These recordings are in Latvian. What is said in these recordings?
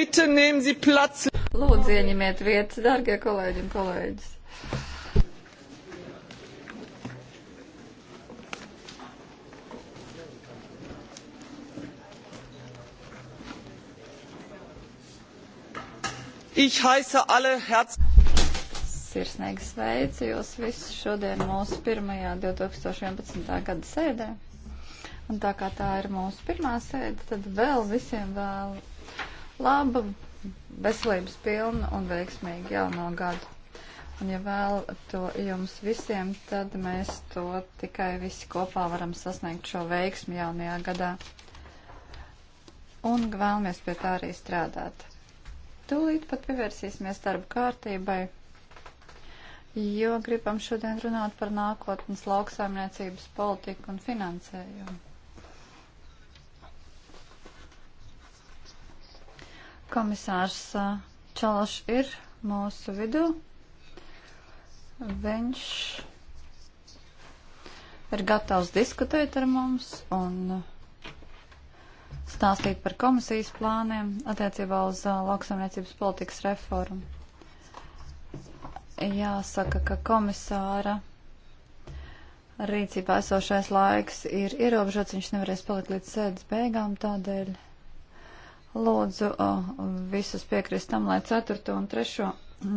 Bitte nehmen Sie Platz. Lūdzu, ieņemiet vietas, darbie kolēģi un kolēģis. Ich heiße alle herzlich. Sirsnīgi sveicu jūs visus šodien mūsu pirmajā 2011. gada sēdē. Un tā kā tā ir mūsu pirmā sēde, tad vēl visiem vēl labu, veselības pilnu un veiksmīgu jauno gadu. Un ja vēl to jums visiem, tad mēs to tikai visi kopā varam sasniegt šo veiksmu jaunajā gadā. Un vēlamies pie tā arī strādāt. Tūlīt pat pievērsīsimies darba kārtībai, jo gribam šodien runāt par nākotnes lauksaimniecības politiku un finansējumu. Komisārs Čalašs ir mūsu vidū. Viņš ir gatavs diskutēt ar mums un stāstīt par komisijas plāniem attiecībā uz lauksamniecības politikas reformu. Jāsaka, ka komisāra rīcībā esošais laiks ir ierobežots, viņš nevarēs palikt līdz sēdes beigām, tādēļ Lūdzu uh, visus piekrist tam, lai 4. un 3.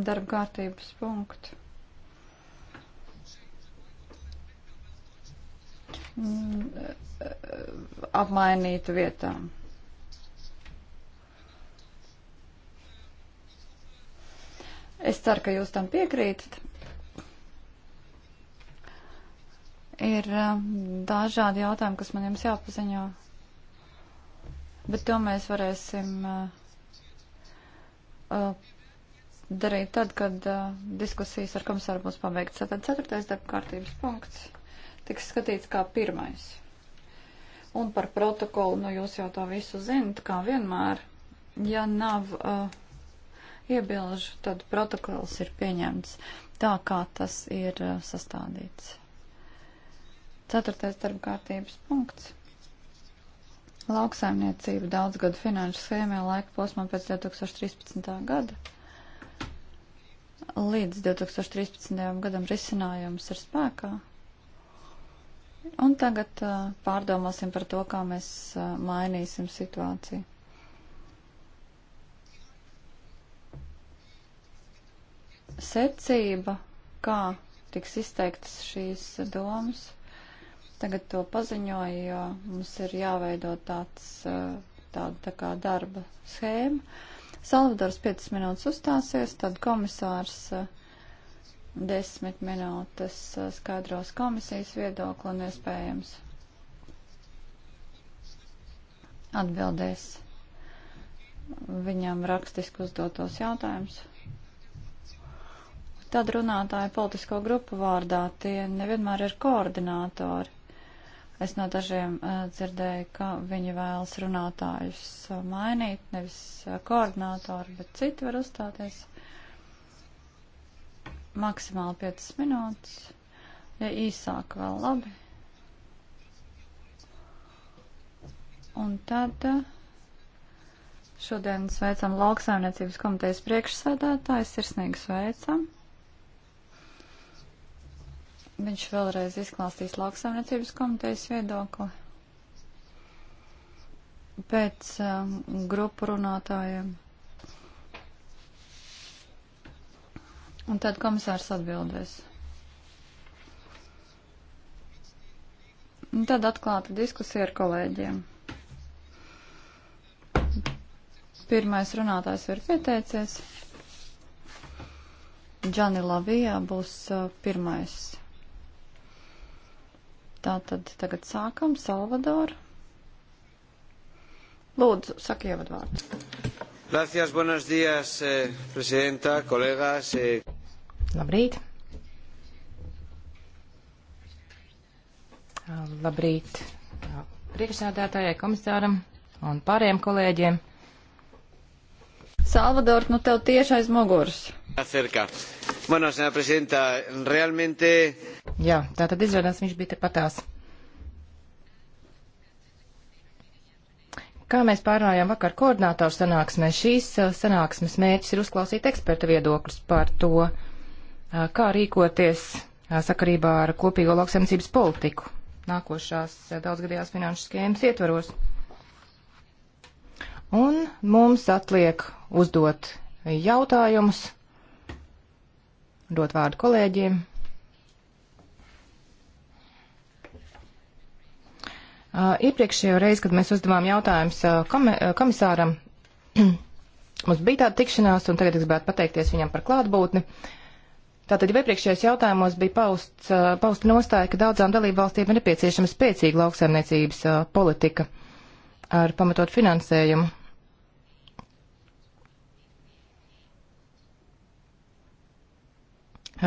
darba kārtības punktu. Mm, apmainītu vietām. Es ceru, ka jūs tam piekrītat. Ir um, dažādi jautājumi, kas man jums jāpaziņo. Bet to mēs varēsim uh, uh, darīt tad, kad uh, diskusijas ar komisāru būs pabeigts. Tātad ceturtais darba kārtības punkts tiks skatīts kā pirmais. Un par protokolu, nu jūs jau to visu zinat, kā vienmēr. Ja nav uh, iebilžu, tad protokols ir pieņemts tā, kā tas ir uh, sastādīts. Ceturtais darba kārtības punkts lauksaimniecība daudz gadu finanšu schēmē laika posmā pēc 2013. gada līdz 2013. gadam risinājums ir spēkā. Un tagad uh, pārdomāsim par to, kā mēs uh, mainīsim situāciju. Secība, kā tiks izteiktas šīs domas. Uh, tagad to paziņoju, jo mums ir jāveido tāds, eh, tāda tā kā darba schēma. Salvadors 5 minūtes uzstāsies, tad komisārs 10 eh, minūtes eh, skaidros komisijas viedokli un iespējams atbildēs viņam rakstiski uzdotos jautājumus. Tad runātāji politisko grupu vārdā tie nevienmēr ir koordinātori Es no dažiem dzirdēju, ka viņi vēlas runātājus mainīt, nevis koordinātori, bet citi var uzstāties maksimāli 5 minūtes, ja īsāk vēl labi. Un tad šodien sveicam lauksaimniecības komitejas priekšsēdētājs, sirsnīgi sveicam. Viņš vēlreiz izklāstīs lauksaimniecības komitejas viedokli. Pēc um, grupu runātājiem. Un tad komisārs atbildēs. Un tad atklāta diskusija ar kolēģiem. Pirmais runātājs ir pieteicies. Džani Lavijā būs uh, pirmais. Tātad tagad sākam. Salvador. Lūdzu, saka ievadvārds. Gracias, buenos días, eh, presidenta, kolēgās. Eh. Labrīt. Labrīt eh, priekšsādātājai, komisāram un pārējiem kolēģiem. Salvador, nu tev tieši aiz muguras. Bueno, realmente... Jā, tā tad izrādās viņš bija tepatās. Kā mēs pārrājām vakar koordinātoru sanāksmē, šīs uh, sanāksmes mērķis ir uzklausīt eksperta viedokļus par to, uh, kā rīkoties uh, sakarībā ar kopīgo lauksaimniecības politiku nākošās daudzgadījās finanšu schēmas ietvaros. Un mums atliek uzdot jautājumus, dot vārdu kolēģiem. Uh, iepriekšējo reizi, kad mēs uzdevām jautājumus uh, kom komisāram, mums bija tāda tikšanās, un tagad es gribētu pateikties viņam par klātbūtni. Tātad jau iepriekšējos jautājumos bija pausts, uh, pausta nostāja, ka daudzām dalībvalstīm ir nepieciešama spēcīga lauksaimniecības politika ar pamatot finansējumu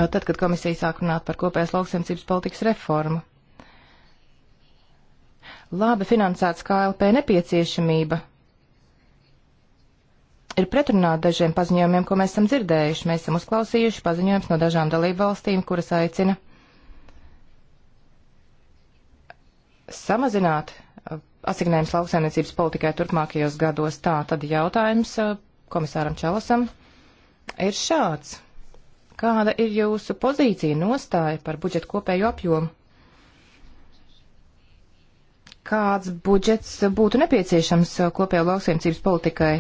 tad, kad komisija sāk runāt par kopējas lauksaimniecības politikas reformu. Labi finansēts KLP nepieciešamība ir pretrunā dažiem paziņojumiem, ko mēs esam dzirdējuši. Mēs esam uzklausījuši paziņojums no dažām dalību valstīm, kuras aicina samazināt asignējums lauksaimniecības politikai turpmākajos gados. Tā tad jautājums komisāram Čelosam ir šāds. Kāda ir jūsu pozīcija, nostāja par budžetu kopēju apjomu? Kāds budžets būtu nepieciešams kopējo lauksaimniecības politikai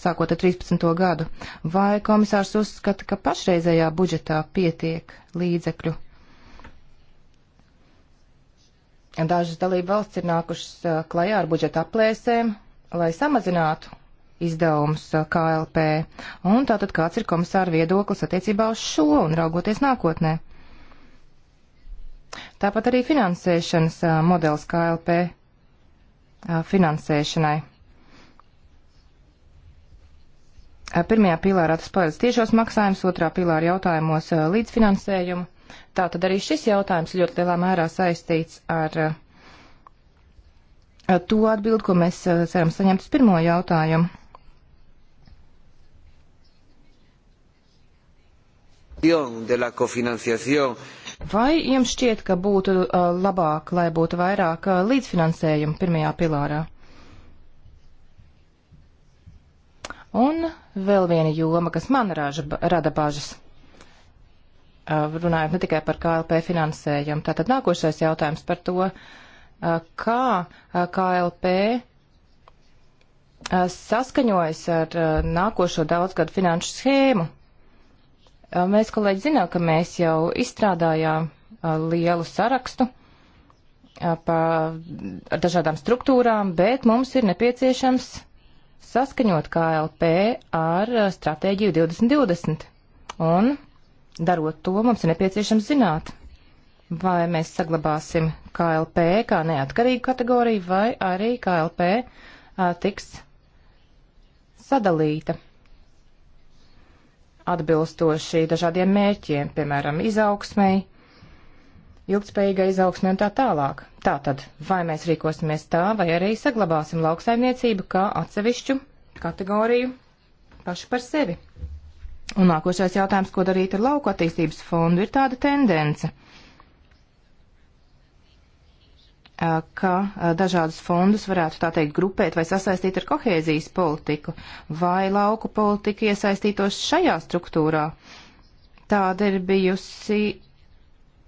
sākot ar 13. gadu? Vai komisārs uzskata, ka pašreizējā budžetā pietiek līdzekļu? Dažas dalība valsts ir nākušas klajā ar budžeta aplēsēm, lai samazinātu izdevumus eh, KLP. Un tātad kāds ir komisāra viedoklis attiecībā uz šo un raugoties nākotnē? Tāpat arī finansēšanas eh, modelis KLP eh, finansēšanai. Pirmajā pilārā tas paredz tiešos maksājumus, otrā pilāra jautājumos līdzfinansējumu. Tātad arī šis jautājums ļoti lielā mērā saistīts ar to atbildi, ko mēs ceram saņemt uz pirmo jautājumu. Vai jums šķiet, ka būtu uh, labāk, lai būtu vairāk uh, līdzfinansējumu pirmajā pilārā? Un vēl viena joma, kas man raža, rada bažas. Uh, runājot ne tikai par KLP finansējumu. Tātad nākošais jautājums par to, kā KLP saskaņojas ar nākošo daudzgadu finanšu schēmu Mēs, kolēģi, zinām, ka mēs jau izstrādājām lielu sarakstu pa dažādām struktūrām, bet mums ir nepieciešams saskaņot KLP ar stratēģiju 2020. Un darot to, mums ir nepieciešams zināt, vai mēs saglabāsim KLP kā neatkarīgu kategoriju, vai arī KLP a, tiks sadalīta atbilstoši dažādiem mērķiem, piemēram, izaugsmei, ilgspējīgai izaugsmei un tā tālāk. Tātad, vai mēs rīkosimies tā, vai arī saglabāsim lauksaimniecību kā atsevišķu kategoriju pašu par sevi. Un nākošais jautājums, ko darīt ar lauku attīstības fondu, ir tāda tendence – ka dažādus fondus varētu tā teikt grupēt vai sasaistīt ar kohēzijas politiku, vai lauku politika iesaistītos šajā struktūrā. Tāda ir bijusi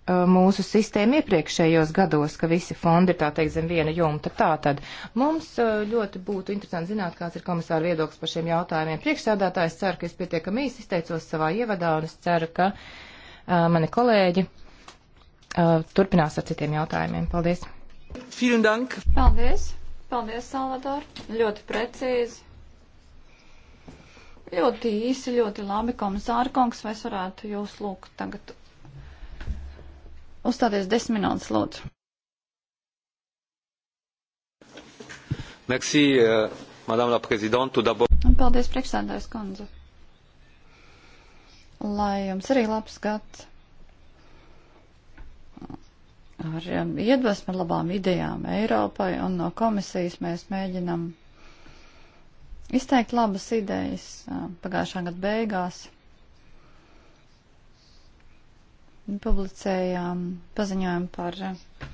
mūsu sistēma iepriekšējos gados, ka visi fondi ir tā teikt zem viena jumta. Tā tad mums ļoti būtu interesanti zināt, kāds ir komisāra viedoklis par šiem jautājumiem. Priekšsēdētājs ceru, ka es pietiekami īsi izteicos savā ievadā, un es ceru, ka uh, mani kolēģi uh, turpinās ar citiem jautājumiem. Paldies! Paldies! Paldies, Salvador! Ļoti precīzi! Ļoti īsi, ļoti labi, komisāra kungs, vai es varētu jūs lūgt tagad uzstāties desmit minūtes, lūdzu. Merci, uh, madame la présidente, d'abord. Paldies, priekšsēdājs kundze. Lai jums arī labs gads ar um, iedvesmu, ar labām idejām Eiropai, un no komisijas mēs mēģinam izteikt labas idejas uh, pagājušā gada beigās. Publicējām paziņojumu par uh,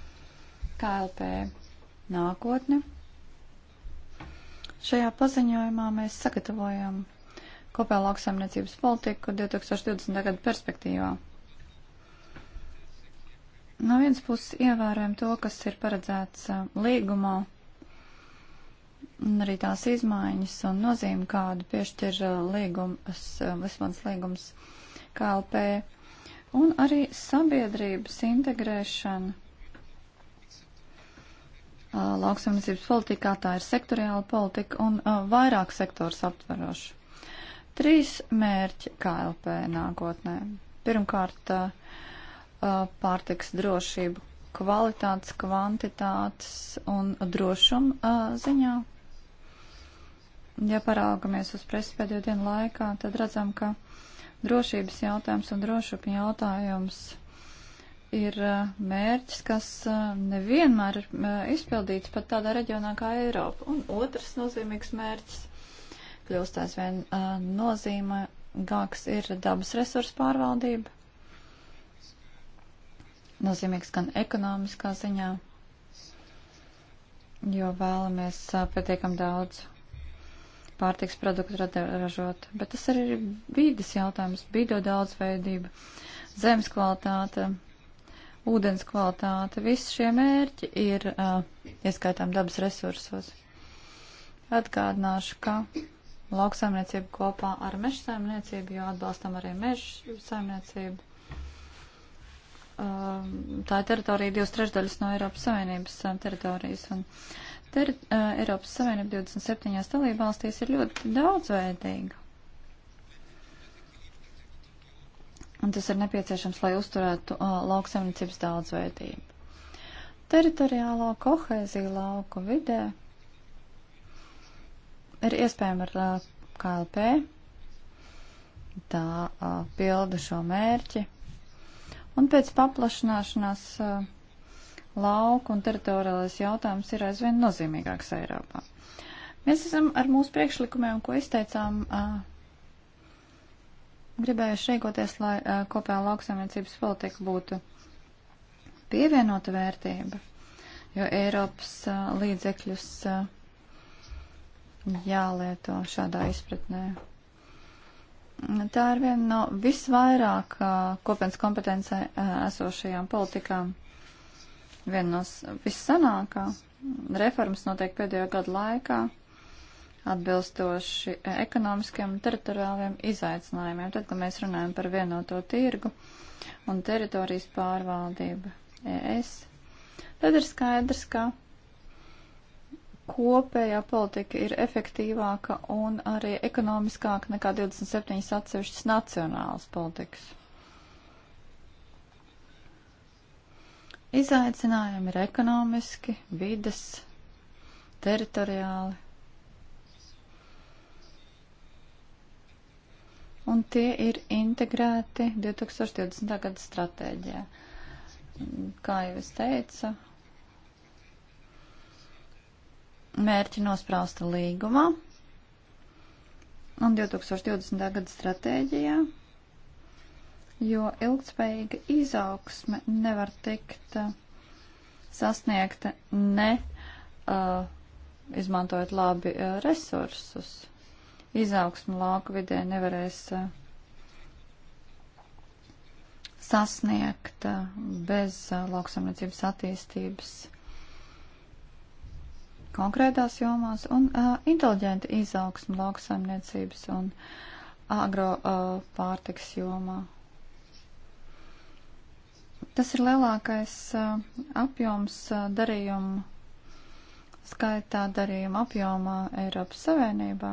KLP nākotni. Šajā paziņojumā mēs sagatavojam kopējā lauksaimniecības politiku 2020. gada perspektīvā. No vienas puses ievērojam to, kas ir paredzēts līgumā, un arī tās izmaiņas un nozīme, kādu piešķir līgums, Lisbonas līgums KLP, un arī sabiedrības integrēšana lauksaimniecības politikā, tā ir sektoriāla politika un uh, vairāk sektors aptveroša. Trīs mērķi KLP nākotnē. Pirmkārt, uh, Uh, pārtiks drošību kvalitātes, kvantitātes un drošuma uh, ziņā. Ja paraugamies uz presi pēdējo dienu laikā, tad redzam, ka drošības jautājums un drošuma jautājums ir uh, mērķis, kas nevienmēr ir izpildīts pat tādā reģionā kā Eiropa. Un otrs nozīmīgs mērķis kļūst aizvien nozīmīgāks ir dabas resursu pārvaldība nozīmīgs gan ekonomiskā ziņā, jo vēlamies pietiekam daudz pārtiks produktu ražot. Bet tas arī ir vīdes jautājums, bīdo daudzveidība, zemes kvalitāte, ūdens kvalitāte. Visi šie mērķi ir uh, ieskaitām dabas resursos. Atgādināšu, ka lauksaimniecība kopā ar meža saimniecību, jo atbalstam arī meža saimniecību, Um, tā ir teritorija divas trešdaļas no Eiropas Savienības um, teritorijas. Un teri, uh, Eiropas Savienība 27. dalībvalstīs ir ļoti daudzveidīga. Un tas ir nepieciešams, lai uzturētu uh, lauksaimniecības daudzveidību. Teritoriālā kohēzija lauku vidē ir iespējama ar uh, KLP. Tā pilda šo mērķi, Un pēc paplašanāšanās eh, lauku un teritoriālais jautājums ir aizvien nozīmīgāks Eiropā. Mēs esam ar mūsu priekšlikumiem, ko izteicām, eh, gribējuši rīkoties, lai eh, kopējā lauksaimniecības politika būtu pievienota vērtība, jo Eiropas līdzekļus jālieto šādā izpratnē. Tā ir viena no visvairāk kopienas kompetencē esošajām politikām. Viena no vissanākā reformas notiek pēdējo gadu laikā atbilstoši ekonomiskiem un teritoriāliem izaicinājumiem. Tad, kad mēs runājam par vienoto tirgu un teritorijas pārvaldību ES, tad ir skaidrs, ka kopējā politika ir efektīvāka un arī ekonomiskāka nekā 27 atsevišķas nacionālas politikas. Izaicinājumi ir ekonomiski, vides, teritoriāli. Un tie ir integrēti 2020. gada stratēģijā. Kā jau es teicu, mērķi nosprausta līgumā un 2020. gada stratēģijā, jo ilgtspējīga izaugsme nevar tikt uh, sasniegta ne uh, izmantojot labi uh, resursus. Izaugsme lauka vidē nevarēs uh, sasniegt uh, bez uh, lauksamniecības attīstības. Uh, konkrētās jomās un uh, inteliģenta izaugsma lauksaimniecības un agro uh, pārtiks jomā. Tas ir lielākais uh, apjoms uh, darījumu skaitā darījuma apjomā Eiropas Savienībā.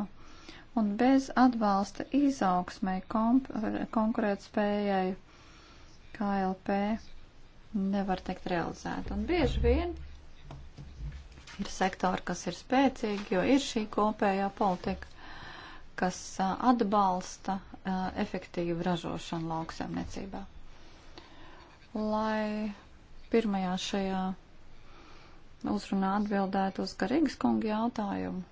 Un bez atbalsta izaugsmai konkurētspējai KLP nevar teikt realizēt. Un bieži vien uh, Ir sektori, kas ir spēcīgi, jo ir šī kopējā politika, kas atbalsta efektīvu ražošanu lauksaimniecībā. Lai pirmajā šajā uzrunā atbildētu uz Garīgas kunga jautājumu.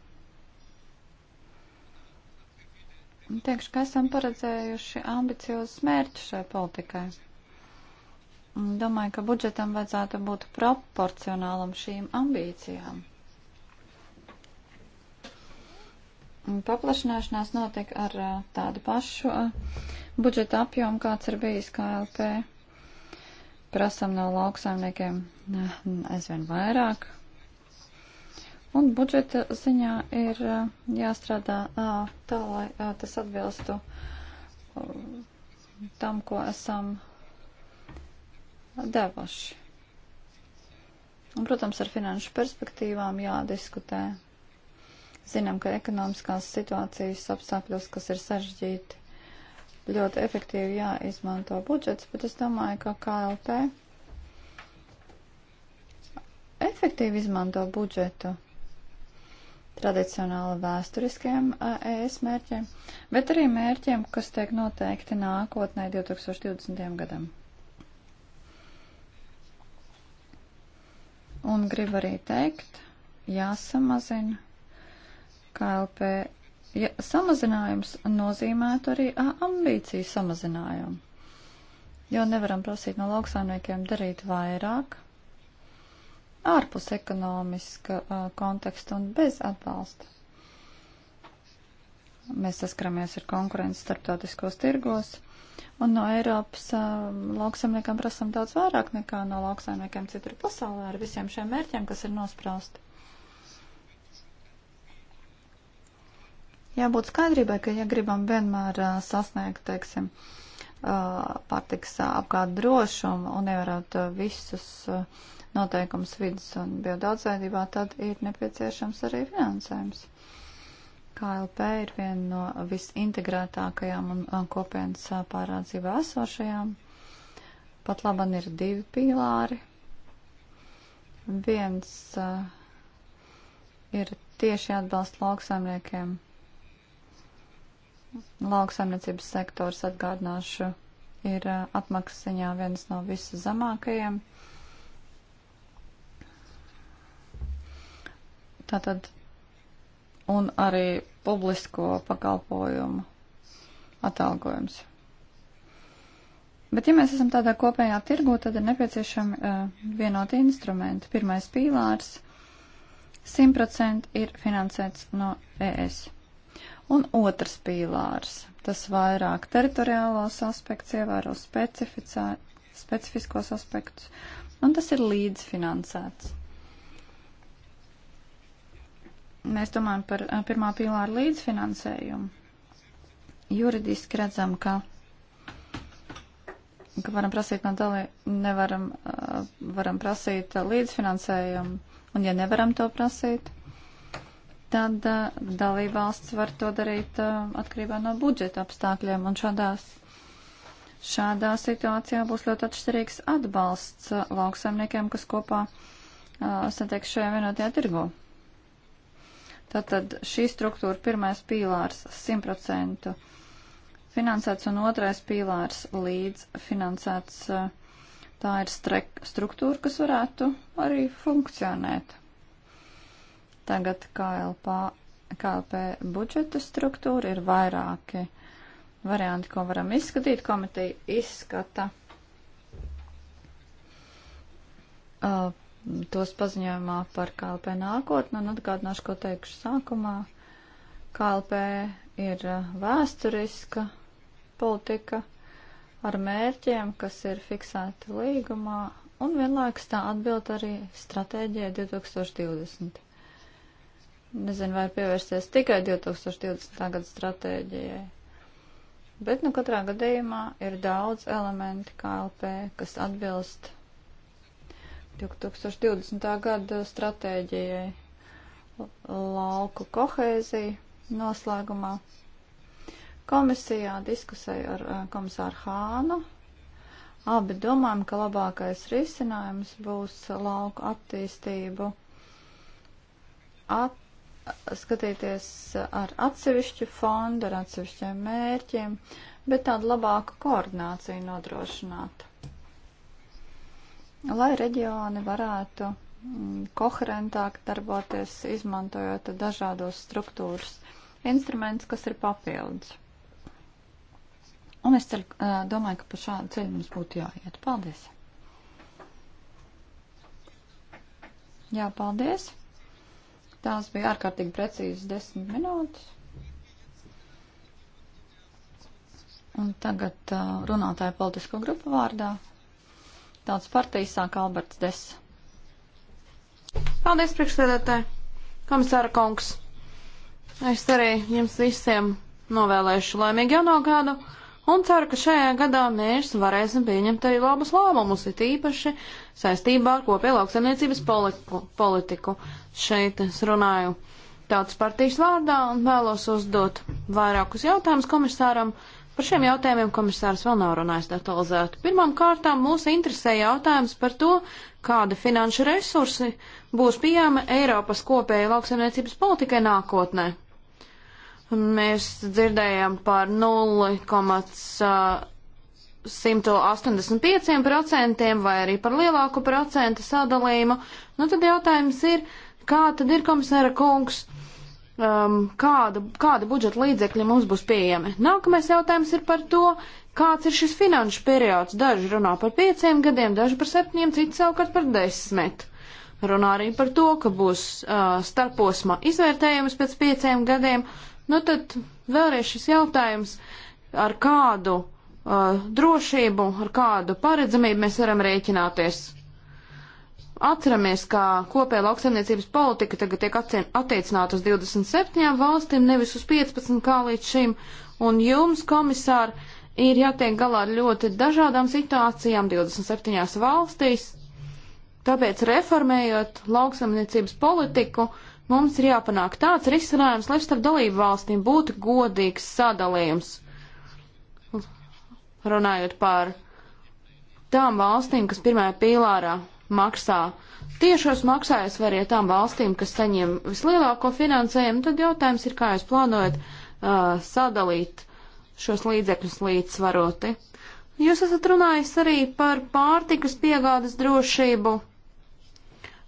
Teikšu, ka esam paredzējuši ambiciozus mērķus šai politikai. Domāju, ka budžetam vajadzētu būt proporcionālam šīm ambīcijām. Paplašināšanās notiek ar tādu pašu budžeta apjomu, kāds ir bijis KLP. Prasam no lauksaimniekiem aizvien vairāk. Un budžeta ziņā ir jāstrādā tā, lai tas atbilstu tam, ko esam devuši. Un, protams, ar finanšu perspektīvām jādiskutē. Zinām, ka ekonomiskās situācijas apstākļos, kas ir sarežģīti, ļoti efektīvi jāizmanto budžets, bet es domāju, ka KLP efektīvi izmanto budžetu tradicionāli vēsturiskiem ES mērķiem, bet arī mērķiem, kas tiek noteikti nākotnē 2020. gadam. Un gribu arī teikt, jāsamazina KLP. Ja samazinājums nozīmētu arī ambīciju samazinājumu. Jo nevaram prasīt no lauksaimniekiem darīt vairāk ārpus ekonomiska konteksta un bez atbalsta. Mēs saskaramies ar konkurenci starptautiskos tirgos Un no Eiropas um, lauksaimniekiem prasam daudz vairāk nekā no lauksaimniekiem citur pasaulē ar visiem šiem mērķiem, kas ir nosprausti. Jābūt skaidrībai, ka ja gribam vienmēr uh, sasniegt, teiksim, uh, pārtiks uh, apkārt drošumu un ievērot uh, visus uh, noteikums vidas un biodaudzveidībā, tad ir nepieciešams arī finansējums. KLP ir viena no visintegrētākajām un uh, kopienas uh, pārādzībā esošajām. Pat laban ir divi pīlāri. Viens uh, ir tieši atbalsts lauksaimniekiem. Lauksaimniecības sektors, atgādināšu, ir uh, atmaksas ziņā viens no visu zemākajiem. Tātad un arī publisko pakalpojumu atalgojums. Bet, ja mēs esam tādā kopējā tirgu, tad ir nepieciešami uh, vienoti instrumenti. Pirmais pīlārs 100% ir finansēts no ES. Un otrs pīlārs, tas vairāk teritoriālos aspekts, ievēro specifiskos aspektus, un tas ir līdzfinansēts mēs domājam par pirmā pīlāra līdzfinansējumu, juridiski redzam, ka, ka varam prasīt no dalī, nevaram, varam prasīt līdzfinansējumu, un ja nevaram to prasīt, tad dalībvalsts var to darīt atkarībā no budžeta apstākļiem, un šādās, šādā situācijā būs ļoti atšķirīgs atbalsts lauksaimniekiem, kas kopā satiek šajā vienotajā tirgu. Tātad šī struktūra pirmais pīlārs 100% finansēts un otrais pīlārs līdz finansēts. Tā ir strek, struktūra, kas varētu arī funkcionēt. Tagad KLP, KLP budžeta struktūra ir vairāki varianti, ko varam izskatīt. Komiteja izskata. Uh, tos paziņojumā par KLP nākotni un atgādināšu, ko teikšu sākumā. KLP ir uh, vēsturiska politika ar mērķiem, kas ir fiksēti līgumā, un vienlaikus tā atbild arī stratēģijai 2020. Nezinu, vai pievērsties tikai 2020. gada stratēģijai. Bet, nu, katrā gadījumā ir daudz elementi KLP, kas atbilst 2020. gada stratēģijai lauku kohēziju noslēgumā. Komisijā diskusēju ar eh, komisāru Hānu. Abi domājam, ka labākais risinājums būs lauku attīstību at, skatīties ar atsevišķu fondu, ar atsevišķiem mērķiem, bet tādu labāku koordināciju nodrošināt lai reģioni varētu mm, koherentāk darboties, izmantojot dažādos struktūras instrumentus, kas ir papildus. Un es ceru, domāju, ka pa šādu ceļu mums būtu jāiet. Paldies! Jā, paldies! Tās bija ārkārtīgi precīzes desmit minūtes. Un tagad uh, runātāja politisko grupu vārdā. Tautas partijas sāk Alberts Des. Paldies, priekšsēdētāji! Komisāra kungs! Es arī jums visiem novēlēšu laimīgu jauno gadu un ceru, ka šajā gadā mēs varēsim pieņemt arī labus lēmumus, it īpaši saistībā ar kopēju lauksaimniecības politiku. Šeit es runāju tautas partijas vārdā un vēlos uzdot vairākus jautājumus komisāram, Par šiem jautājumiem komisārs vēl nav runājis detalizēti. Pirmām kārtām mūs interesē jautājums par to, kāda finanšu resursi būs pieejama Eiropas kopēja lauksaimniecības politikai nākotnē. Mēs dzirdējām par 0,185% vai arī par lielāku procentu sadalījumu. Nu tad jautājums ir, kā tad ir komisāra kungs? um, kāda, kāda budžeta līdzekļi mums būs pieejami. Nākamais jautājums ir par to, kāds ir šis finanšu periods. Daži runā par pieciem gadiem, daži par septiņiem, citi savukārt par desmit. Runā arī par to, ka būs uh, starposma izvērtējums pēc pieciem gadiem. Nu tad vēlreiz šis jautājums, ar kādu uh, drošību, ar kādu paredzamību mēs varam rēķināties. Atceramies, ka kopējā lauksaimniecības politika tagad tiek attiecināta uz 27 valstīm, nevis uz 15 kā līdz šim, un jums, komisāri, ir jātiek galā ar ļoti dažādām situācijām 27 valstīs. Tāpēc, reformējot lauksaimniecības politiku, mums ir jāpanāk tāds risinājums, lai starp dalību valstīm būtu godīgs sadalījums. Runājot par tām valstīm, kas pirmajā pīlārā maksā. Tiešos maksājas var iet tām valstīm, kas saņem vislielāko finansējumu, tad jautājums ir, kā jūs plānojat uh, sadalīt šos līdzekļus līdzsvaroti. Jūs esat runājis arī par pārtikas piegādes drošību.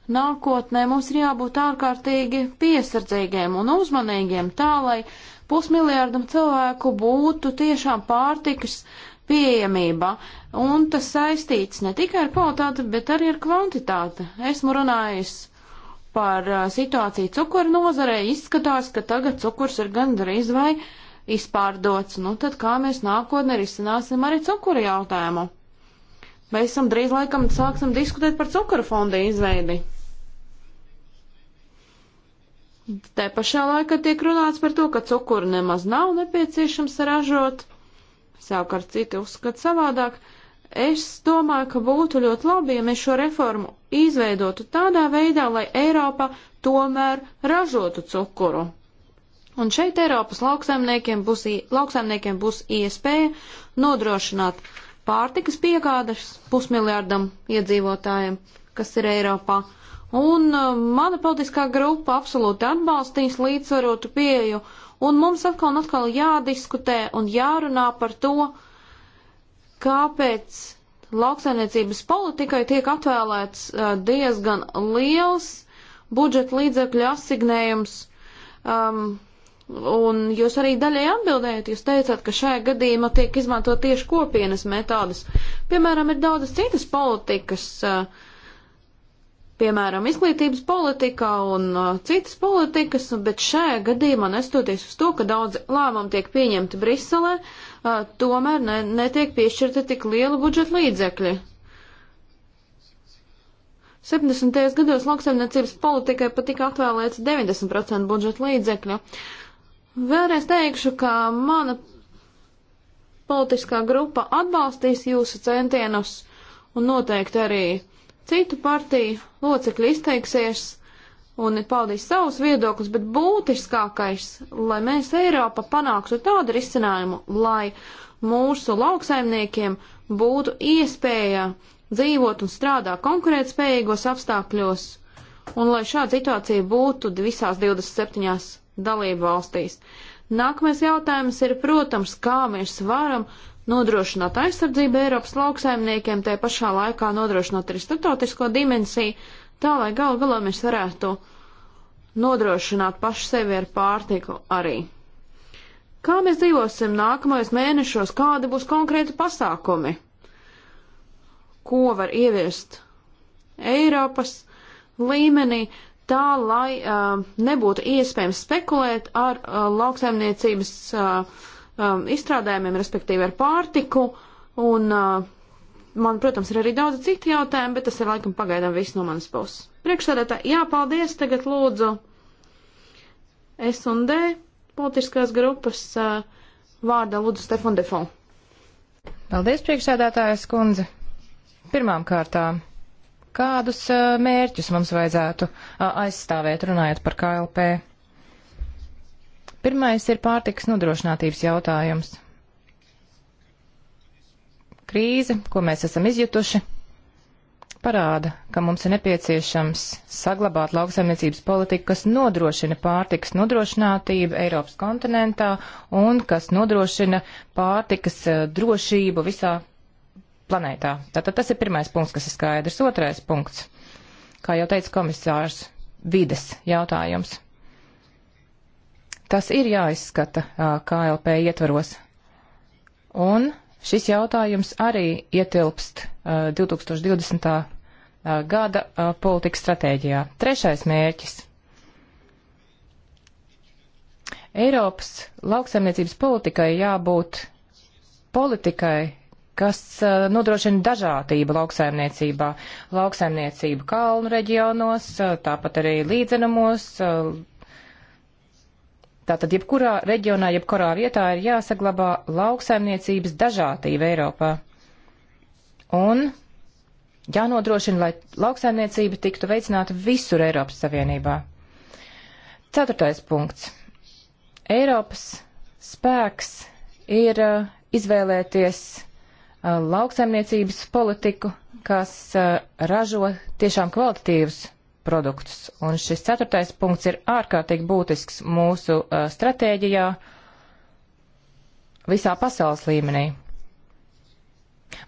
Nākotnē mums ir jābūt ārkārtīgi piesardzīgiem un uzmanīgiem tā, lai pusmiljārdam cilvēku būtu tiešām pārtikas pieejamība un tas saistīts ne tikai ar kvalitāti, bet arī ar kvantitāti. Esmu runājis par situāciju cukuru nozarē, izskatās, ka tagad cukurs ir gandrīz vai izpārdots. Nu tad kā mēs nākotnē risināsim arī cukuru jautājumu? Mēs esam drīz laikam sāksim diskutēt par cukuru fonda izveidi. Te pašā laikā tiek runāts par to, ka cukuru nemaz nav nepieciešams ražot. Savukārt citi uzskata savādāk. Uh, Es domāju, ka būtu ļoti labi, ja mēs šo reformu izveidotu tādā veidā, lai Eiropa tomēr ražotu cukuru. Un šeit Eiropas lauksaimniekiem būs, lauksaimniekiem būs iespēja nodrošināt pārtikas piegādes pusmiljardam iedzīvotājiem, kas ir Eiropā. Un uh, mana politiskā grupa absolūti atbalstīs līdzsvarotu pieju, un mums atkal un atkal jādiskutē un jārunā par to, uh, kāpēc lauksainiecības politikai tiek atvēlēts diezgan liels budžeta līdzekļu asignējums. Um, un jūs arī daļai atbildējat, jūs teicāt, ka šajā gadījumā tiek izmantot tieši kopienas metodas. Piemēram, ir daudzas citas politikas, piemēram, izglītības politikā un citas politikas, bet šajā gadījumā, nestoties uz to, ka daudz lēmumu tiek pieņemti Briselē, uh, tomēr ne, netiek piešķirta tik liela budžeta līdzekļa. 70. gados lauksaimniecības politikai patika atvēlēts 90% budžeta līdzekļa. Vēlreiz teikšu, ka mana politiskā grupa atbalstīs jūsu centienus un noteikti arī citu partiju locekļi izteiksies un ir paudījis savus viedokļus, bet būtiskākais, lai mēs Eiropa panāktu tādu risinājumu, lai mūsu lauksaimniekiem būtu iespēja dzīvot un strādāt konkurētspējīgos apstākļos, un lai šāda situācija būtu visās 27 dalību valstīs. Nākamais jautājums ir, protams, kā mēs varam nodrošināt aizsardzību Eiropas lauksaimniekiem, tai pašā laikā nodrošināt arī statotisko dimensiju, tā lai gal galā mēs varētu nodrošināt pašu sevi ar pārtiku arī. Kā mēs dzīvosim nākamajos mēnešos, kādi būs konkrēti pasākumi, ko var ieviest Eiropas līmenī, tā lai uh, nebūtu iespējams spekulēt ar uh, lauksaimniecības uh, um, izstrādājumiem, respektīvi ar pārtiku, un uh, Man, protams, ir arī daudz citu jautājumu, bet tas ir laikam pagaidām viss no manas puses. Priekšsēdētāji, jā, paldies, tagad lūdzu S&D politiskās grupas uh, vārdā lūdzu Stefan Defo. Paldies, priekšsēdētājas kundze. Pirmām kārtām, kādus uh, mērķus mums vajadzētu uh, aizstāvēt runājot par KLP? Pirmais ir pārtiks nodrošinātības jautājums krīze, ko mēs esam izjutuši, parāda, ka mums ir nepieciešams saglabāt lauksaimniecības politiku, kas nodrošina pārtikas nodrošinātību Eiropas kontinentā un kas nodrošina pārtikas eh, drošību visā planētā. Tātad tas ir pirmais punkts, kas ir skaidrs. Otrais punkts, kā jau teica komisārs, vides jautājums. Tas ir jāizskata eh, KLP ietvaros. Un Šis jautājums arī ietilpst uh, 2020. Uh, gada uh, politikas stratēģijā. Trešais mērķis. Eiropas lauksaimniecības politikai jābūt politikai, kas uh, nodrošina dažādību lauksaimniecībā. Lauksaimniecību kalnu reģionos, uh, tāpat arī līdzenamos, uh, Tātad, jebkurā reģionā, jebkurā vietā ir jāsaglabā lauksaimniecības dažādība Eiropā. Un jānodrošina, lai lauksaimniecība tiktu veicināta visur Eiropas Savienībā. Ceturtais punkts. Eiropas spēks ir uh, izvēlēties uh, lauksaimniecības politiku, kas uh, ražo tiešām kvalitatīvus produktus. Un šis ceturtais punkts ir ārkārtīgi būtisks mūsu uh, stratēģijā visā pasaules līmenī.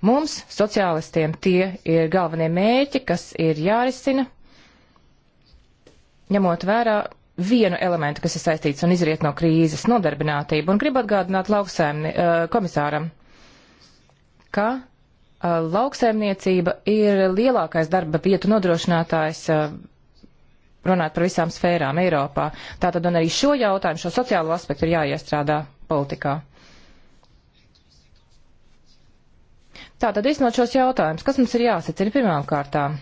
Mums, sociālistiem, tie ir galvenie mēķi, kas ir jārisina, ņemot vērā vienu elementu, kas ir saistīts un izriet no krīzes - nodarbinātību. Un gribu atgādināt lauksēmni uh, komisāram, ka uh, lauksēmniecība ir lielākais darba vietu nodrošinātājs uh, runāt par visām sfērām Eiropā. Tātad un arī šo jautājumu, šo sociālo aspektu ir jāiestrādā politikā. Tātad iznot šos jautājumus, kas mums ir jāsacina pirmām kārtām?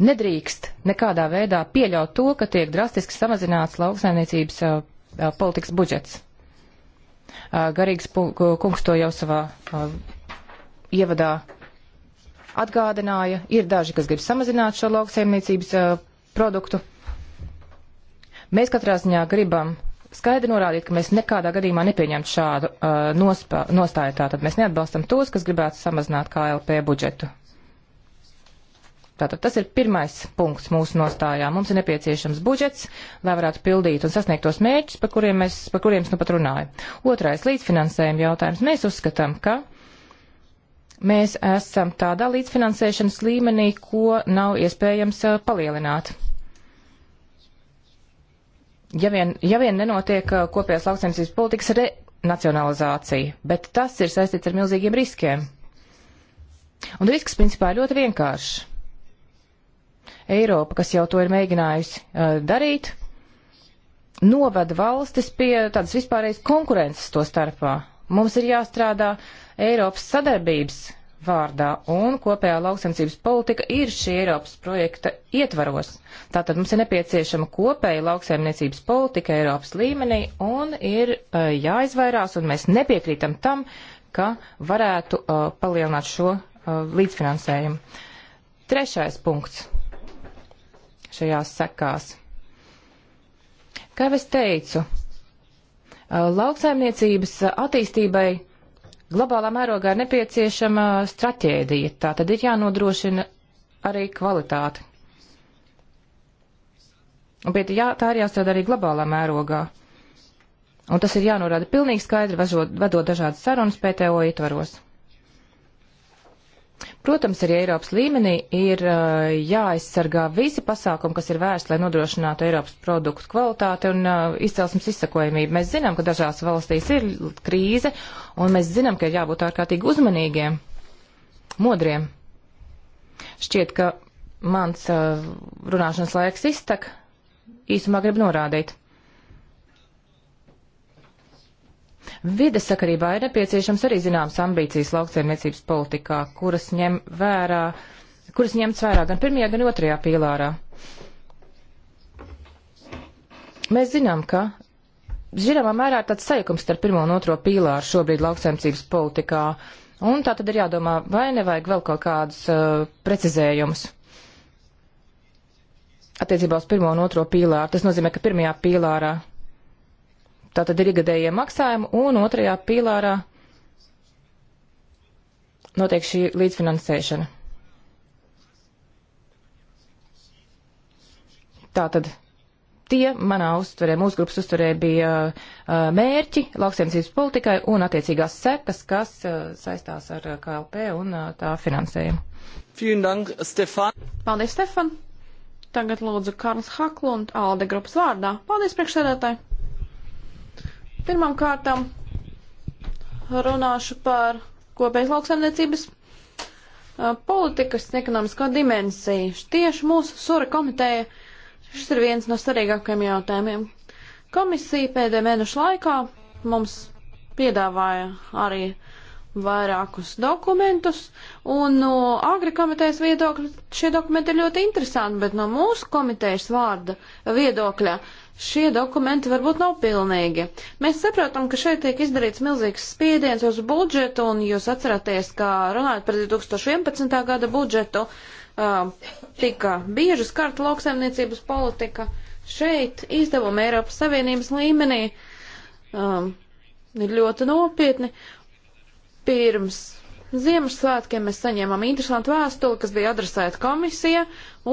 Nedrīkst nekādā veidā pieļaut to, ka tiek drastiski samazināts lauksaimniecības uh, politikas budžets. Uh, Garīgs kungs to jau savā uh, ievadā atgādināja, ir daži, kas grib samazināt šo lauksaimniecības uh, produktu. Mēs katrā ziņā gribam skaidri norādīt, ka mēs nekādā gadījumā nepieņemtu šādu uh, nospā, nostāju. Tātad mēs neatbalstam tos, kas gribētu samazināt KLP budžetu. Tātad tas ir pirmais punkts mūsu nostājā. Mums ir nepieciešams budžets, lai varētu pildīt un sasniegt tos mērķus, par kuriem, mēs, par kuriem es nu pat runāju. Otrais - līdzfinansējuma jautājums. Mēs uzskatām, ka mēs esam tādā līdzfinansēšanas līmenī, ko nav iespējams palielināt. Ja vien, ja vien nenotiek kopējās lauksaimniecības politikas renacionalizācija, bet tas ir saistīts ar milzīgiem riskiem. Un risks principā ir ļoti vienkāršs. Eiropa, kas jau to ir mēģinājusi uh, darīt, novada valstis pie tādas vispārējas konkurences to starpā. Mums ir jāstrādā uh, Eiropas sadarbības vārdā, un kopējā lauksaimniecības politika ir šī Eiropas projekta ietvaros. Tātad mums ir nepieciešama kopēja lauksaimniecības politika Eiropas līmenī, un ir uh, jāizvairās, un mēs nepiekrītam tam, ka varētu uh, palielināt šo uh, līdzfinansējumu. Trešais punkts šajās sekās. Kā es teicu, lauksaimniecības attīstībai Globālā mērogā ir nepieciešama stratēģija, tā tad ir jānodrošina arī kvalitāte. Bet jā, tā ir jāstrādā arī globālā mērogā. Un tas ir jānorāda pilnīgi skaidri, vedot dažādas sarunas PTO ietvaros. Protams, arī Eiropas līmenī ir uh, jāaizsargā visi pasākumi, kas ir vērsti, lai nodrošinātu Eiropas produktu kvalitāti un uh, izcelsmes izsakojamību. Mēs zinām, ka dažās valstīs ir krīze, un mēs zinām, ka ir jābūt ārkārtīgi uzmanīgiem, modriem. Šķiet, ka mans uh, runāšanas laiks iztek. Īsumā gribu norādīt. Vides sakarībā ir nepieciešams arī zināms ambīcijas lauksaimniecības politikā, kuras, ņem vērā, kuras ņemts vērā gan pirmajā, gan otrajā pīlārā. Mēs zinām, ka zināmā mērā ir tāds sajukums starp pirmo un otro pīlāru šobrīd lauksaimniecības politikā, un tā tad ir jādomā, vai nevajag vēl kaut kādus uh, precizējumus attiecībā uz pirmo un otro pīlāru. Tas nozīmē, ka pirmajā pīlārā Tātad ir igadējie maksājumi, un otrajā pīlārā notiek šī līdzfinansēšana. Tātad tie manā uztverē, mūsu grupas uztverē bija mērķi lauksiemcības politikai un attiecīgās sekas, kas saistās ar KLP un tā finansējumu. Dank, Stefan. Paldies, Stefan! Tagad lūdzu Karls Haklund, Alde grupas vārdā. Paldies, priekšsēdētāji! Pirmām kārtām runāšu par kopējas lauksaimniecības politikas un ekonomisko dimensiju. Tieši mūsu sura komiteja šis ir viens no svarīgākajiem jautājumiem. Komisija pēdējā mēneša laikā mums piedāvāja arī vairākus dokumentus, un no agri komitejas viedokļa šie dokumenti ir ļoti interesanti, bet no mūsu komitejas vārda viedokļa uh, šie dokumenti varbūt nav pilnīgi. Mēs saprotam, ka šeit tiek izdarīts milzīgs spiediens uz budžetu, un jūs atceraties, ka runājot par 2011. gada budžetu, uh, tika bieži skarta lauksaimniecības politika. Šeit izdevumi Eiropas Savienības līmenī um, ir ļoti nopietni. Pirms Ziemassvētkiem mēs saņēmām interesantu vēstuli, kas bija adresēta komisija,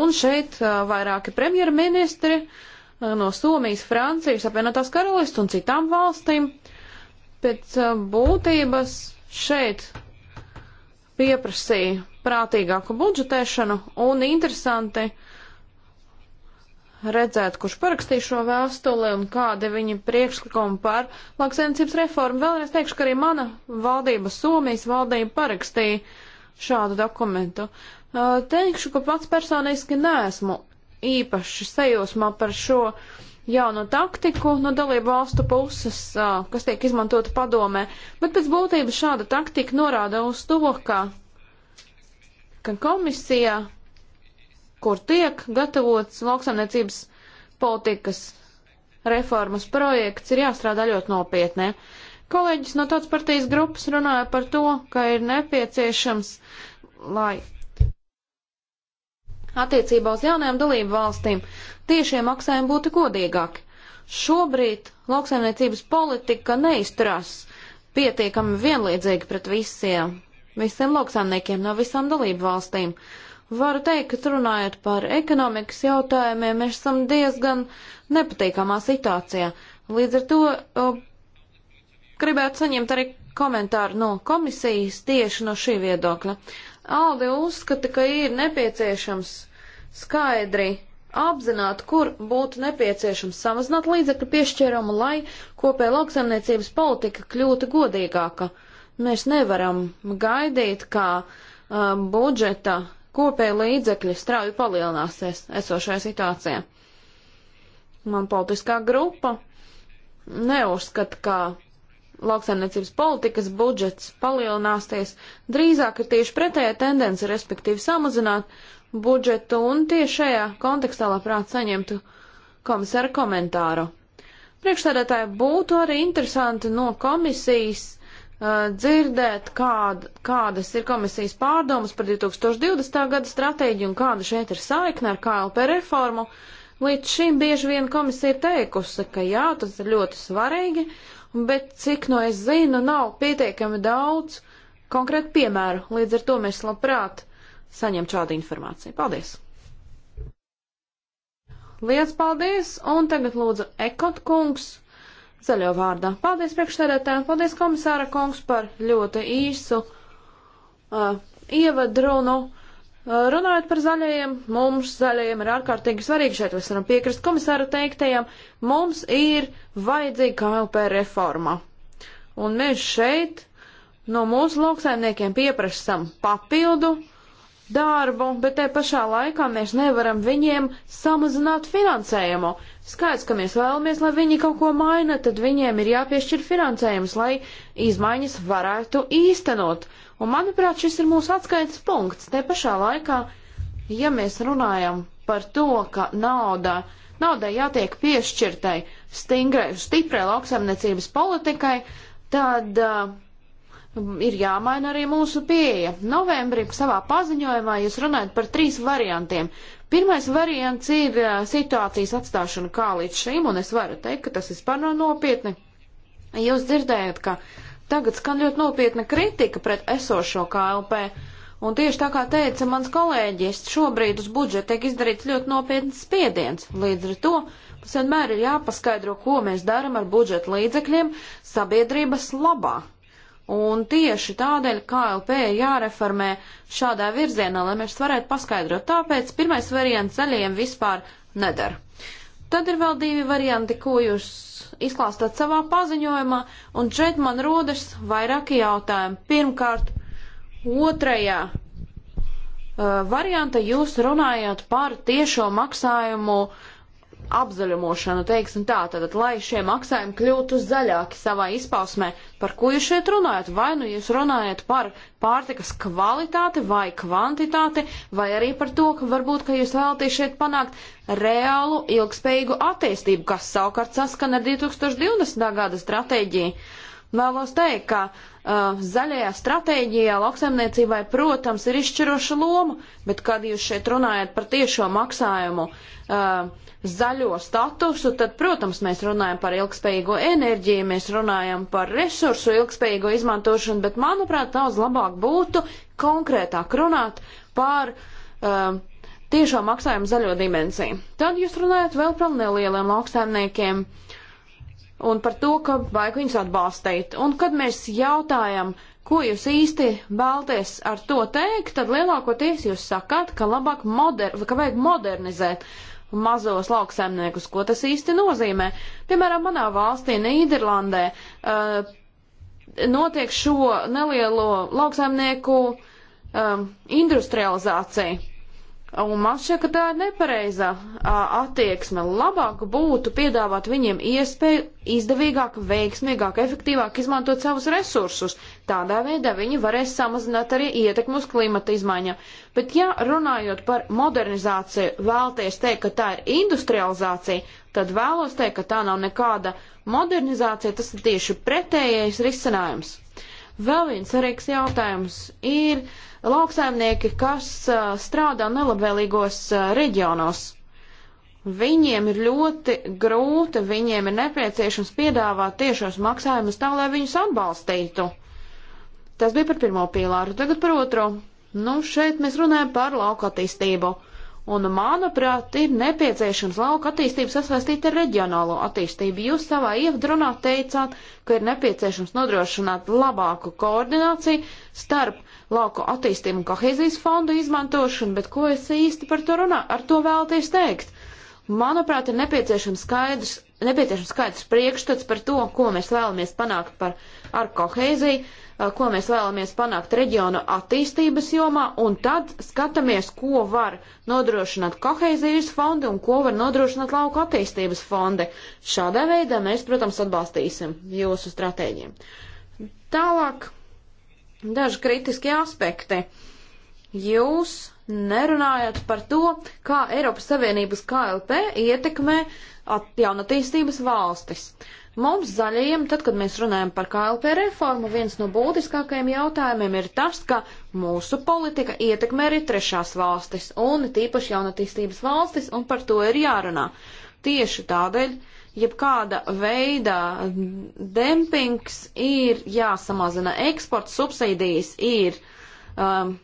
un šeit uh, vairāki premjerministri uh, Eh, no Somijas, Francijas, apvienotās karalists un citām valstīm. Pēc eh, būtības šeit pieprasīja prātīgāku budžetēšanu un interesanti redzēt, kurš parakstīja šo vēstuli un kādi viņa priekšlikumi par lauksaimniecības reformu. Vēlreiz teikšu, ka arī mana valdība, Somijas valdība parakstīja šādu dokumentu. Eh, teikšu, ka pats personiski neesmu īpaši sajūsmā par šo jauno taktiku no dalību valstu puses, kas tiek izmantota padomē, bet pēc būtības šāda taktika norāda uz to, ka, ka komisija, kur tiek gatavots lauksaimniecības politikas reformas projekts, ir jāstrādā ļoti nopietnē. Kolēģis no tāds partijas grupas runāja par to, ka ir nepieciešams, lai attiecībā uz jaunajām dalību valstīm tiešie maksājumi būtu godīgāki. Šobrīd lauksaimniecības politika neizturās pietiekami vienlīdzīgi pret visiem, visiem lauksaimniekiem no visām dalību valstīm. Varu teikt, ka runājot par ekonomikas jautājumiem, mēs esam diezgan nepatīkamā situācijā. Līdz ar to o, gribētu saņemt arī komentāru no komisijas tieši no šī viedokļa. Alde uzskata, ka ir nepieciešams skaidri apzināt, kur būtu nepieciešams samazināt līdzekļu piešķirumu, lai kopēja lauksaimniecības politika kļūtu godīgāka. Mēs nevaram gaidīt, ka uh, budžeta kopēja līdzekļi strauji palielināsies esošajā situācijā. Man politiskā grupa neuzskata, ka lauksaimniecības politikas budžets palielināsies, drīzāk ir tieši pretēja tendence, respektīvi samazināt, budžetu un tieši šajā kontekstā labprāt saņemtu komisāra komentāru. Priekšstādātāji būtu arī interesanti no komisijas uh, dzirdēt, kād, kādas ir komisijas pārdomas par 2020. gada stratēģiju un kāda šeit ir saikne ar KLP reformu. Līdz šim bieži vien komisija ir teikusi, ka jā, tas ir ļoti svarīgi, bet cik no es zinu, nav pietiekami daudz konkrētu piemēru. Līdz ar to mēs labprāt uh, saņemt šādu informāciju. Paldies! Liels paldies! Un tagad lūdzu Ekot kungs zaļo vārdā. Paldies priekšsēdētājiem, paldies komisāra kungs par ļoti īsu uh, ievadrunu. Uh, runājot par zaļajiem, mums zaļajiem ir ārkārtīgi svarīgi šeit, mēs varam piekrist komisāra teiktajam, mums ir vajadzīga KLP reforma. Un mēs šeit no mūsu lauksaimniekiem pieprasam papildu uh, darbu, bet te pašā laikā mēs nevaram viņiem samazināt finansējumu. Skaidrs, ka mēs vēlamies, lai viņi kaut ko maina, tad viņiem ir jāpiešķir finansējums, lai izmaiņas varētu īstenot. Un manuprāt, šis ir mūsu atskaites punkts. Te pašā laikā, ja mēs runājam par to, ka nauda, naudai jātiek piešķirtai stingrai, stiprai lauksaimniecības politikai, tad uh, ir jāmaina arī mūsu pieeja. Novembrī savā paziņojumā jūs runājat par trīs variantiem. Pirmais variants ir situācijas atstāšana kā līdz šim, un es varu teikt, ka tas vispār nav nopietni. Jūs dzirdējat, ka tagad skan ļoti nopietna kritika pret esošo KLP, un tieši tā kā teica mans kolēģis, šobrīd uz budžetu tiek izdarīts ļoti nopietns spiediens. Līdz ar to mums vienmēr ir jāpaskaidro, ko mēs daram ar budžeta līdzekļiem sabiedrības labā Un tieši tādēļ KLP ir jāreformē šādā virzienā, lai mēs varētu paskaidrot. Tāpēc pirmais variants zaļajiem vispār nedara. Tad ir vēl divi varianti, ko jūs izklāstāt savā paziņojumā, un šeit man rodas vairāki jautājumi. Pirmkārt, otrajā uh, varianta jūs runājāt par tiešo maksājumu uh, apzaļumošanu, teiksim tā, tātad, lai šie maksājumi kļūtu zaļāki savā izpausmē, par ko jūs šeit runājat? Vai nu jūs runājat par pārtikas kvalitāti vai kvantitāti, vai arī par to, ka varbūt, ka jūs vēlaties šeit panākt reālu, ilgspējīgu attīstību, kas savukārt saskana ar 2020. gada stratēģiju. Vēlos teikt, ka uh, zaļajā stratēģijā lauksaimniecībai, protams, ir izšķiroša loma, bet kad jūs šeit runājat par tiešo maksājumu uh, zaļo statusu, tad, protams, mēs runājam par ilgspējīgo enerģiju, mēs runājam par resursu ilgspējīgo izmantošanu, bet, manuprāt, daudz labāk būtu konkrētāk runāt par uh, tiešo maksājumu zaļo dimensiju. Tad jūs runājat vēl par nelieliem lauksaimniekiem. Uh, un par to, ka vajag viņus atbalstīt. Un kad mēs jautājam, ko jūs īsti vēlties ar to teikt, tad lielākoties jūs sakāt, ka labāk moder, ka vajag modernizēt mazos lauksaimniekus, ko tas īsti nozīmē. Piemēram, manā valstī, Nīderlandē, uh, notiek šo nelielo lauksaimnieku um, industrializāciju. Un man šķiet, ka tā ir nepareizā attieksme. Labāk būtu piedāvāt viņiem iespēju izdevīgāk, veiksmīgāk, efektīvāk izmantot savus resursus. Tādā veidā viņi varēs samazināt arī ietekmu uz klimata izmaiņām. Bet ja runājot par modernizāciju, vēlties teikt, ka tā ir industrializācija, tad vēlos teikt, ka tā nav nekāda modernizācija, tas ir tieši pretējais risinājums. Vēl viens svarīgs jautājums ir lauksaimnieki, kas uh, strādā nelabvēlīgos uh, reģionos. Viņiem ir ļoti grūti, viņiem ir nepieciešams piedāvāt tiešos maksājumus tā, lai viņus atbalstītu. Tas bija par pirmo pīlāru, tagad par otro. Nu, šeit mēs runājam par lauku attīstību. Un, manuprāt, ir nepieciešams lauka attīstību sasvēstīt ar reģionālo attīstību. Jūs savā ievadrunā teicāt, ka ir nepieciešams nodrošināt labāku koordināciju starp lauku attīstību un kohezijas fondu izmantošanu, bet ko es īsti par to runā, ar to vēlties teikt? Manuprāt, ir nepieciešams skaidrs, nepieciešams skaidrs priekšstats par to, ko mēs vēlamies panākt par, ar koheziju ko mēs vēlamies panākt reģionu attīstības jomā, un tad skatāmies, ko var nodrošināt kohēzijas fondi un ko var nodrošināt lauku attīstības fondi. Šādā veidā mēs, protams, atbalstīsim jūsu stratēģiju. Tālāk daži kritiskie aspekti. Jūs nerunājat par to, kā Eiropas Savienības KLP ietekmē jaunatīstības valstis. Mums zaļajiem, tad, kad mēs runājam par KLP reformu, viens no būtiskākajiem jautājumiem ir tas, ka mūsu politika ietekmē arī trešās valstis un tīpaši jaunatīstības valstis, un par to ir jārunā. Tieši tādēļ, jebkāda veida dempings ir jāsamazina, eksporta subsīdijas ir um,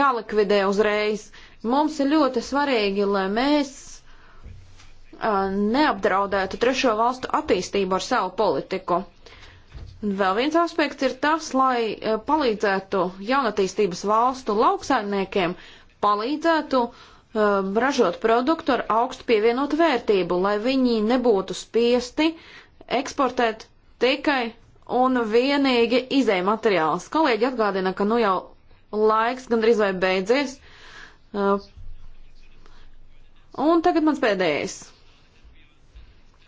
jālikvidē uzreiz. Mums ir ļoti svarīgi, lai mēs neapdraudētu trešo valstu attīstību ar savu politiku. Un vēl viens aspekts ir tas, lai palīdzētu jaunatīstības valstu lauksaimniekiem, palīdzētu uh, ražot produktu ar augstu pievienotu vērtību, lai viņi nebūtu spiesti eksportēt tikai un vienīgi izēja materiāls. Kolēģi atgādina, ka nu jau laiks gandrīz vai beidzies. Uh, un tagad mans pēdējais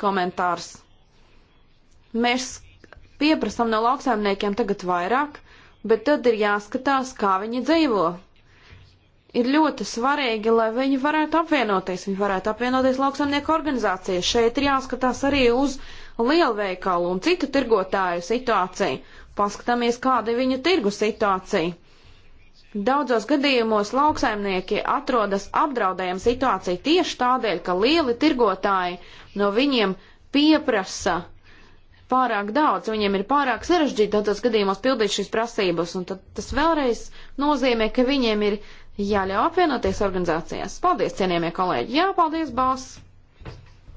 komentārs. Mēs pieprasām no lauksaimniekiem tagad vairāk, bet tad ir jāskatās, kā viņi dzīvo. Ir ļoti svarīgi, lai viņi varētu apvienoties, viņi varētu apvienoties lauksaimnieku organizācijas. Šeit ir jāskatās arī uz lielveikalu un citu tirgotāju situāciju. Paskatāmies, kāda ir viņa tirgu situācija. Daudzos gadījumos lauksaimnieki atrodas apdraudējuma situācija tieši tādēļ, ka lieli tirgotāji no viņiem pieprasa pārāk daudz, viņiem ir pārāk sarežģīti daudzos gadījumos pildīt šīs prasības, un tad tas vēlreiz nozīmē, ka viņiem ir jāļauj apvienoties organizācijās. Paldies, cienījamie kolēģi! Jā, paldies, Bās!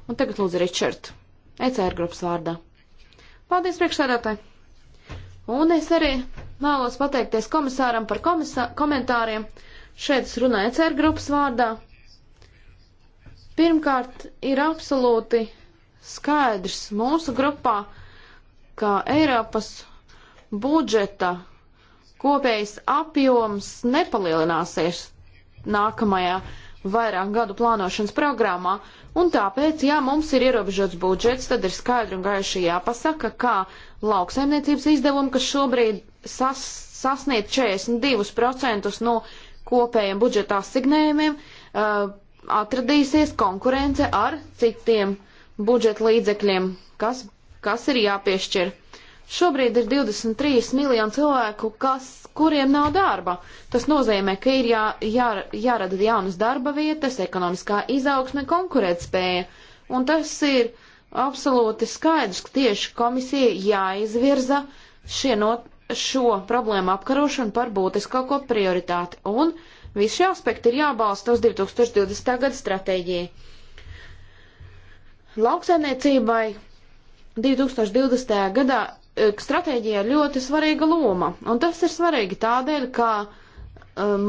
Un tagad lūdzu Richard, ECR grupas vārdā. Paldies, priekšsēdētāji! Un es arī vēlos pateikties komisāram par komisā komentāriem. Šeit es runāju ECR grupas vārdā. Pirmkārt, ir absolūti skaidrs mūsu grupā, ka Eiropas budžeta kopējs apjoms nepalielināsies nākamajā vairāk gadu plānošanas programmā, un tāpēc, ja mums ir ierobežots budžets, tad ir skaidri un gaiši jāpasaka, kā lauksaimniecības izdevumi, kas šobrīd sas, sasniedz 42% no kopējiem budžeta asignējumiem, uh, atradīsies konkurence ar citiem budžeta līdzekļiem, kas, kas ir jāpiešķir. Šobrīd ir 23 miljoni cilvēku, kas, kuriem nav darba. Tas nozīmē, ka ir jā, jā, jārada jaunas darba vietas, ekonomiskā izaugsme, konkurētspēja. Un tas ir absolūti skaidrs, ka tieši komisija jāizvirza šie not, šo problēmu apkarošanu par būtiskāko prioritāti. Un uh, Visi šie aspekti ir jābalsta uz 2020. gada stratēģiju. Lauksaimniecībai 2020. gadā e, stratēģijā ļoti svarīga loma, un tas ir svarīgi tādēļ, ka e,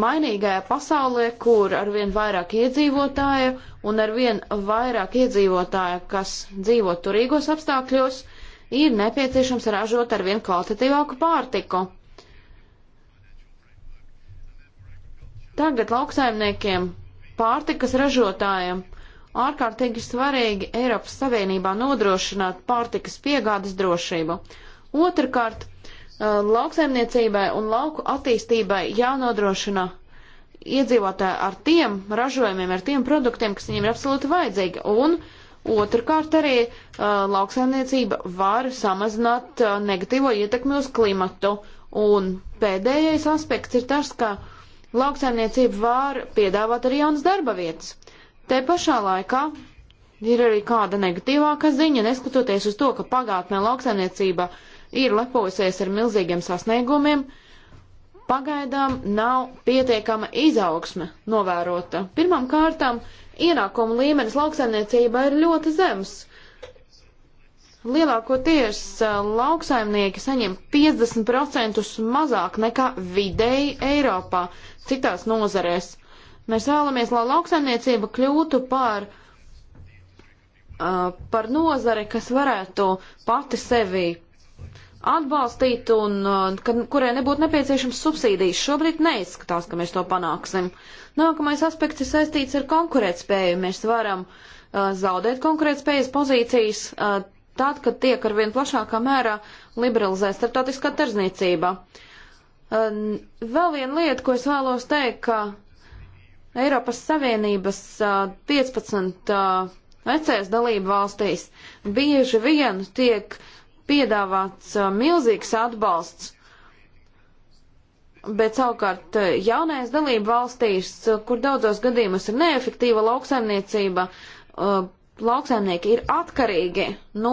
mainīgajā pasaulē, kur arvien vairāk iedzīvotāju un arvien vairāk iedzīvotāju, kas dzīvo turīgos apstākļos, ir nepieciešams ražot arvien kvalitatīvāku pārtiku. Tagad lauksaimniekiem, pārtikas ražotājiem ārkārtīgi svarīgi Eiropas Savienībā nodrošināt pārtikas piegādes drošību. Otrakārt, uh, lauksaimniecībai un lauku attīstībai jānodrošina iedzīvotāji ar tiem ražojumiem, ar tiem produktiem, kas viņiem ir absolūti vajadzīgi. Un otrkārt arī uh, lauksaimniecība var samazināt uh, negatīvo ietekmi uz klimatu. Un pēdējais aspekts ir tas, ka uh, lauksaimniecība var piedāvāt arī jaunas darba vietas. Te pašā laikā ir arī kāda negatīvāka ziņa, neskatoties uz to, ka pagātnē lauksaimniecība ir lepojusies ar milzīgiem sasniegumiem, pagaidām nav pietiekama izaugsme novērota. Pirmām kārtām ienākumu līmenis lauksaimniecībā ir ļoti zems. Lielākoties eh, lauksaimnieki saņem 50% mazāk nekā vidēji Eiropā, citās nozarēs. Mēs vēlamies, lai lauksaimniecība kļūtu par, uh, par nozari, kas varētu pati sevi atbalstīt un eh, kad, kurai nebūtu nepieciešams subsīdijas. Šobrīd neizskatās, ka mēs to panāksim. Nākamais aspekts ir saistīts ar konkurētspēju. Mēs varam uh, zaudēt konkurētspējas pozīcijas. Uh, tad, kad tiek ar vien plašākā mērā liberalizēta starptautiskā tirzniecība. Vēl viena lieta, ko es vēlos teikt, ka Eiropas Savienības 15 vecajās dalību valstīs bieži vien tiek piedāvāts milzīgs atbalsts, bet savukārt jaunajās dalību valstīs, kur daudzos gadījumos ir neefektīva lauksaimniecība, lauksaimnieki ir atkarīgi no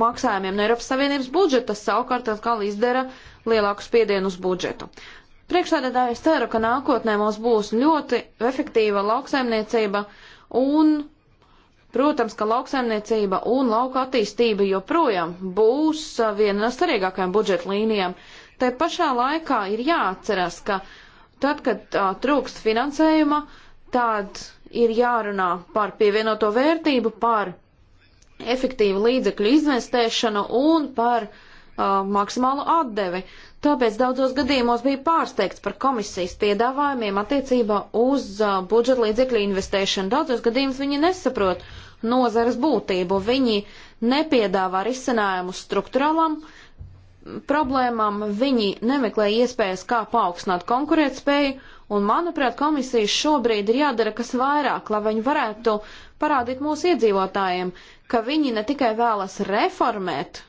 maksājumiem no Eiropas Savienības budžeta, tas savukārt atkal izdara lielāku spiedienu uz budžetu. Priekšstādātāji, es ceru, ka nākotnē mums būs ļoti efektīva lauksaimniecība un, protams, ka lauksaimniecība un lauka attīstība joprojām būs viena no svarīgākajām budžeta līnijām. Te pašā laikā ir jāatcerās, ka tad, kad uh, trūkst finansējuma, tad ir jārunā par pievienoto vērtību, par efektīvu līdzekļu investēšanu un par uh, maksimālu atdevi. Tāpēc daudzos gadījumos bija pārsteigts par komisijas piedāvājumiem attiecībā uz uh, budžeta līdzekļu investēšanu. Daudzos gadījumos viņi nesaprot nozares būtību. Viņi nepiedāvā risinājumu struktūrālam problēmām, viņi nemeklē iespējas, kā paaugstināt konkurētspēju, Un, manuprāt, komisija šobrīd ir jādara kas vairāk, lai viņi varētu parādīt mūsu iedzīvotājiem, ka viņi ne tikai vēlas reformēt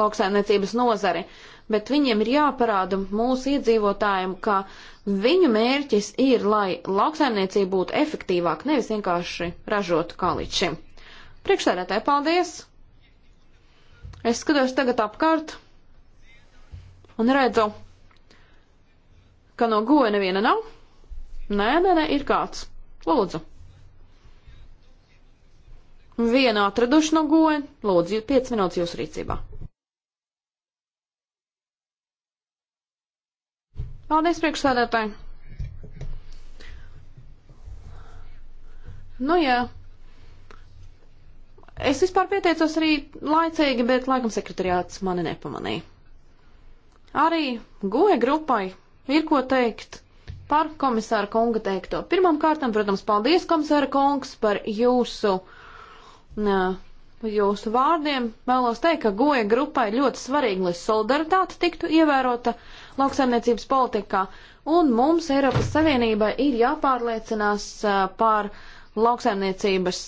lauksaimniecības nozari, bet viņiem ir jāparāda mūsu iedzīvotājiem, ka viņu mērķis ir, lai lauksaimniecība būtu efektīvāka, nevis vienkārši ražotu kā līdz šim. Priekšsēdētāji, paldies! Es skatos tagad apkārt un redzu, ka no goja neviena nav? Nē, nē, nē, ir kāds. Lūdzu. Vienu atraduši no goja. Lūdzu, 5 minūtes jūsu rīcībā. Paldies, priekšsēdētāji. Nu jā. Es vispār pieteicos arī laicīgi, bet laikam sekretariāts mani nepamanīja. Arī goja grupai ir ko teikt par komisāra kunga teikto. Pirmam kārtam, protams, paldies, komisāra kungs, par jūsu, nā, jūsu vārdiem. Vēlos teikt, ka goja grupai ļoti svarīgi, lai solidaritāte tiktu ievērota lauksaimniecības politikā, un mums Eiropas Savienībai ir jāpārliecinās par lauksaimniecības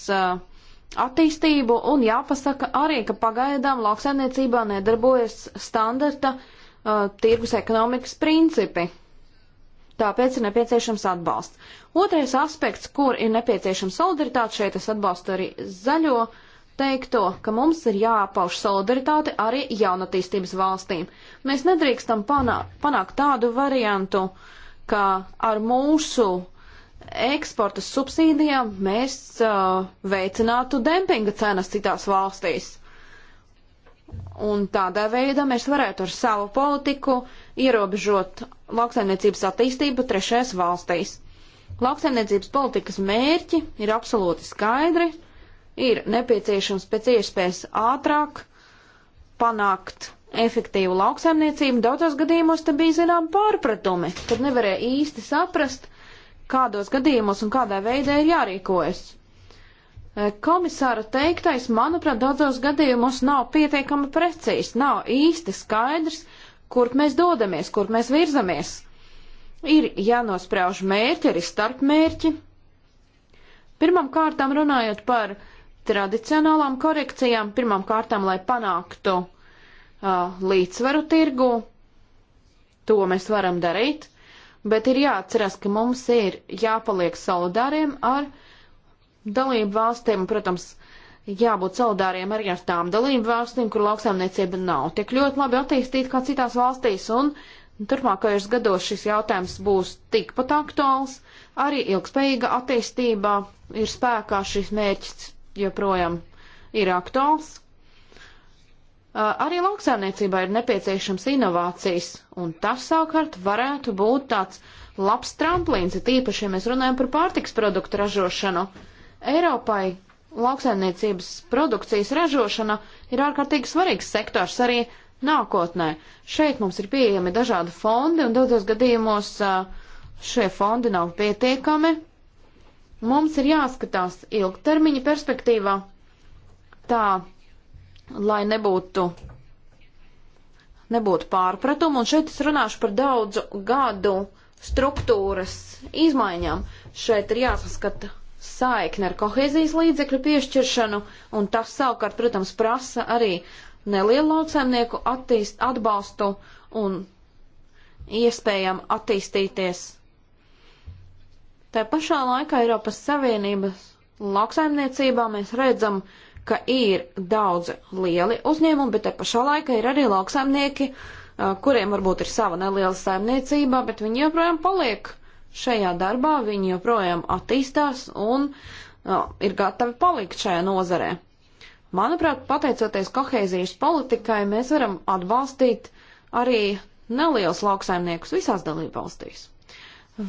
attīstību un jāpasaka arī, ka pagaidām lauksaimniecībā nedarbojas standarta uh, uh, tirgus ekonomikas principi. Tāpēc ir nepieciešams atbalsts. Otrais aspekts, kur ir nepieciešama solidaritāte, šeit es atbalstu arī zaļo teikto, ka mums ir jāpauž solidaritāte arī jaunatīstības valstīm. Mēs nedrīkstam panā, panākt tādu variantu, ka ar mūsu eksporta subsīdijām mēs uh, veicinātu dempinga cenas citās valstīs. Un tādā veidā mēs varētu ar savu politiku ierobežot lauksaimniecības attīstību trešajās valstīs. Lauksaimniecības politikas mērķi ir absolūti skaidri, ir nepieciešams pēc iespējas ātrāk panākt efektīvu lauksaimniecību. Daudzos gadījumos te bija zinām pārpratumi, kad nevarēja īsti saprast, kādos gadījumos un kādā veidā ir jārīkojas. Eh, komisāra teiktais, manuprāt, daudzos gadījumos nav pietiekami precīzs, nav īsti skaidrs, kur mēs dodamies, kur mēs virzamies. Ir jānosprauž mērķi, arī starpmērķi. Pirmam kārtām runājot par tradicionālām korekcijām, pirmam kārtām, lai panāktu uh, līdzsvaru tirgu, to mēs varam darīt, bet ir jāatcerās, ka mums ir jāpaliek solidāriem ar uh, Dalību valstīm, protams, jābūt saudāriem arī ar tām dalību valstīm, kur lauksaimniecība nav tik ļoti labi attīstīta kā citās valstīs, un turpmākajos gados šis jautājums būs tikpat aktuāls. Arī ilgspējīga attīstība ir spēkā šis mērķis joprojām ir aktuāls. Arī lauksaimniecībā ir nepieciešams inovācijas, un tas savukārt varētu būt tāds labs tramplīns, ja tīpaši, ja mēs runājam par pārtiks produktu ražošanu. Uh, Eiropai lauksaimniecības produkcijas ražošana ir ārkārtīgi svarīgs sektors arī nākotnē. Šeit mums ir pieejami dažādi fondi, un daudzos gadījumos šie fondi nav pietiekami. Mums ir jāskatās ilgtermiņa perspektīvā, tā, lai nebūtu, nebūtu pārpratumu, un šeit es runāšu par daudzu gadu struktūras izmaiņām. Šeit ir jāsaskata saikni ar kohēzijas līdzekļu piešķiršanu, un tas savukārt, protams, prasa arī nelielu lauksaimnieku attīst, atbalstu un iespējam attīstīties. Tā pašā laikā Eiropas Savienības lauksaimniecībā mēs redzam, ka ir daudz lieli uzņēmumi, bet te pašā laikā ir arī lauksaimnieki, kuriem varbūt ir sava neliela saimniecība, bet viņi joprojām paliek šajā darbā, viņi joprojām attīstās un no, ir gatavi palikt šajā nozarē. Manuprāt, pateicoties kohēzijas politikai, mēs varam atbalstīt arī nelielus lauksaimniekus visās dalībvalstīs.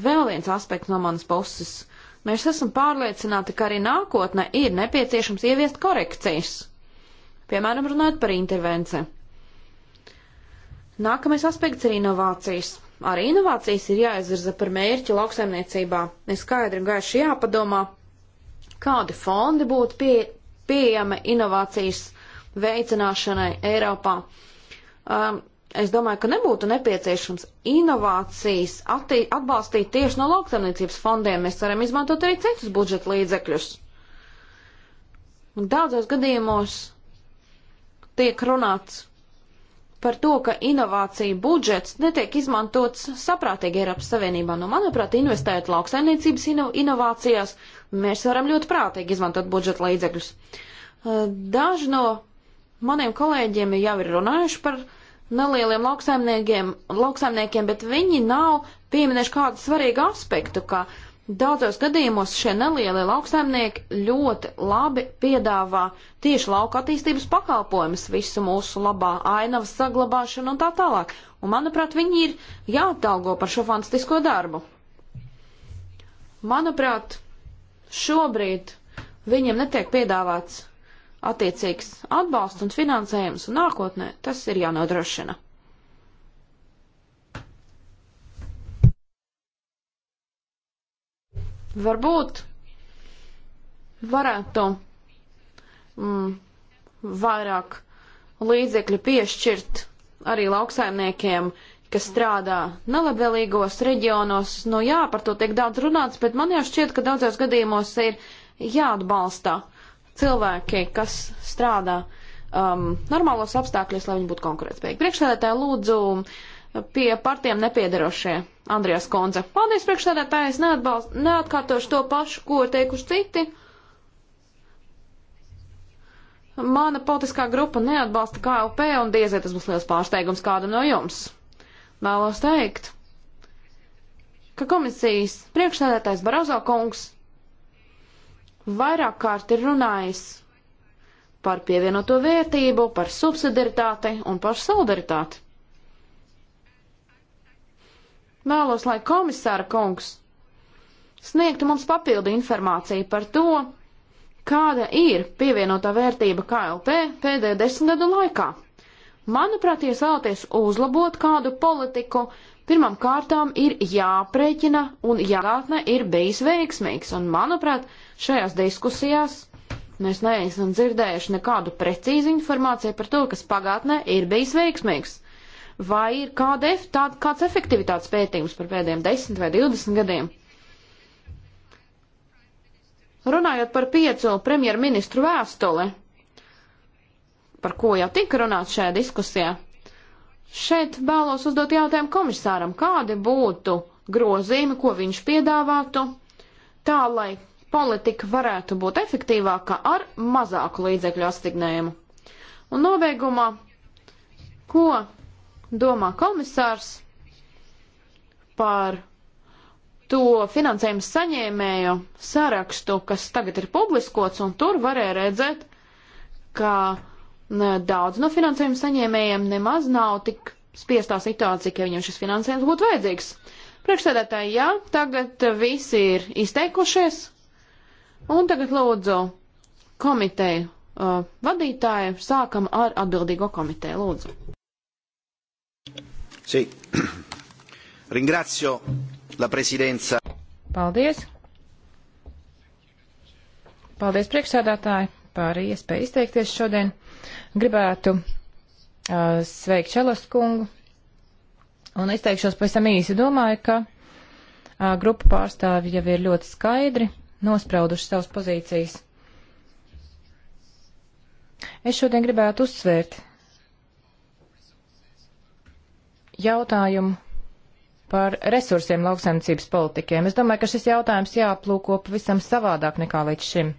Vēl viens aspekts no manas puses. Mēs esam pārliecināti, ka arī nākotnē ir nepieciešams ieviest korekcijas. Piemēram, runājot par intervenci. Nākamais aspekts ir inovācijas. Arī inovācijas ir jāizvirza par mērķi lauksaimniecībā. Ir skaidri un gaiši jāpadomā, kādi fondi būtu pie, pieejami inovācijas veicināšanai Eiropā. Um, es domāju, ka nebūtu nepieciešams inovācijas atti, atbalstīt tieši no lauksaimniecības fondiem. Mēs varam izmantot arī citus budžeta līdzekļus. Un daudzos gadījumos tiek runāts par to, ka inovācija budžets netiek izmantots saprātīgi Eiropas Savienībā. Nu, manuprāt, investējot lauksaimniecības ino inovācijās, mēs varam ļoti prātīgi izmantot budžeta līdzekļus. Eh, daži no maniem kolēģiem jau ir runājuši par nelieliem lauksaimniekiem, lauksaimniekiem bet viņi nav pieminējuši kādu svarīgu aspektu, ka uh, Daudzos gadījumos šie nelielie lauksaimnieki ļoti labi piedāvā tieši lauka attīstības pakalpojumus visu mūsu labā, ainavas saglabāšanu un tā tālāk. Un, manuprāt, viņi ir jāatalgo par šo fantastisko darbu. Manuprāt, šobrīd viņiem netiek piedāvāts attiecīgs atbalsts un finansējums, un nākotnē tas ir jānodrošina. Varbūt varētu mm, vairāk līdzekļu piešķirt arī lauksaimniekiem, kas strādā nelabvēlīgos reģionos. Nu jā, par to tiek daudz runāts, bet man jau šķiet, ka daudzos gadījumos ir jāatbalsta cilvēki, kas strādā um, normālos apstākļos, lai viņi būtu konkurētspējīgi. Priekšsēdētāji lūdzu pie partijām nepiedarošie Andrijas Konze. Paldies priekšsēdētājs, neatkārtošu to pašu, ko teikuši citi. Mana politiskā grupa neatbalsta KLP un diezē tas būs liels pārsteigums kādam no jums. Vēlos teikt, ka komisijas priekšsēdētājs Barozo kungs vairāk kārt ir runājis par pievienoto vērtību, par subsidiaritāti un par solidaritāti. Vēlos, lai komisāra kungs sniegtu mums papildu informāciju par to, kāda ir pievienotā vērtība KLP pēdējo desmit gadu laikā. Manuprāt, ja vēlaties uzlabot kādu politiku, pirmām kārtām ir jāprēķina un jāgātne ir bijis veiksmīgs, un manuprāt, šajās diskusijās mēs neesam dzirdējuši nekādu precīzu informāciju par to, kas pagātnē ir bijis veiksmīgs. Vai ir kāda, tāda, kāds efektivitātes pētījums par pēdējiem 10 vai 20 gadiem? Runājot par piecu premjerministru vēstuli, par ko jau tika runāts šajā diskusijā, šeit vēlos uzdot jautājumu komisāram, kādi būtu grozījumi, ko viņš piedāvātu, tā lai politika varētu būt efektīvāka ar mazāku līdzekļu astignējumu. Un nobeigumā, ko domā komisārs par to finansējumu saņēmēju sarakstu, kas tagad ir publiskots, un tur varēja redzēt, ka daudz no finansējuma saņēmējiem nemaz nav tik spiestā situācija, ka viņam šis finansējums būtu vajadzīgs. Priekšsēdētāji, jā, tagad visi ir izteikušies, un tagad lūdzu komiteju uh, vadītāju sākam ar atbildīgo komiteju, lūdzu. Sì. Ringrazio la presidenza. Paldies. Paldies priekšsēdātāji par iespēju izteikties šodien. Gribētu uh, sveikt Čelos kungu un izteikšos pavisam īsi. Domāju, ka uh, grupa pārstāvi jau ir ļoti skaidri nosprauduši savas pozīcijas. Es šodien gribētu uzsvērt jautājumu par resursiem lauksaimniecības politikiem. Es domāju, ka šis jautājums jāaplūko pavisam savādāk nekā līdz šim.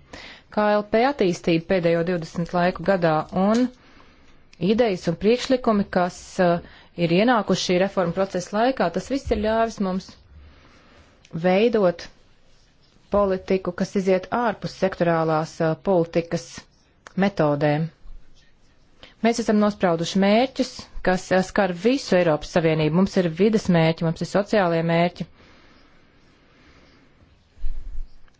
KLP attīstība pēdējo 20 laiku gadā un idejas un priekšlikumi, kas uh, ir ienākuši šī reforma procesa laikā, tas viss ir ļāvis mums veidot politiku, kas iziet ārpus sektorālās uh, politikas metodēm. Mēs esam nosprauduši mērķus, kas eh, skar visu Eiropas Savienību. Mums ir vides mērķi, mums ir sociālie mērķi,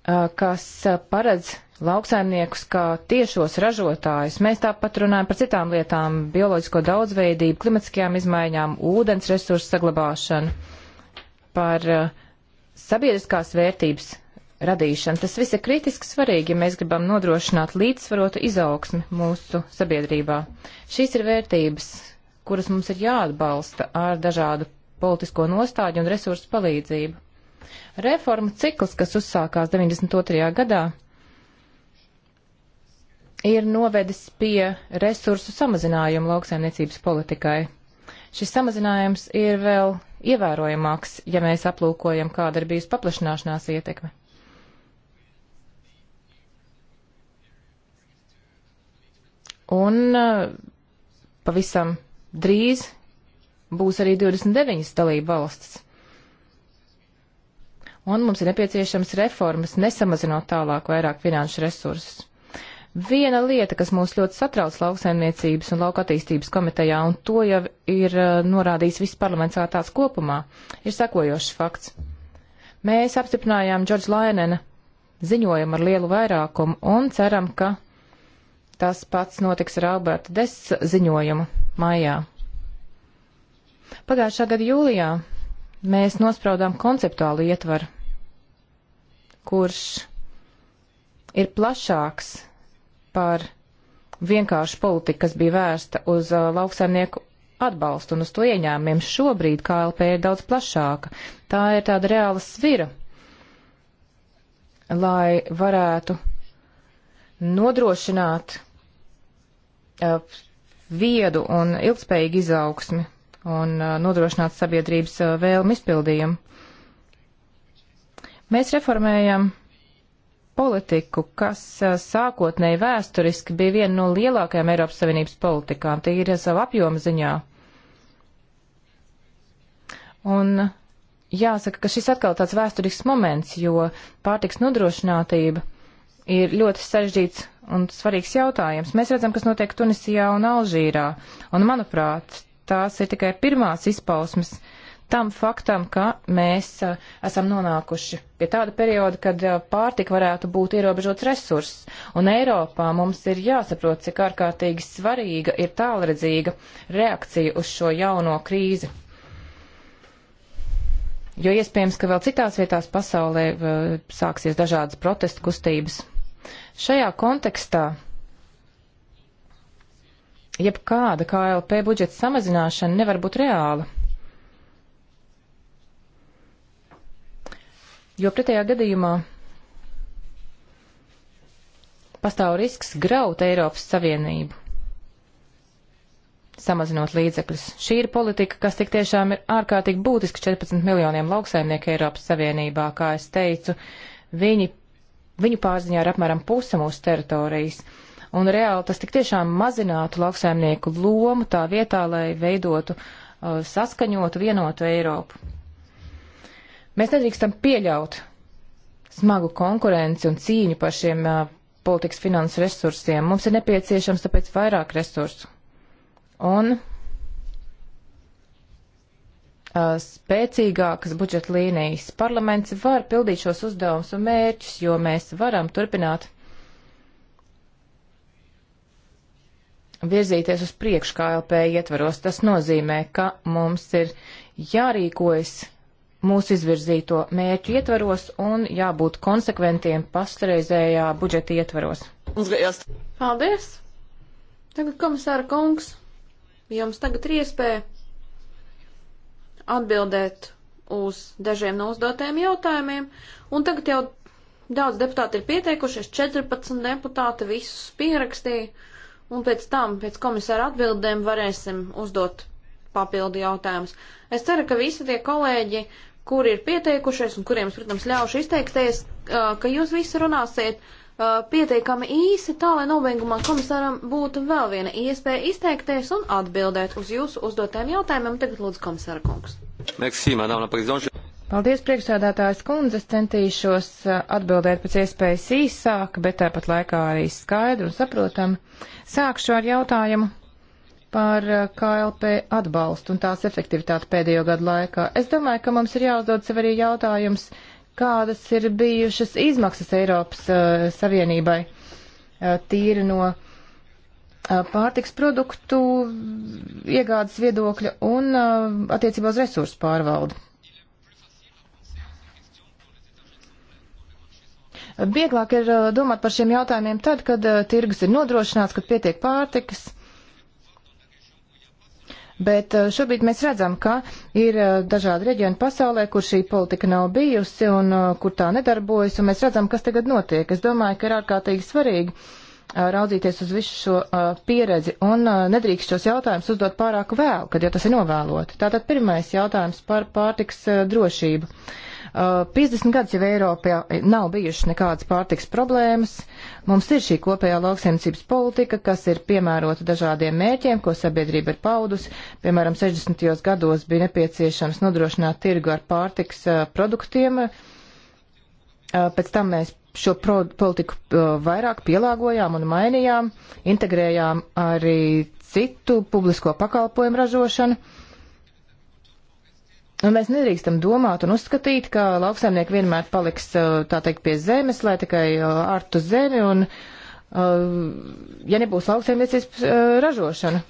eh, kas eh, paredz lauksaimniekus kā tiešos ražotājus. Mēs tāpat runājam par citām lietām - bioloģisko daudzveidību, klimatiskajām izmaiņām, ūdens resursu saglabāšanu, par sabiedriskās vērtības radīšana. Tas viss ir kritiski svarīgi, ja mēs gribam nodrošināt līdzsvarotu izaugsmi mūsu sabiedrībā. Šīs ir vērtības, kuras mums ir jāatbalsta ar dažādu politisko nostāju un resursu palīdzību. Reforma cikls, kas uzsākās 92. gadā, ir novedis pie resursu samazinājuma lauksaimniecības politikai. Šis samazinājums ir vēl ievērojamāks, ja mēs aplūkojam, kāda ir bijusi paplašināšanās ietekme. Un uh, pavisam drīz būs arī 29 dalība valstis. Un mums ir nepieciešams reformas, nesamazinot tālāk vairāk finanšu resursus. Viena lieta, kas mūs ļoti satrauc lauksaimniecības un lauka attīstības komitejā, un to jau ir uh, norādījis viss parlaments kā tāds kopumā, ir sekojošs fakts. Mēs apstiprinājām Džordža Lainena ziņojumu ar lielu vairākumu un ceram, ka tas pats notiks ar Alberta Dess ziņojumu maijā. Pagājušā gada jūlijā mēs nospraudām konceptuālu ietvaru, kurš ir plašāks par vienkāršu politiku, kas bija vērsta uz uh, lauksaimnieku atbalstu un uz to ieņēmumiem. Šobrīd KLP ir daudz plašāka. Tā ir tāda reāla svira, lai varētu nodrošināt uh, viedu un ilgspējīgu izaugsmi un uh, nodrošināt sabiedrības uh, vēlmu izpildījumu. Mēs reformējam politiku, kas uh, sākotnēji vēsturiski bija viena no lielākajām Eiropas Savienības politikām, tie ir savu apjomu ziņā. Un jāsaka, ka šis atkal tāds vēsturisks moments, jo pārtiks nodrošinātība ir ļoti sarežģīts un svarīgs jautājums. Mēs redzam, kas notiek Tunisijā un Alžīrā, un manuprāt, tās ir tikai pirmās izpausmes tam faktam, ka mēs a, esam nonākuši pie tāda perioda, kad a, pārtika varētu būt ierobežots resurss, un Eiropā mums ir jāsaprot, cik ārkārtīgi svarīga ir tālredzīga reakcija uz šo jauno krīzi. Jo iespējams, ka vēl citās vietās pasaulē a, sāksies dažādas protestu kustības. Šajā kontekstā jebkāda KLP budžeta samazināšana nevar būt reāla. Jo pretējā gadījumā pastāv risks graut Eiropas Savienību, samazinot līdzekļus. Šī ir politika, kas tik tiešām ir ārkārtīgi būtiska 14 miljoniem lauksaimnieku Eiropas Savienībā, kā es teicu. Viņi Viņu pārziņā ir apmēram puse mūsu teritorijas. Un reāli tas tik tiešām mazinātu lauksaimnieku lomu tā vietā, lai veidotu uh, saskaņotu vienotu Eiropu. Mēs nedrīkstam pieļaut smagu konkurenci un cīņu par šiem uh, politikas finanses resursiem. Mums ir nepieciešams tāpēc vairāk resursu. Un Uh, spēcīgākas budžeta līnijas. Parlaments var pildīt šos uzdevumus un mērķus, jo mēs varam turpināt virzīties uz priekšu KLP ietvaros. Tas nozīmē, ka mums ir jārīkojas mūsu izvirzīto mērķu ietvaros un jābūt konsekventiem pašreizējā budžeta ietvaros. Paldies! Tagad komisāra kungs, jums tagad ir iespēja atbildēt uz dažiem no uzdotajiem jautājumiem. Un tagad jau daudz deputāti ir pieteikušies, 14 deputāti visus pierakstīja, un pēc tam, pēc komisāra atbildēm, varēsim uzdot papildu jautājumus. Es ceru, ka visi tie kolēģi, kuri ir pieteikušies un kuriem, protams, ļaušu izteikties, ka jūs visi runāsiet Uh, pietiekami īsi, tā lai nobeigumā komisāram būtu vēl viena iespēja izteikties un atbildēt uz jūsu uzdotiem jautājumiem. Tagad lūdzu komisāra kungs. Paldies, priekšsēdētājs kundze. Es centīšos uh, atbildēt pēc iespējas īsāk, bet tāpat laikā arī skaidru un saprotam. Sākšu ar jautājumu par uh, KLP atbalstu un tās efektivitāti pēdējo gadu laikā. Es domāju, ka mums ir jāuzdod sev arī jautājums. Uh, kādas ir bijušas izmaksas Eiropas uh, Savienībai uh, tīri no uh, pārtiks produktu iegādes viedokļa un uh, attiecībā uz resursu pārvaldu. Vieglāk ir uh, domāt par šiem jautājumiem tad, kad uh, tirgus ir nodrošināts, kad pietiek pārtikas Bet eh, šobrīd mēs redzam, ka ir eh, dažādi reģioni pasaulē, kur šī politika nav bijusi un eh, kur tā nedarbojas, un mēs redzam, kas tagad notiek. Es domāju, ka ir ārkārtīgi svarīgi raudzīties uz visu šo uh, pieredzi un uh, nedrīkst šos jautājumus uzdot pārāk vēl, kad jau tas ir novēloti. Tātad pirmais jautājums par pārtiks uh, drošību. 50 gadus jau Eiropā nav bijušas nekādas pārtiks problēmas. Uh, Mums ir šī kopējā lauksaimniecības politika, kas ir piemērota dažādiem mērķiem, ko sabiedrība ir paudusi. Piemēram, 60. gados bija nepieciešams nodrošināt tirgu ar pārtiks produktiem. Pēc tam mēs šo politiku vairāk pielāgojām un mainījām, integrējām arī citu publisko pakalpojumu ražošanu Un nu, mēs nedrīkstam domāt un uzskatīt, ka lauksaimnieki vienmēr paliks, eh, tā teikt, pie zemes, lai tikai eh, ārtu zemi un, eh, ja nebūs lauksaimniecības ražošana.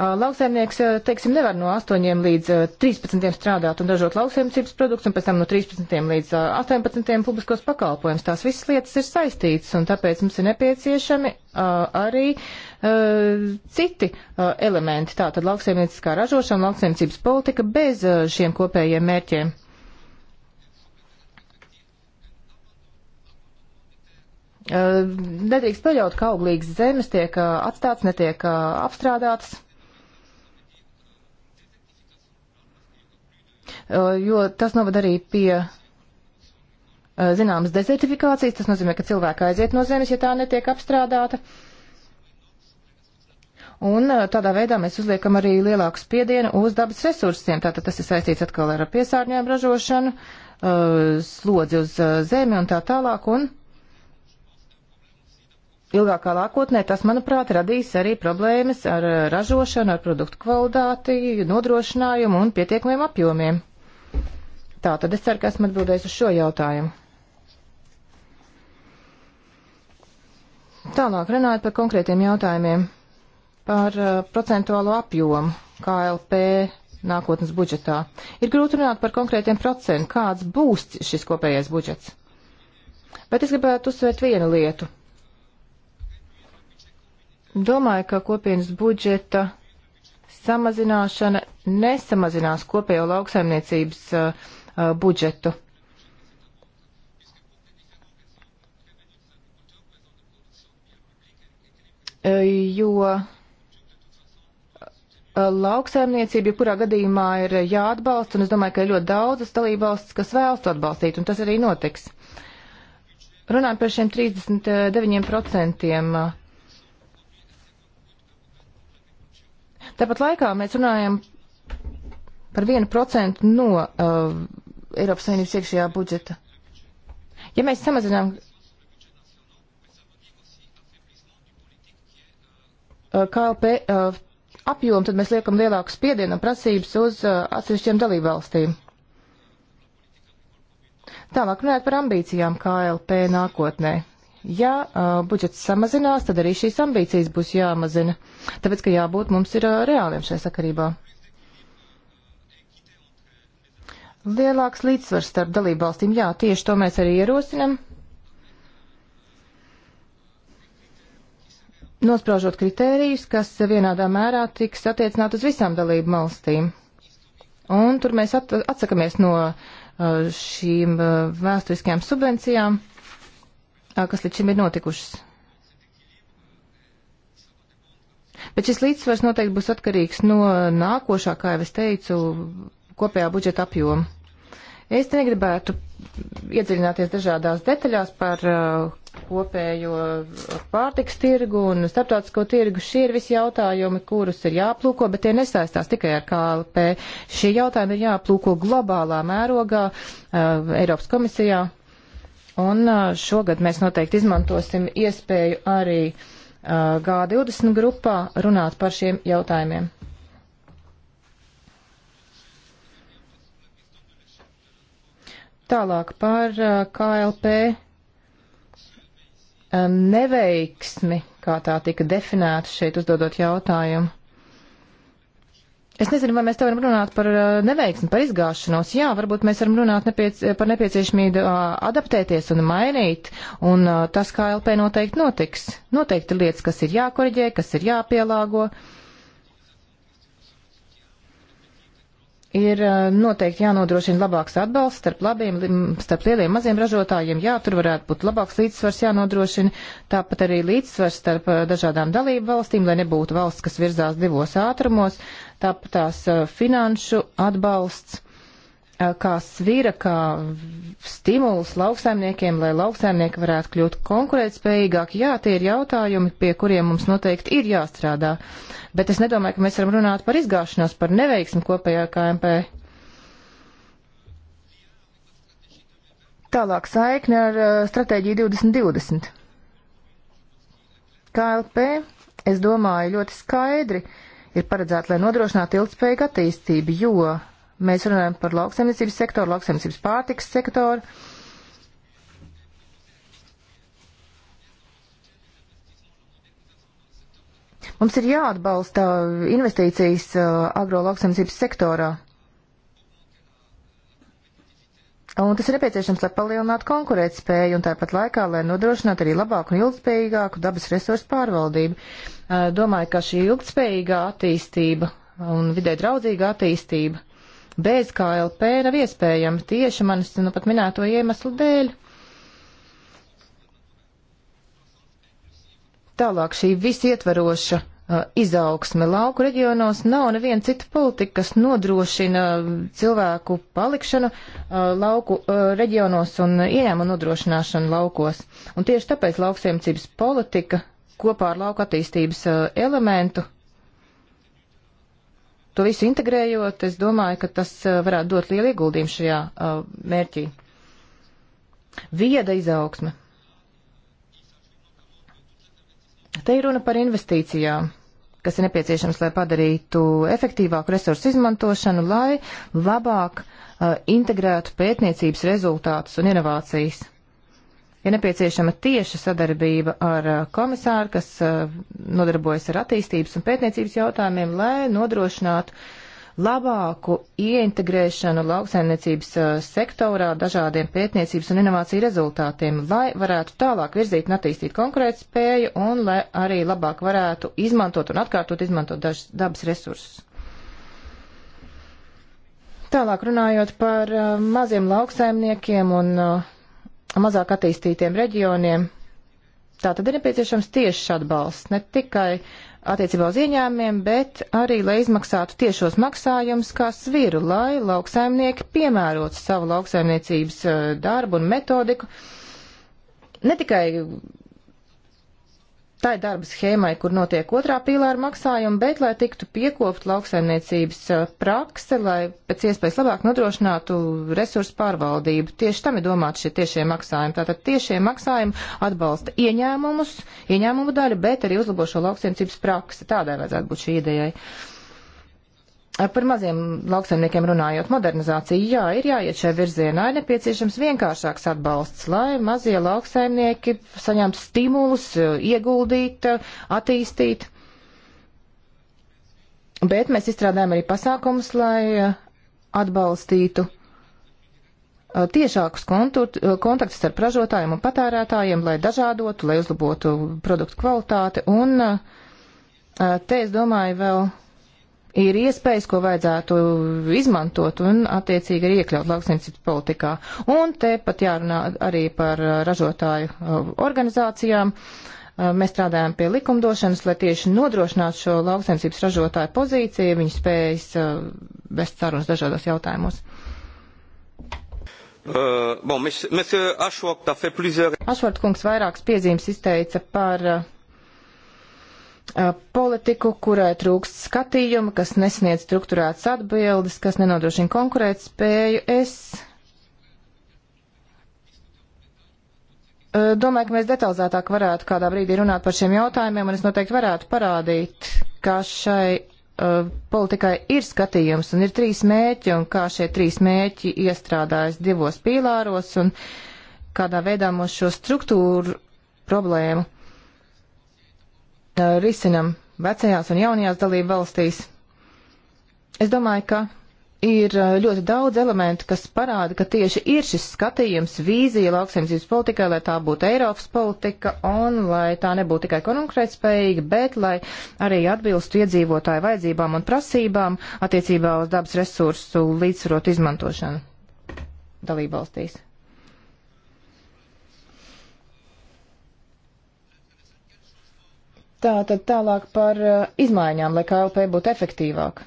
Lauksaimnieks, teiksim, nevar no 8 līdz 13 strādāt un ražot lauksaimniecības produktus, un pēc tam no 13 līdz 18 publiskos pakalpojumus. Tās visas lietas ir saistītas, un tāpēc mums ir nepieciešami arī uh, Eh, citi eh, elementi, tātad lauksaimnieciskā ražošana, lauksaimniecības politika bez eh, šiem kopējiem mērķiem. Nedrīkst pieļaut, ka auglīgas zemes tiek atstāts, netiek apstrādātas. Jo tas novad arī pie zināmas dezertifikācijas, tas nozīmē, ka cilvēki aiziet no zemes, ja tā netiek apstrādāta. Uh, Un eh, tādā veidā mēs uzliekam arī lielāku spiedienu uz dabas resursiem. Tātad tas ir saistīts atkal ar piesārņojumu ražošanu, eh, slodzi uz eh, zemi un tā tālāk. Un ilgākā nākotnē tas, manuprāt, radīs arī problēmas ar ražošanu, ar produktu kvalitāti, nodrošinājumu un pietiekamiem apjomiem. Tā tad es ceru, ka esmu atbildējis uz šo jautājumu. Tālāk runājot par konkrētiem jautājumiem par uh, procentuālo apjomu KLP nākotnes budžetā. Ir grūti runāt par konkrētiem procentiem, kāds būs šis kopējais budžets. Bet es gribētu uzsvērt vienu lietu. Domāju, ka kopienas budžeta samazināšana nesamazinās kopējo lauksaimniecības uh, uh, budžetu. Uh, jo Uh, lauksaimniecība, jebkurā gadījumā ir jāatbalsta, un es domāju, ka ir ļoti daudzas dalībvalstis, kas vēlas to atbalstīt, un tas arī notiks. Runājot par šiem 39%. Uh, tāpat laikā mēs runājam par 1% no uh, Eiropas Savienības iekšējā budžeta. Ja mēs samazinām uh, KLP uh, apjomu, tad mēs liekam lielāku spiedienu un prasības uz uh, atsevišķiem dalībvalstīm. Tālāk runājot par ambīcijām KLP nākotnē. Ja uh, budžets samazinās, tad arī šīs ambīcijas būs jāmazina, tāpēc, ka jābūt mums ir uh, reāliem šai sakarībā. Lielāks līdzsvars starp dalībvalstīm, jā, tieši to mēs arī ierosinam. nospraužot kritērijus, kas vienādā mērā tiks attiecināt uz visām dalību valstīm. Un tur mēs at atsakamies no uh, šīm uh, vēsturiskajām subvencijām, uh, kas līdz šim ir notikušas. Bet šis līdzsvars noteikti būs atkarīgs no nākošā, kā jau es teicu, kopējā budžeta apjoma. Es negribētu iedziļināties dažādās detaļās par uh, kopējo pārtiks tirgu un starptautisko tirgu. Šie ir visi jautājumi, kurus ir jāplūko, bet tie nesaistās tikai ar KLP. Šie jautājumi ir jāplūko globālā mērogā uh, Eiropas komisijā. Un uh, šogad mēs noteikti izmantosim iespēju arī uh, G20 grupā runāt par šiem jautājumiem. Tālāk par uh, KLP uh, neveiksmi, kā tā tika definēta šeit uzdodot jautājumu. Es nezinu, vai mēs te varam runāt par uh, neveiksmi, par izgāšanos. Jā, varbūt mēs varam runāt nepiec par nepieciešamību adaptēties un mainīt, un tas, kā LP noteikti notiks. Noteikti lietas, kas ir jākoriģē, kas ir jāpielāgo. Uh, ir eh, noteikti jānodrošina labāks atbalsts starp labiem, starp lieliem maziem ražotājiem. Jā, tur varētu būt labāks līdzsvars jānodrošina, tāpat arī līdzsvars starp eh, dažādām dalību valstīm, lai nebūtu valsts, kas virzās divos ātrumos, tāpat tās eh, finanšu atbalsts Eh, kā svira, kā stimuls lauksaimniekiem, lai lauksaimnieki varētu kļūt konkurētspējīgāki. Jā, tie ir jautājumi, pie kuriem mums noteikti ir jāstrādā. Bet es nedomāju, ka mēs varam runāt par izgāšanos, par neveiksmi kopējā KMP. Tālāk saikne ar eh, stratēģiju 2020. KLP, es domāju, ļoti skaidri ir paredzēta, lai nodrošinātu ilgspējīgu attīstību, jo Mēs runājam par lauksaimniecības sektoru, lauksaimniecības pārtiks sektoru. Mums ir jāatbalsta investīcijas uh, agrolauksaimniecības sektorā. Un tas ir nepieciešams, lai palielinātu konkurētspēju un tāpat laikā, lai nodrošinātu arī labāku un ilgspējīgāku dabas resursu pārvaldību. Uh, domāju, ka šī ilgspējīgā attīstība un vidē draudzīga attīstība bez KLP nav iespējama tieši manis nu pat minēto iemeslu dēļ. Tālāk šī visietveroša uh, izaugsme lauku reģionos nav neviena cita politika, kas nodrošina uh, cilvēku palikšanu uh, lauku uh, reģionos un ieņēmu nodrošināšanu laukos. Un tieši tāpēc lauksiemcības politika kopā ar lauku attīstības uh, elementu to visu integrējot, es domāju, ka tas eh, varētu dot lielu ieguldījumu šajā eh, mērķī. Vieda izaugsme. Te ir runa par investīcijām, kas ir nepieciešams, lai padarītu efektīvāku resursu izmantošanu, lai labāk uh, integrētu pētniecības rezultātus un inovācijas. Ir nepieciešama tieša sadarbība ar uh, komisāru, kas uh, nodarbojas ar attīstības un pētniecības jautājumiem, lai nodrošinātu labāku ieintegrēšanu lauksaimniecības uh, sektorā dažādiem pētniecības un inovāciju rezultātiem, lai varētu tālāk virzīt un attīstīt konkurētspēju un lai arī labāk varētu izmantot un atkārtot izmantot dažas dabas resursus. Tālāk runājot par maziem lauksaimniekiem un uh, mazāk attīstītiem reģioniem. Tā tad ir nepieciešams tiešs atbalsts, ne tikai attiecībā uz ieņēmumiem, bet arī, lai izmaksātu tiešos maksājumus kā sviru, lai lauksaimnieki piemērotu savu lauksaimniecības eh, darbu un metodiku, ne tikai tai darba schēmai, kur notiek otrā pīlāra maksājumi, bet lai tiktu piekopt lauksaimniecības eh, prakse, lai pēc iespējas labāk nodrošinātu resursu pārvaldību. Tieši tam ir domāti šie tiešie maksājumi. Tātad tiešie maksājumi atbalsta ieņēmumus, ieņēmumu daļu, bet arī uzlabo šo lauksaimniecības praksi. Tādai vajadzētu būt šī idejai. Uh, Par maziem lauksaimniekiem runājot, modernizācija, jā, ir jāiet šajā virzienā, ir nepieciešams vienkāršāks atbalsts, lai mazie lauksaimnieki saņemtu stimulus, ieguldīt, attīstīt. Bet mēs izstrādājam arī pasākumus, lai atbalstītu tiešākus kontaktus starp ražotājiem un patērētājiem, lai dažādotu, lai uzlabotu produktu kvalitāti. Un te, es domāju, vēl ir iespējas, ko vajadzētu izmantot un attiecīgi arī iekļaut lauksaimniecības politikā. Un te pat jārunā arī par uh, ražotāju uh, organizācijām. Uh, mēs strādājam pie likumdošanas, lai tieši nodrošinātu šo lauksaimniecības ražotāju pozīciju, viņu spējas vest sarunas dažādos jautājumos. Uh, bon, Ašvort kungs vairākas piezīmes izteica par uh, politiku, kurai trūkst skatījuma, kas nesniedz struktūrētas atbildes, kas nenodrošina konkurēt spēju. Es domāju, ka mēs detalizētāk varētu kādā brīdī runāt par šiem jautājumiem, un es noteikti varētu parādīt, kā šai uh, politikai ir skatījums un ir trīs mēķi, un kā šie trīs mēķi iestrādājas divos pīlāros, un kādā veidā mums šo struktūru problēmu risinam vecajās un jaunajās dalību valstīs. Es domāju, ka ir uh, ļoti daudz elementu, kas parāda, ka tieši ir šis skatījums, vīzija lauksaimniecības politikai, lai tā būtu Eiropas politika un lai tā nebūtu tikai konkurētspējīga, bet lai arī atbilstu iedzīvotāju vajadzībām un prasībām attiecībā uz dabas resursu līdzsvarot izmantošanu dalībvalstīs. Tā tad tālāk par uh, izmaiņām, lai KLP būtu efektīvāk.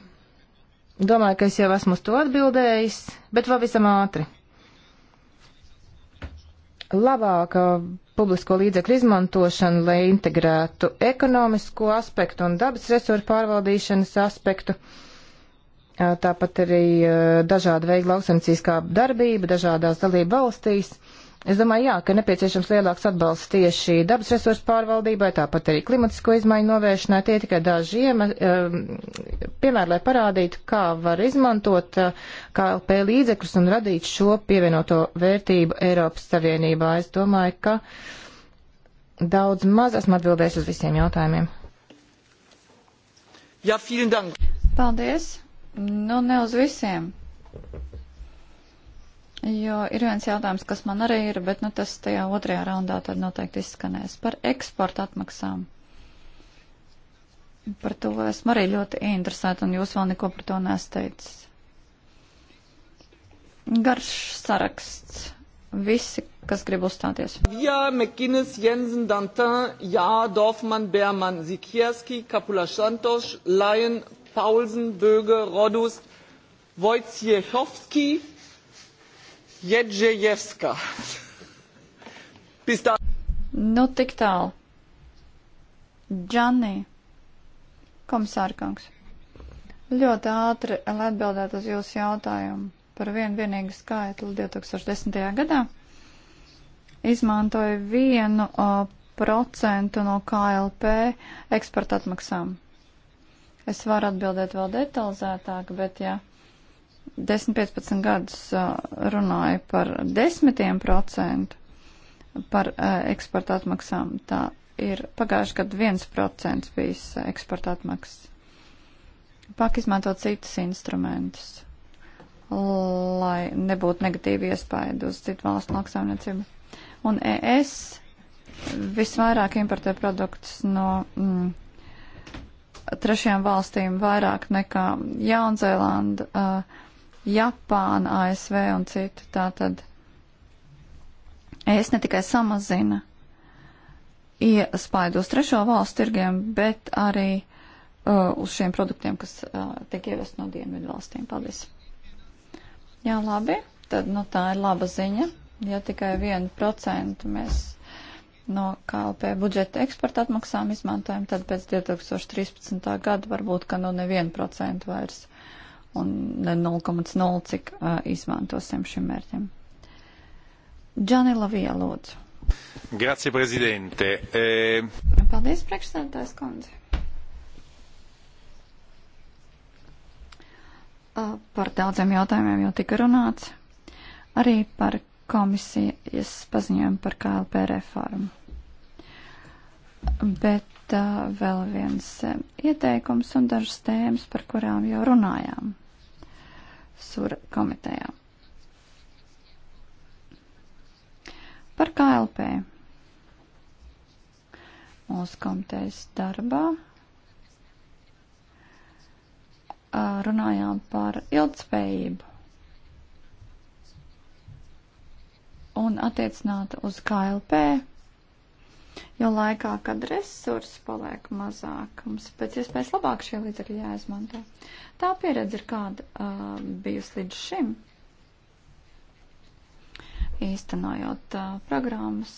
Domāju, ka es jau esmu uz to atbildējis, bet pavisam ātri. Labāka publisko līdzekļu izmantošana, lai integrētu ekonomisko aspektu un dabas resursu pārvaldīšanas aspektu. Uh, tāpat arī uh, dažāda veida lauksaimnieciskā darbība dažādās dalība valstīs. Uh, Es domāju, jā, ka nepieciešams lielāks atbalsts tieši dabas resursu pārvaldībai, tāpat arī klimatisko izmaiņu novēršanai. Tie tikai daži ehm, piemēri, lai parādītu, kā var izmantot eh, KLP līdzekļus un radīt šo pievienoto vērtību Eiropas Savienībā. Es domāju, ka daudz maz esmu atbildējis uz visiem jautājumiem. Jā, ja, vielen dank! Paldies! Nu, ne uz visiem. Jo ir viens jautājums, kas man arī ir, bet nu, tas tajā otrajā raundā tad noteikti izskanēs par eksporta atmaksām. Par to esmu arī ļoti interesēta, un jūs vēl neko par to nesteicis. Garš saraksts. Visi, kas grib uzstāties. Jā, Mekinis, Jensen, Dantin, Jā, Dorfman, Berman, Sikierski, Kapula Šantoš, Lajen, Paulsen, Böge, Rodus, Vojciechovski, Jedžejevska. Pistā. Nu, tik tālu. Džanī, komisārkungs, ļoti ātri, lai atbildētu uz jūsu jautājumu par vienu vienīgu skaitli 2010. gadā, izmantoja vienu o, procentu no KLP eksporta atmaksām. Es varu atbildēt vēl detalizētāk, bet jā. Ja 10-15 gadus runāja par desmitiem procentu par eksporta atmaksām. Tā ir pagājuši gadu 1% bijis eksporta atmaksas. Pak izmanto citus instrumentus, lai nebūtu negatīvi iespaidu uz citu valstu lauksaimniecību. Un ES visvairāk importē produktus no mm, trešajām valstīm vairāk nekā Jaunzēlanda. Uh, Japāna, ASV un citu. Tātad es ne tikai samazina iespaidu uz trešo valstu tirgiem, bet arī uh, uz šiem produktiem, kas uh, tiek ievest no dienvidu valstīm. Paldies! Jā, labi, tad nu, tā ir laba ziņa. Ja tikai 1% mēs no KLP budžeta eksporta atmaksām izmantojam, tad pēc 2013. gada varbūt, ka nu nevienu procentu vairs un 0,0 cik uh, izmantosim šim mērķim. Džani Lavija, lūdzu. Grazie, prezidente. E... Paldies, priekšsēdētājs kundze. Par daudziem jautājumiem jau tika runāts. Arī par komisijas paziņojumu par KLP reformu. Bet uh, vēl viens ieteikums un dažas tēmas, par kurām jau runājām. Sura komitejā. Par KLP. Mūsu komitejas darbā runājām par ilgspējību un attiecināta uz KLP jo laikā, kad resursi paliek mazāk, mums pēc iespējas labāk šie līdzekļi jāizmanto. Tā pieredze ir kāda uh, bijusi līdz šim, īstenojot uh, programmas.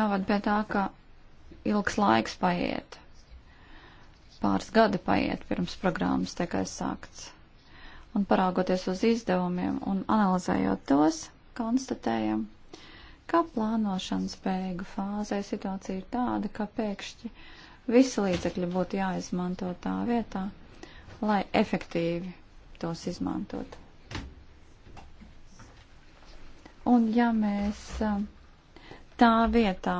Novad pie tā, ka ilgs laiks paiet, pāris gadi paiet pirms programmas tiek aizsākts. Un paraugoties uz izdevumiem un analizējot tos, konstatējam, ka ka plānošanas beigu fāzē situācija ir tāda, ka pēkšņi visi līdzekļi būtu jāizmanto tā vietā, lai efektīvi tos izmantot. Un ja mēs tā vietā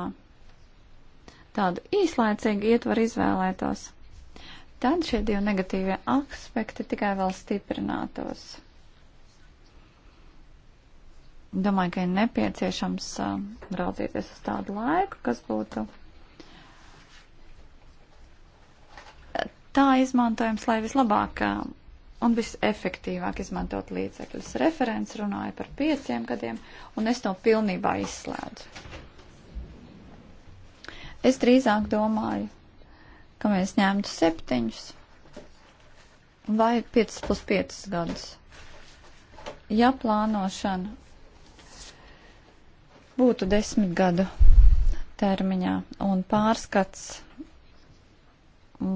tādu īslaicīgu ietvaru izvēlētos, tad šie divi negatīvie aspekti tikai vēl stiprinātos. Domāju, ka ir nepieciešams uh, raudzīties uz tādu laiku, kas būtu tā izmantojams, lai vislabāk uh, un visefektīvāk izmantot līdzekļus. Referents runāja par pieciem gadiem, un es to pilnībā izslēdzu. Es drīzāk domāju, ka mēs ņemtu septiņus vai 5 plus 5 gadus. Ja plānošana būtu desmit gadu termiņā un pārskats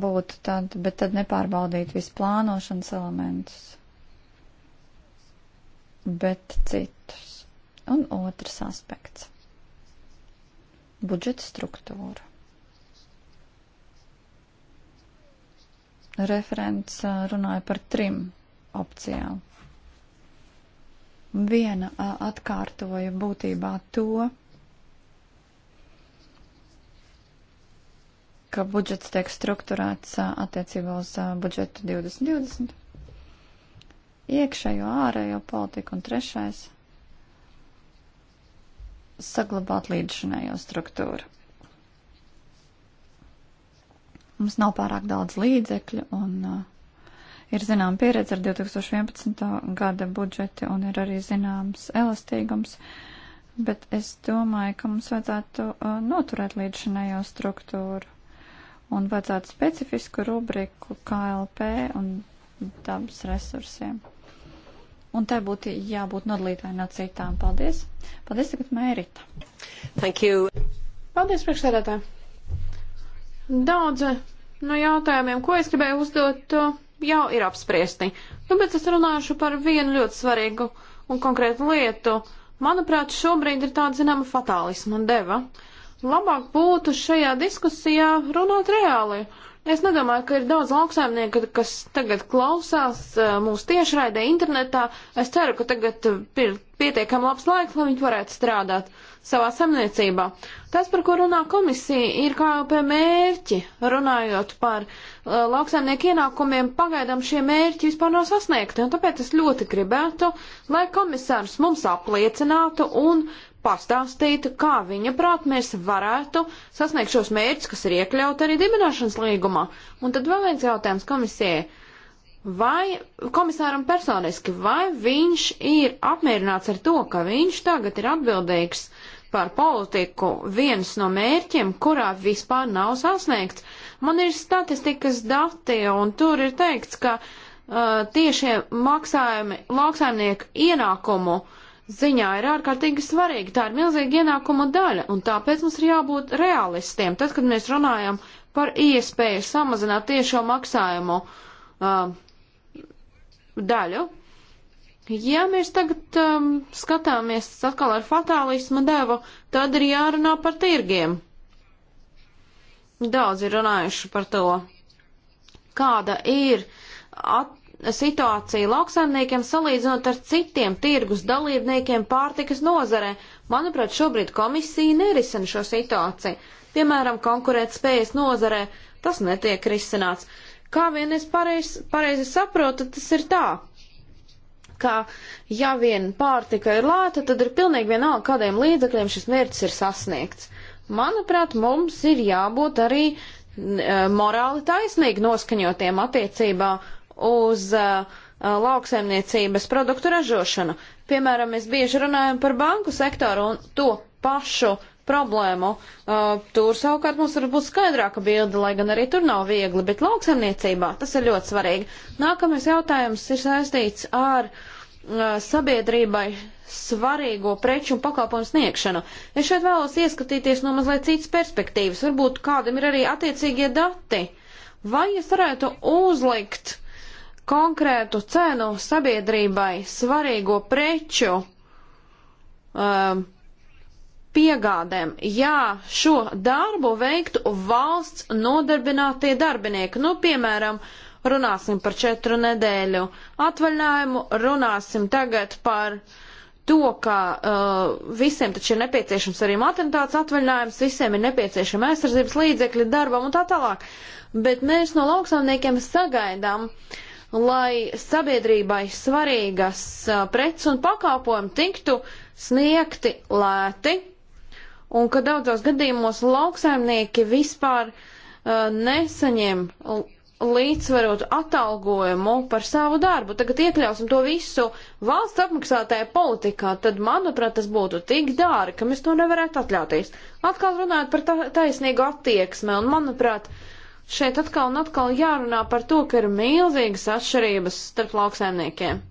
būtu tad, bet tad nepārbaudīt visu plānošanas elementus, bet citus. Un otrs aspekts - budžeta struktūra. Referents uh, runāja par trim opcijām. Viena atkārtoja būtībā to, ka budžets tiek strukturēts attiecībā uz budžetu 2020, iekšējo ārējo politiku un trešais - saglabāt līdzšanējo struktūru. Mums nav pārāk daudz līdzekļu un uh, Ir zinām pieredze ar 2011. gada budžeti un ir arī zināms elastīgums, bet es domāju, ka mums vajadzētu uh, noturēt līdzinējo struktūru un vajadzētu specifisku rubriku KLP un dabas resursiem. Un tā būtu jābūt nodalītāji no citām. Paldies! Paldies tagad Mērita! Thank you! Paldies, priekšsēdētāji! Daudz no jautājumiem, ko es gribēju uzdot, uh, jau ir apspriesti. Tāpēc nu, es runāšu par vienu ļoti svarīgu un konkrētu lietu. Manuprāt, šobrīd ir tāda zināma fatālisma deva. Labāk būtu šajā diskusijā runāt reāli. Es nedomāju, ka ir daudz lauksaimnieku, kas tagad klausās e, mūsu tiešraidē internetā. Es ceru, ka tagad e, ir pietiekami labs laiks, lai viņi varētu strādāt savā samniecībā. Tas, par ko runā komisija, ir KLP mērķi, runājot par uh, lauksaimnieku ienākumiem, pagaidām šie mērķi vispār nav sasniegti, un tāpēc es ļoti gribētu, lai komisārs mums apliecinātu un pastāstītu, kā viņa prāt mēs varētu sasniegt šos mērķus, kas ir iekļauti arī dibināšanas līgumā. Un tad vēl viens jautājums komisijai. Vai komisāram personiski, vai viņš ir apmierināts ar to, ka viņš tagad ir atbildīgs par politiku viens no mērķiem, kurā vispār nav sasniegts. Man ir statistikas dati, un tur ir teikts, ka uh, tiešie maksājumi lauksaimnieku ienākumu ziņā ir ārkārtīgi svarīgi. Tā ir milzīga ienākuma daļa, un tāpēc mums ir jābūt realistiem. Tad, kad mēs runājam par iespēju samazināt tiešo maksājumu uh, daļu, Ja mēs tagad um, skatāmies atkal ar fatālismu devu, tad ir jārunā par tirgiem. Daudz ir runājuši par to, kāda ir at, situācija lauksaimniekiem salīdzinot ar citiem tirgus dalībniekiem pārtikas nozarē. Manuprāt, šobrīd komisija nerisina šo situāciju. Piemēram, konkurēt spējas nozarē tas netiek risināts. Kā vien es pareizi pareiz saprotu, tas ir tā, ka ja vien pārtika ir lēta, tad ir pilnīgi vienalga, kādiem līdzekļiem šis mērķis ir sasniegts. Manuprāt, mums ir jābūt arī e, morāli taisnīgi noskaņotiem attiecībā uz e, lauksaimniecības produktu ražošanu. Piemēram, mēs bieži runājam par banku sektoru un to pašu problēmu. Uh, tur savukārt mums var būt skaidrāka bilde, lai gan arī tur nav viegli, bet lauksaimniecībā tas ir ļoti svarīgi. Nākamais jautājums ir saistīts ar uh, sabiedrībai svarīgo preču un pakalpojumu sniegšanu. Es šeit vēlos ieskatīties no mazliet citas perspektīvas, varbūt kādam ir arī attiecīgie dati. Vai es varētu uzlikt konkrētu cenu sabiedrībai svarīgo preču um, piegādēm. Jā, šo darbu veiktu valsts nodarbinātie darbinieki. Nu, piemēram, runāsim par četru nedēļu atvaļinājumu, runāsim tagad par to, ka uh, visiem taču ir nepieciešams arī maternitātes atvaļinājums, visiem ir nepieciešama aizsardzības līdzekļi darbam un tā tālāk. Bet mēs no lauksaimniekiem sagaidām, lai sabiedrībai svarīgas uh, preces un pakāpojumi tiktu sniegti lēti un ka daudzos gadījumos lauksaimnieki vispār uh, nesaņem līdzsvarotu atalgojumu par savu darbu. Tagad iekļausim to visu valsts apmaksātāja politikā, tad, manuprāt, tas būtu tik dāri, ka mēs to nevarētu atļauties. Atkal runājot par ta taisnīgu attieksmi, un, manuprāt, šeit atkal un atkal jārunā par to, ka ir milzīgas atšķirības starp lauksaimniekiem.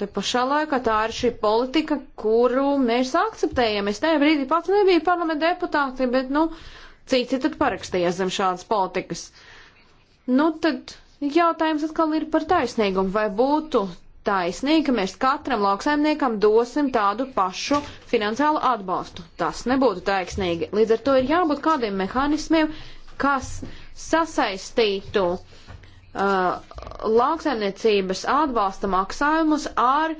Te pašā laikā tā ir šī politika, kuru mēs akceptējam. Es tajā brīdī pats nebiju parlamenta deputāti, bet, nu, citi tad parakstījās zem šādas politikas. Nu, tad jautājums atkal ir par taisnīgumu. Vai būtu taisnīgi, ka mēs katram lauksaimniekam dosim tādu pašu finansiālu atbalstu? Tas nebūtu taisnīgi. Līdz ar to ir jābūt kādiem mehānismiem, kas sasaistītu uh, uh, lauksaimniecības atbalsta maksājumus ar uh,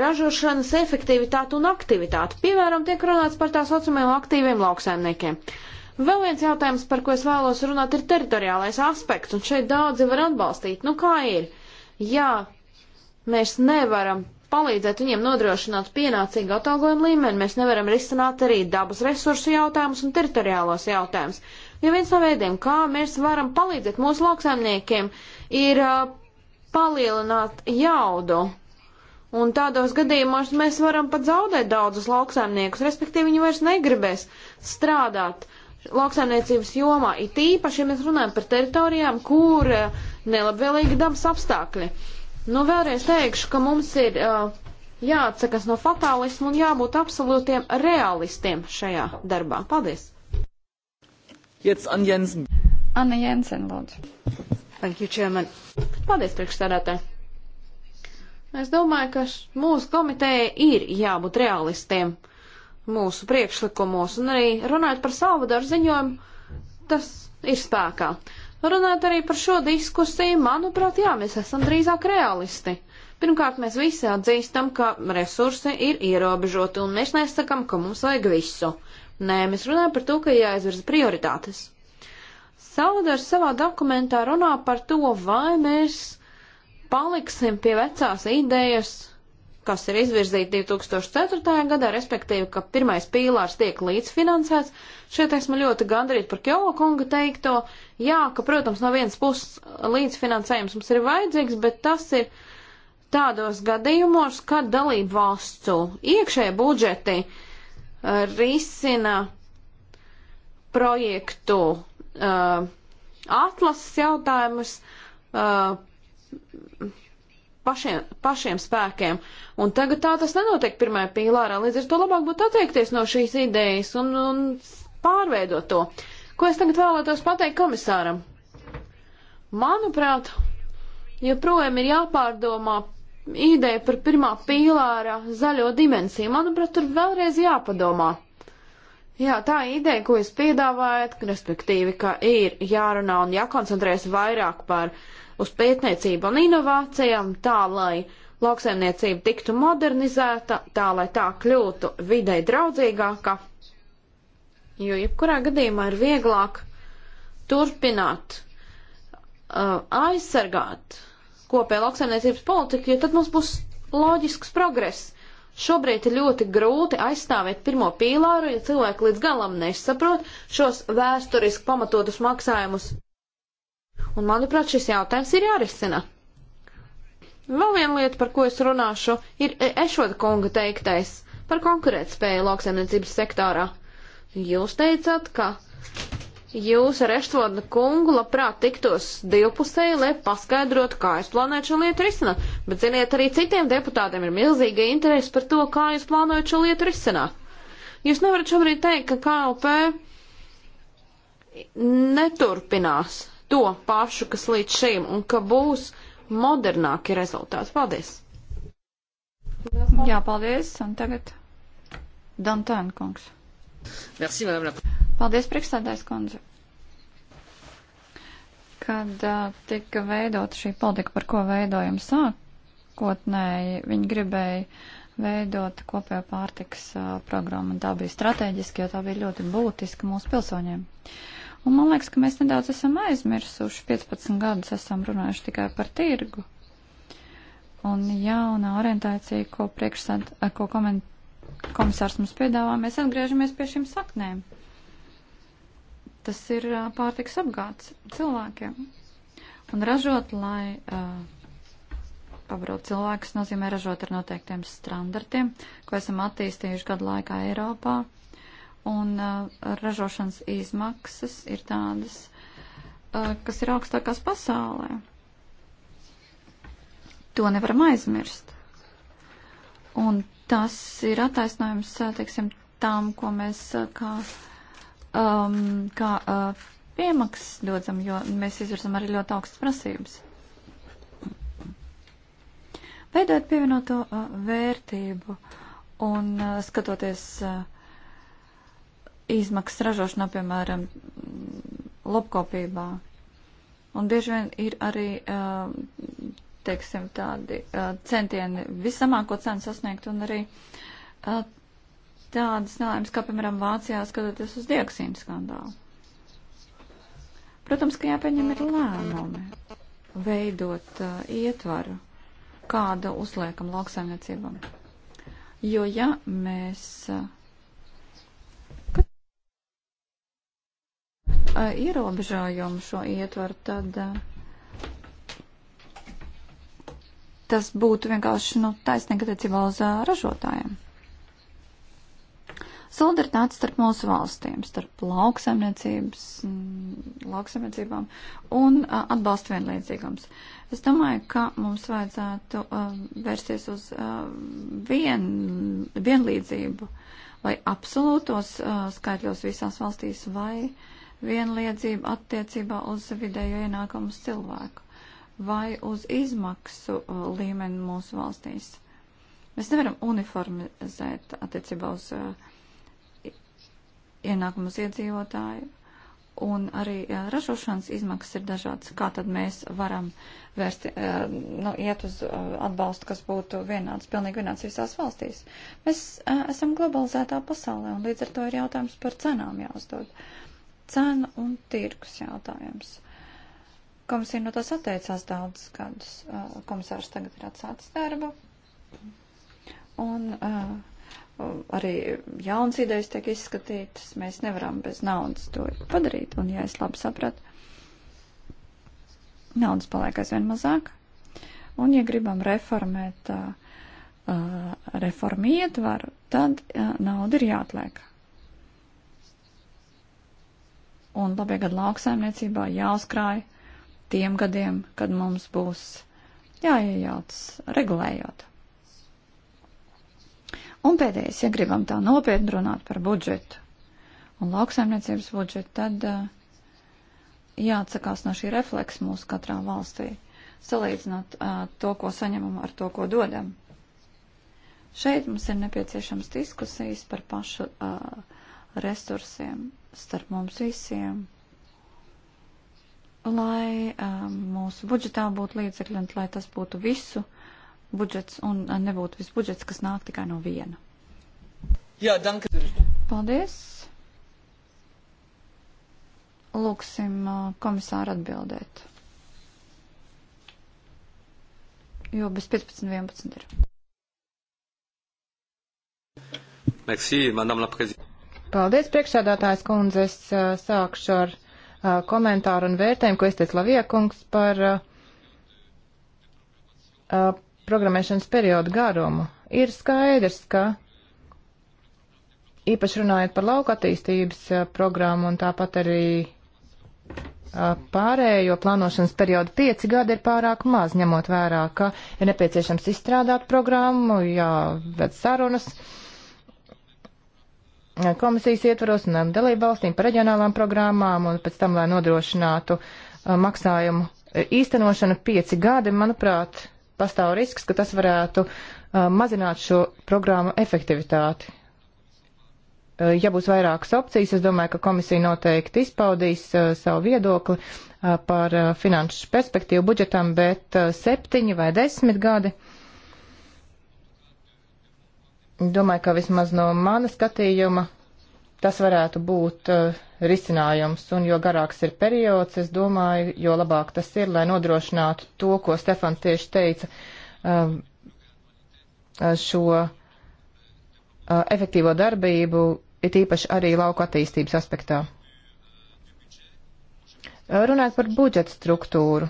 ražošanas efektivitāti un aktivitāti. Piemēram, tiek runāts par tā saucamajiem aktīviem lauksaimniekiem. Vēl viens jautājums, par ko es vēlos runāt, ir teritoriālais aspekts, un šeit daudzi var atbalstīt. Nu kā ir? Jā, mēs nevaram palīdzēt viņiem nodrošināt pienācīgu atalgojumu līmeni, mēs nevaram risināt arī dabas resursu jautājumus un teritoriālos jautājumus. Ja viens no veidiem, kā mēs varam palīdzēt mūsu lauksaimniekiem, ir uh, palielināt jaudu. Un tādos gadījumos mēs varam pat zaudēt daudzus lauksaimniekus, respektīvi viņi vairs negribēs strādāt lauksaimniecības jomā, it īpaši, ja mēs runājam par teritorijām, kur uh, nelabvēlīgi dabas apstākļi. Nu, vēlreiz teikšu, ka mums ir uh, jāatsakas no fatālismu un jābūt absolūtiem realistiem šajā darbā. Paldies! Jetzt an Jensen. Anna Jensen, lūdzu. Thank you, Chairman. Paldies, priekšstādātāji. Es domāju, ka mūsu komiteja ir jābūt realistiem mūsu priekšlikumos, un arī runājot par Salvadoru ziņojumu, tas ir spēkā. Runājot arī par šo diskusiju, manuprāt, jā, mēs esam drīzāk realisti. Pirmkārt, mēs visi atzīstam, ka resursi ir ierobežoti, un mēs nesakam, ka mums vajag visu. Nē, mēs runājam par to, ka jāizvirza prioritātes. Sauders savā dokumentā runā par to, vai mēs paliksim pie vecās idejas, kas ir izvirzīta 2004. gadā, respektīvi, ka pirmais pīlārs tiek līdzfinansēts. Šeit esmu ļoti gandrīt par Kjolo kunga teikto. Jā, ka, protams, no vienas puses līdzfinansējums mums ir vajadzīgs, bet tas ir tādos gadījumos, kad dalību valstu iekšējie budžeti uh, risina projektu uh, atlases jautājumus uh, pašiem, pašiem spēkiem. Un tagad tā tas nenotiek pirmajā pīlārā, līdz ar to labāk būtu atteikties no šīs idejas un, un pārveidot to. Ko es tagad vēlētos pateikt komisāram? Manuprāt, joprojām ir jāpārdomā ideja par pirmā pīlāra zaļo dimensiju, manuprāt, tur vēlreiz jāpadomā. Jā, tā ideja, ko jūs piedāvājat, respektīvi, ka ir jārunā un jākoncentrēs vairāk par uz pētniecību un inovācijām, tā lai lauksaimniecība tiktu modernizēta, tā lai tā kļūtu videi draudzīgāka, jo jebkurā gadījumā ir vieglāk turpināt uh, aizsargāt uh, kopēja lauksaimniecības politika, jo tad mums būs loģisks progress. Šobrīd ir ļoti grūti aizstāvēt pirmo pīlāru, ja cilvēki līdz galam nesaprot šos vēsturiski pamatotus maksājumus. Un, manuprāt, šis jautājums ir jārisina. Vēl viena lieta, par ko es runāšu, ir e- Ešoda kunga teiktais par konkurētspēju lauksaimniecības sektorā. Jūs teicāt, ka jūs ar Eštvodu kungu labprāt tiktos divpusēji, lai paskaidrotu, kā jūs plānojat šo lietu risināt. Bet, ziniet, arī citiem deputātiem ir milzīga interese par to, kā jūs plānojat šo lietu risināt. Jūs nevarat šobrīd teikt, ka KLP neturpinās to pašu, kas līdz šim, un ka būs modernāki rezultāti. Paldies! Jā, paldies, un tagad Dantēna kungs. Merci, madame la. Paldies, priekšstādājs kundze. Kad uh, tika veidota šī politika, par ko veidojam sākotnēji, viņi gribēja veidot kopējo pārtiks uh, programmu, un tā bija strateģiski, jo tā bija ļoti būtiska mūsu pilsoņiem. Un man liekas, ka mēs nedaudz esam aizmirsuši, 15 gadus esam runājuši tikai par tirgu. Un jaunā orientācija, ko priekšsēd, ko koment, komisārs mums piedāvā, mēs atgriežamies pie šīm saknēm tas ir pārtiks apgāds cilvēkiem. Un ražot, lai uh, pabarot cilvēkus, nozīmē ražot ar noteiktiem standartiem, ko esam attīstījuši gadu laikā Eiropā. Un uh, ražošanas izmaksas ir tādas, uh, kas ir augstākās pasaulē. To nevaram aizmirst. Un tas ir attaisnojums, teiksim, tām, ko mēs kā. Uh, um, kā uh, piemaksas dodam, jo mēs izvirzam arī ļoti augstas prasības. Veidot pievienoto uh, vērtību un uh, skatoties uh, izmaksas ražošanā, piemēram, lopkopībā. Un bieži vien ir arī, uh, teiksim, tādi uh, centieni visamāko cenu sasniegt un arī uh, tādas nelaimes, kā piemēram Vācijā skatoties uz dioksīnu skandālu. Protams, ka jāpieņem ir lēmumi veidot uh, ietvaru, kādu uzliekam lauksaimniecībam. Jo ja mēs. Uh, uh, ierobežojumu šo ietvaru, tad uh, tas būtu vienkārši nu, taisnīgi attiecībā uz uh, ražotājiem solidaritāti starp mūsu valstīm, starp mm, lauksaimniecībām un atbalstu vienlīdzīgums. Es domāju, ka mums vajadzētu uh, vērsties uz uh, vien, vienlīdzību vai absolūtos uh, skaitļos visās valstīs vai vienlīdzību attiecībā uz vidējo ienākumu cilvēku vai uz izmaksu uh, līmeni mūsu valstīs. Mēs nevaram uniformizēt attiecībā uz uh, ienākumus iedzīvotāju un arī ražošanas izmaksas ir dažādas. Kā tad mēs varam vērst, nu, iet uz atbalstu, kas būtu vienāds, pilnīgi vienāds visās valstīs? Mēs esam globalizētā pasaulē, un līdz ar to ir jautājums par cenām jāuzdod. Cena un tirgus jautājums. Komisija no tas atteicās daudzus gadus. Komisārs tagad ir atsācis darbu. Un uh, arī jauns idejas tiek izskatītas. Mēs nevaram bez naudas to padarīt, un, ja es labi sapratu, naudas paliek aizvien mazāk. Un, ja gribam reformēt uh, reformu ietvaru, tad uh, nauda ir jāatliek. Un labie gadu lauksaimniecībā jāuzkrāj tiem gadiem, kad mums būs jāiejauc regulējot. Un pēdējais, ja gribam tā nopietni runāt par budžetu un lauksaimniecības budžetu, tad eh, jāatsakās no šī refleksa mūsu katrā valstī, salīdzinot eh, to, ko saņemam ar to, ko dodam. Šeit mums ir nepieciešams diskusijas par pašu eh, resursiem starp mums visiem lai um, mūsu budžetā būtu līdzekļi un lai tas būtu visu budžets un nebūtu viss budžets, kas nāk tikai no viena. Jā, danke. Paldies. Lūksim uh, komisāru atbildēt. Jo bez 15.11 ir. Merci, madame la présidente. Paldies, priekšsādātājs kundze. Es uh, sākšu ar uh, komentāru un vērtējumu, ko es teicu Laviekungs par uh, uh programmēšanas periodu garumu, ir skaidrs, ka īpaši runājot par lauka attīstības programmu un tāpat arī pārējo plānošanas periodu pieci gadi ir pārāk maz, ņemot vērā, ka ir nepieciešams izstrādāt programmu, jāved sarunas komisijas ietvaros un dalību valstīm par reģionālām programmām un pēc tam, lai nodrošinātu maksājumu īstenošanu pieci gadi, manuprāt, pastāv risks, ka tas varētu uh, mazināt šo programmu efektivitāti. Uh, ja būs vairākas opcijas, es domāju, ka komisija noteikti izpaudīs uh, savu viedokli par finanšu perspektīvu budžetam, bet septiņi vai desmit gadi. Domāju, ka vismaz no mana skatījuma tas varētu būt uh, risinājums, un jo garāks ir periods, es domāju, jo labāk tas ir, lai nodrošinātu to, ko Stefans tieši teica, uh, šo uh, efektīvo darbību, it īpaši arī lauku attīstības aspektā. Runājot par budžeta struktūru,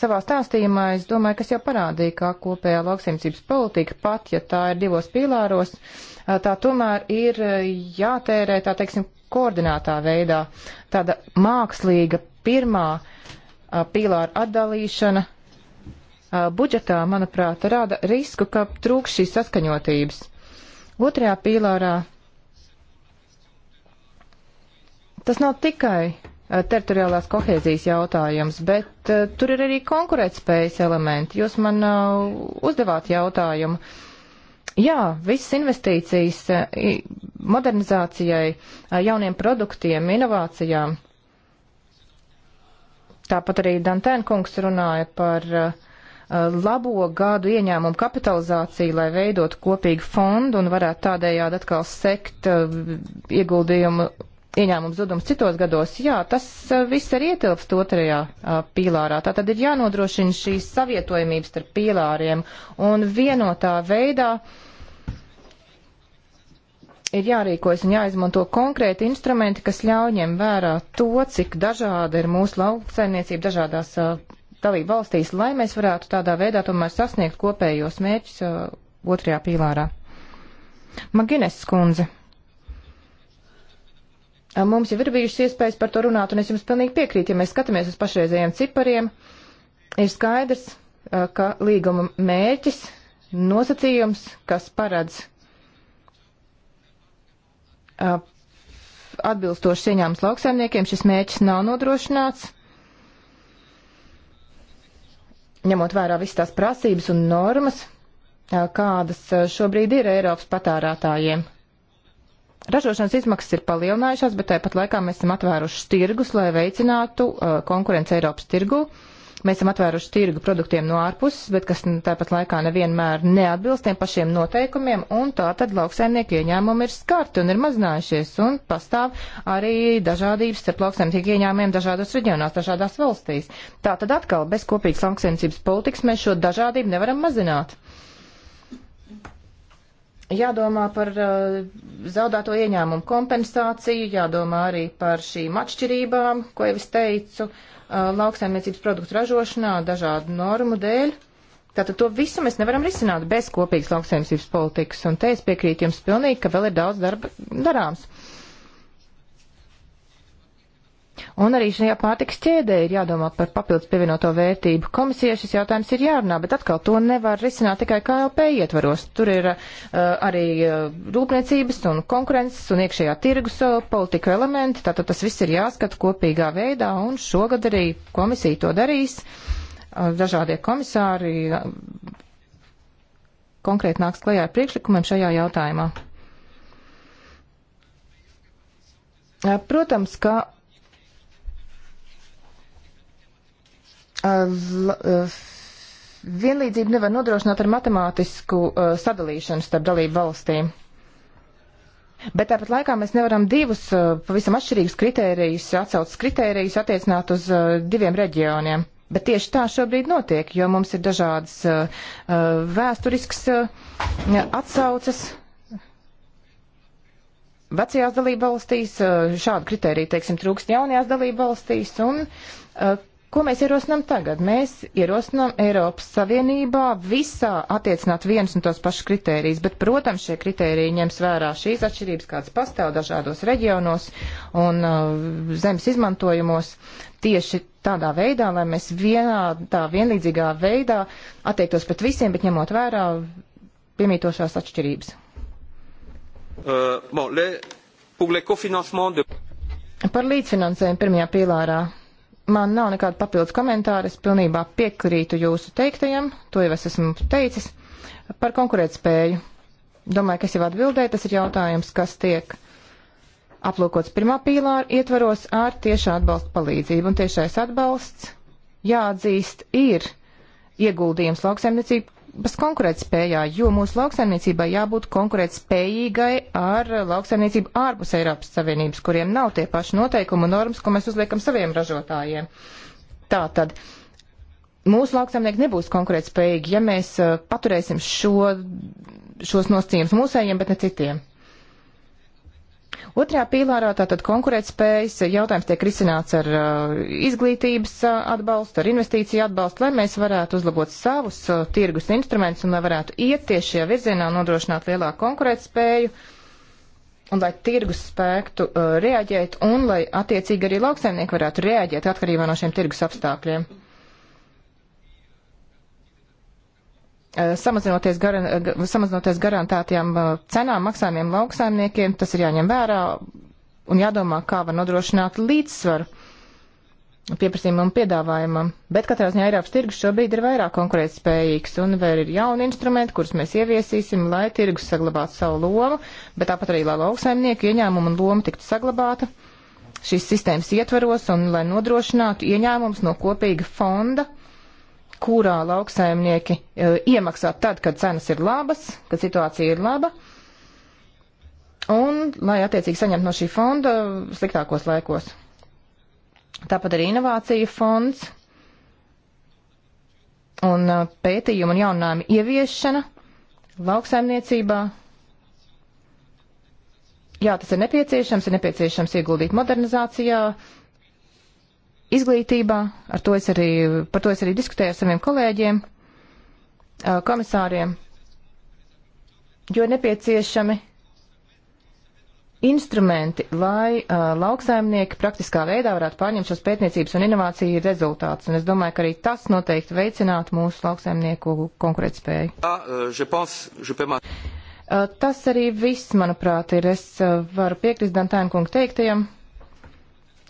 Savā stāstījumā es domāju, kas jau parādīja, kā kopējā lauksaimniecības politika, pat ja tā ir divos pīlāros, tā tomēr ir jātērē, tā teiksim, koordinētā veidā. Tāda mākslīga pirmā pīlāra atdalīšana budžetā, manuprāt, rada risku, ka trūks šīs saskaņotības. Otrajā pīlārā tas nav tikai Eh, teritoriālās kohēzijas jautājums, bet uh, tur ir arī konkurētspējas elementi. Jūs man uh, uzdevāt jautājumu. Jā, visas investīcijas uh, modernizācijai, jauniem produktiem, inovācijām. Tāpat arī Dantēna kungs runāja par labo gadu ieņēmumu kapitalizāciju, lai veidot kopīgu fondu un varētu tādējādi atkal sekt ieguldījumu ieņēmums zudums citos gados, jā, tas eh, viss arī ietilpst otrajā eh, pīlārā. Tā tad ir jānodrošina šīs savietojamības starp pīlāriem un vienotā veidā ir jārīkojas un jāizmanto konkrēti instrumenti, kas ļauj ņem vērā to, cik dažāda ir mūsu lauksaimniecība dažādās eh, dalību valstīs, lai mēs varētu tādā veidā tomēr sasniegt kopējos mērķus otrajā pīlārā. Magines skundze. Mums jau ir bijušas iespējas par to runāt, un es jums pilnīgi piekrītu, ja mēs skatāmies uz pašreizējiem cipariem, ir skaidrs, ka līguma mērķis, nosacījums, kas paredz atbilstoši ieņēmums lauksaimniekiem, šis mērķis nav nodrošināts. Ņemot vērā visas tās prasības un normas, kādas šobrīd ir Eiropas patērētājiem Ražošanas izmaksas ir palielinājušās, bet tāpat laikā mēs esam atvēruši tirgus, lai veicinātu uh, konkurenci Eiropas tirgu. Mēs esam atvēruši tirgu produktiem no ārpuses, bet kas tāpat laikā nevienmēr neatbilst tiem pašiem noteikumiem, un tā tad lauksaimnieku ieņēmumi ir skarti un ir mazinājušies, un pastāv arī dažādības starp lauksaimnieku ieņēmumiem dažādos reģionās, dažādās valstīs. Tā tad atkal bez kopīgas lauksaimniecības politikas mēs šo dažādību nevaram mazināt. Uh, Jādomā par uh, zaudēto ieņēmumu kompensāciju, jādomā arī par šīm atšķirībām, ko jau es teicu, uh, lauksaimniecības produktu ražošanā dažādu normu dēļ. Tātad to visu mēs nevaram risināt bez kopīgas lauksaimniecības politikas, un te es piekrītu jums pilnīgi, ka vēl ir daudz darba darāms. Uh, Un arī šajā pārtiks ķēdē ir jādomā par papildus pievienoto vērtību. Komisijai šis jautājums ir jārunā, bet atkal to nevar risināt tikai KLP ietvaros. Tur ir uh, arī uh, rūpniecības un konkurences un iekšējā tirgus uh, politika elementi, tātad tas viss ir jāskat kopīgā veidā, un šogad arī komisija to darīs. Uh, dažādie komisāri uh, konkrēti nāks klajā ar priekšlikumiem šajā jautājumā. Uh, protams, ka Eh, vienlīdzību nevar nodrošināt ar matemātisku eh, sadalīšanu starp dalību valstīm. Bet tāpat laikā mēs nevaram divus eh, pavisam atšķirīgus kritērijus, atcaucas kritērijus attiecināt uz diviem reģioniem. Bet tieši tā šobrīd notiek, jo mums ir dažādas vēsturiskas atsaucas. Vecajās dalība valstīs šādu kritēriju, teiksim, trūkst jaunajās dalība valstīs, un Ko mēs ierosinām tagad? Mēs ierosinām Eiropas Savienībā visā attiecināt vienus un tos pašus kritērijus, bet, protams, šie kritēriji ņems vērā šīs atšķirības, kādas pastāv dažādos reģionos un uh, zemes izmantojumos tieši tādā veidā, lai mēs vienā tā vienlīdzīgā veidā attiektos pret visiem, bet ņemot vērā piemītošās atšķirības. Uh, bon, le, le de... Par līdzfinansējumu pirmajā pīlārā Man nav nekāda papildus komentāra, es pilnībā piekrītu jūsu teiktajam, to jau es esmu teicis, par konkurētspēju. Domāju, ka es jau atbildēju, tas ir jautājums, kas tiek aplūkots pirmā pīlāra ietvaros ar tiešā atbalsta palīdzību, un tiešais atbalsts, jāatzīst, ir ieguldījums lauksaimniecību Eiropas konkurētspējā, jo mūsu lauksaimniecībai jābūt konkurētspējīgai ar lauksaimniecību ārpus Eiropas Savienības, kuriem nav tie paši noteikumi un normas, ko mēs uzliekam saviem ražotājiem. Tātad mūsu lauksaimnieki nebūs konkurētspējīgi, ja mēs uh, paturēsim šo, šos nosacījumus mūsējiem, bet ne citiem. Otrajā pīlārā tātad konkurētspējas jautājums tiek risināts ar uh, izglītības uh, atbalstu, ar investīciju atbalstu, lai mēs varētu uzlabot savus uh, tirgus instrumentus un lai varētu iet tieši šajā virzienā un nodrošināt lielāku konkurētspēju. Un lai tirgus spētu uh, reaģēt un lai attiecīgi arī lauksaimnieki varētu reaģēt atkarībā no šiem tirgus apstākļiem. Eh, samazinoties, garan, samazinoties garantētajām eh, cenām maksājumiem lauksaimniekiem, tas ir jāņem vērā un jādomā, kā var nodrošināt līdzsvaru pieprasījumam un piedāvājumam. Bet katrā ziņā Eiropas tirgus šobrīd ir vairāk konkurētspējīgs un vēl ir jauni instrumenti, kurus mēs ieviesīsim, lai tirgus saglabātu savu lomu, bet tāpat arī, lai lauksaimnieku ieņēmumu un loma tiktu saglabāta šīs sistēmas ietvaros un lai nodrošinātu ieņēmumus no kopīga fonda kurā lauksaimnieki uh, iemaksā tad, kad cenas ir labas, kad situācija ir laba, un lai attiecīgi saņemtu no šī fonda sliktākos laikos. Tāpat arī inovācija fonds un uh, e, pētījumu un jauninājumu ieviešana lauksaimniecībā. Jā, tas ir nepieciešams, ir nepieciešams ieguldīt modernizācijā, uh, izglītībā, ar to es arī, par to es arī diskutēju ar saviem kolēģiem, komisāriem, jo ir nepieciešami instrumenti, lai uh, lauksaimnieki praktiskā veidā varētu pārņemt šos pētniecības un inovāciju rezultātus. Un es domāju, ka arī tas noteikti veicinātu mūsu lauksaimnieku konkurētspēju. Uh, tas arī viss, manuprāt, ir. Es uh, varu piekrist Dantēna kungu teiktajam. Ja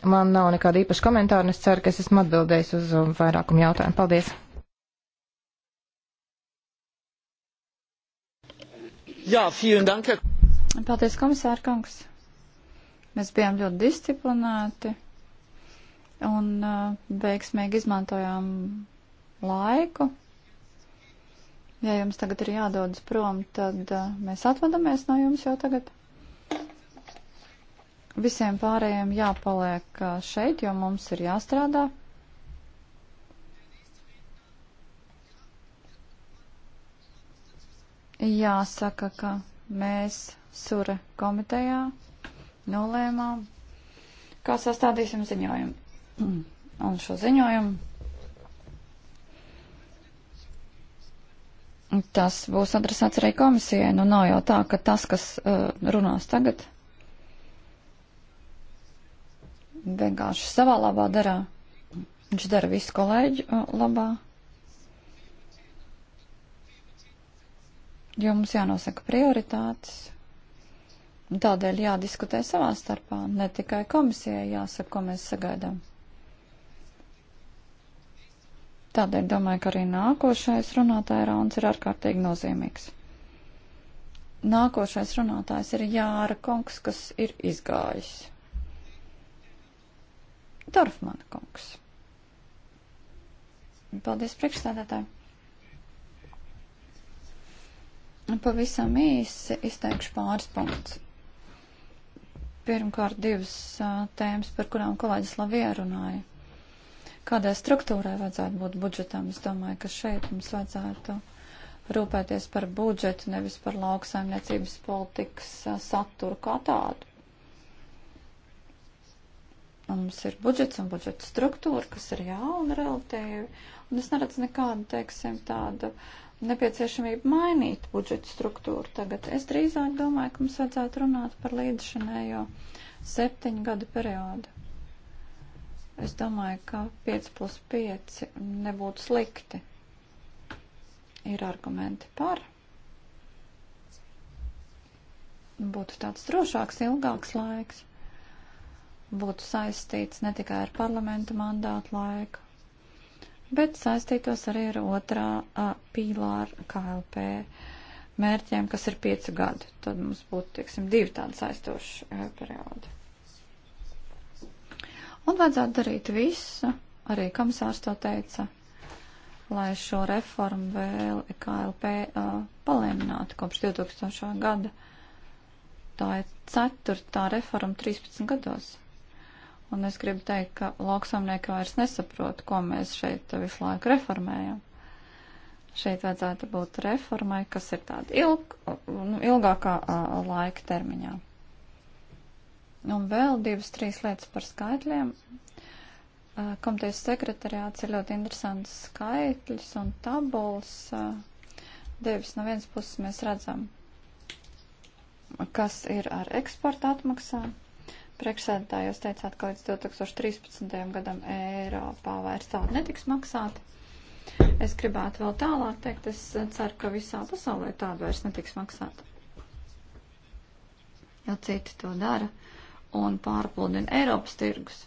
Man nav nekāda īpaša komentāra, un es ceru, ka es esmu atbildējis uz um, vairākumu jautājumu. Paldies! Jā, vielen dank! Paldies, komisāra kungs! Mēs bijām ļoti disciplinēti un uh, veiksmīgi izmantojām laiku. Ja jums tagad ir jādodas prom, tad uh, mēs atvadamies no jums jau tagad. Visiem pārējiem jāpaliek uh, šeit, jo mums ir jāstrādā. Jāsaka, ka mēs Sura komitejā nolēmām, kā sastādīsim ziņojumu. Un šo ziņojumu tas būs adresēts arī komisijai. Nu, nav jau tā, ka tas, kas uh, runās tagad, vienkārši savā labā darā. Viņš dara visu kolēģu uh, labā. Jo mums jānosaka prioritātes. Tādēļ jādiskutē savā starpā, ne tikai komisijai jāsaka, ko mēs sagaidām. Tādēļ domāju, ka arī nākošais runātāja rauns ir ārkārtīgi nozīmīgs. Nākošais runātājs ir Jāra Kongs, kas ir izgājis. Dorfmana kungs. Paldies priekšstādātāji. Pavisam īsi izteikšu pāris punktus. Pirmkārt, divas tēmas, par kurām kolēģis Lavija runāja. Kādai struktūrai vajadzētu būt budžetam? Es domāju, ka šeit mums vajadzētu rūpēties par budžetu, nevis par lauksaimniecības politikas saturu kā tādu. Mums ir budžets un budžeta struktūra, kas ir jauna relatīvi, un es neredzu nekādu, teiksim, tādu nepieciešamību mainīt budžeta struktūru tagad. Es drīzāk domāju, ka mums vajadzētu runāt par līdzšanējo septiņu gadu periodu. Es domāju, ka 5 plus 5 nebūtu slikti. Ir argumenti par. Būtu tāds drošāks, ilgāks laiks būtu saistīts ne tikai ar parlamentu mandātu laiku, bet saistītos arī ar otrā a, pīlāra KLP mērķiem, kas ir piecu gadi. Tad mums būtu, tieksim, divi tādi saistoši a, periodi. Un vajadzētu darīt visu, arī komisārs to teica, lai šo reformu vēl KLP uh, palēminātu kopš 2000. gada. Tā ir ceturtā reforma 13 gados. Un es gribu teikt, ka lauksamnieki vairs nesaprot, ko mēs šeit visu laiku reformējam. Šeit vajadzētu būt reformai, kas ir tāda ilg, nu, ilgākā uh, laika termiņā. Un vēl divas, trīs lietas par skaitļiem. Uh, komitejas sekretariāts ir ļoti interesants skaitļs un tabuls. Uh, Devis no vienas puses mēs redzam, kas ir ar eksporta atmaksām Priekšsēdētā jūs teicāt, ka līdz 2013. gadam Eiropā vairs tādu netiks maksāti. Es gribētu vēl tālāk teikt, es ceru, ka visā pasaulē tādu vairs netiks maksāti. Jo citi to dara un pārpludina Eiropas tirgus.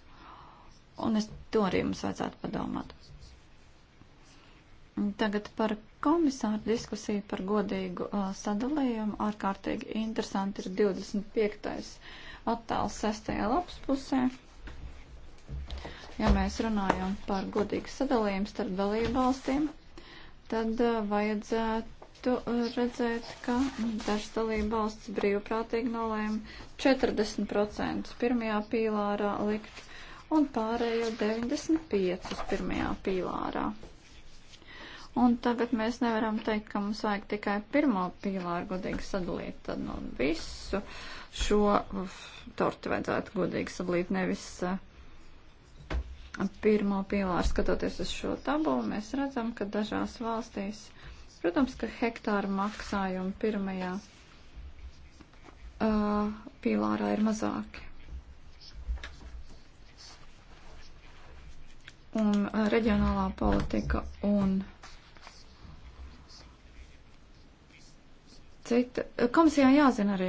Un es to arī mums vajadzētu padomāt. Tagad par komisāru diskusiju par godīgu uh, sadalījumu. Ārkārtīgi interesanti ir 25 attēls sestajā lapas pusē. Ja mēs runājam par godīgu sadalījumu starp dalību valstīm, tad uh, vajadzētu uh, redzēt, ka dažas dalību valsts brīvprātīgi nolēma 40% pirmajā pīlārā likt un pārējo 95% pirmajā pīlārā. Un tagad mēs nevaram teikt, ka mums vajag tikai pirmo pīlāru godīgi sadalīt tad no nu, visu šo. Uf, torti vajadzētu godīgi sadalīt, nevis uh, pirmo pīlāru skatoties uz šo tabulu. Mēs redzam, ka dažās valstīs, protams, ka hektāra maksājumi pirmajā uh, pīlārā ir mazāki. Un uh, reģionālā politika un Cita, komisijā jāzina arī,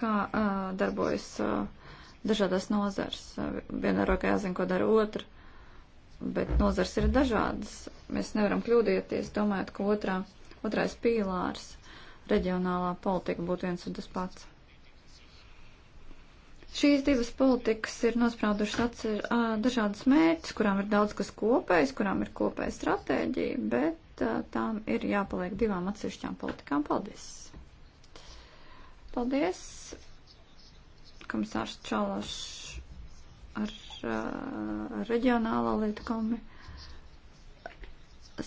kā darbojas dažādas nozars. Viena roka jāzina, ko dara otra, bet nozars ir dažādas. Mēs nevaram kļūdīties, domājot, ka otrā, otrais pīlārs reģionālā politika būtu viens un tas pats. Šīs divas politikas ir nospraudušas atcer, uh, dažādas mērķis, kurām ir daudz kas kopējs, kurām ir kopēja stratēģija, bet uh, tām ir jāpaliek divām atsevišķām politikām. Paldies! Paldies, komisārs Čalašs ar uh, reģionālo lietu komi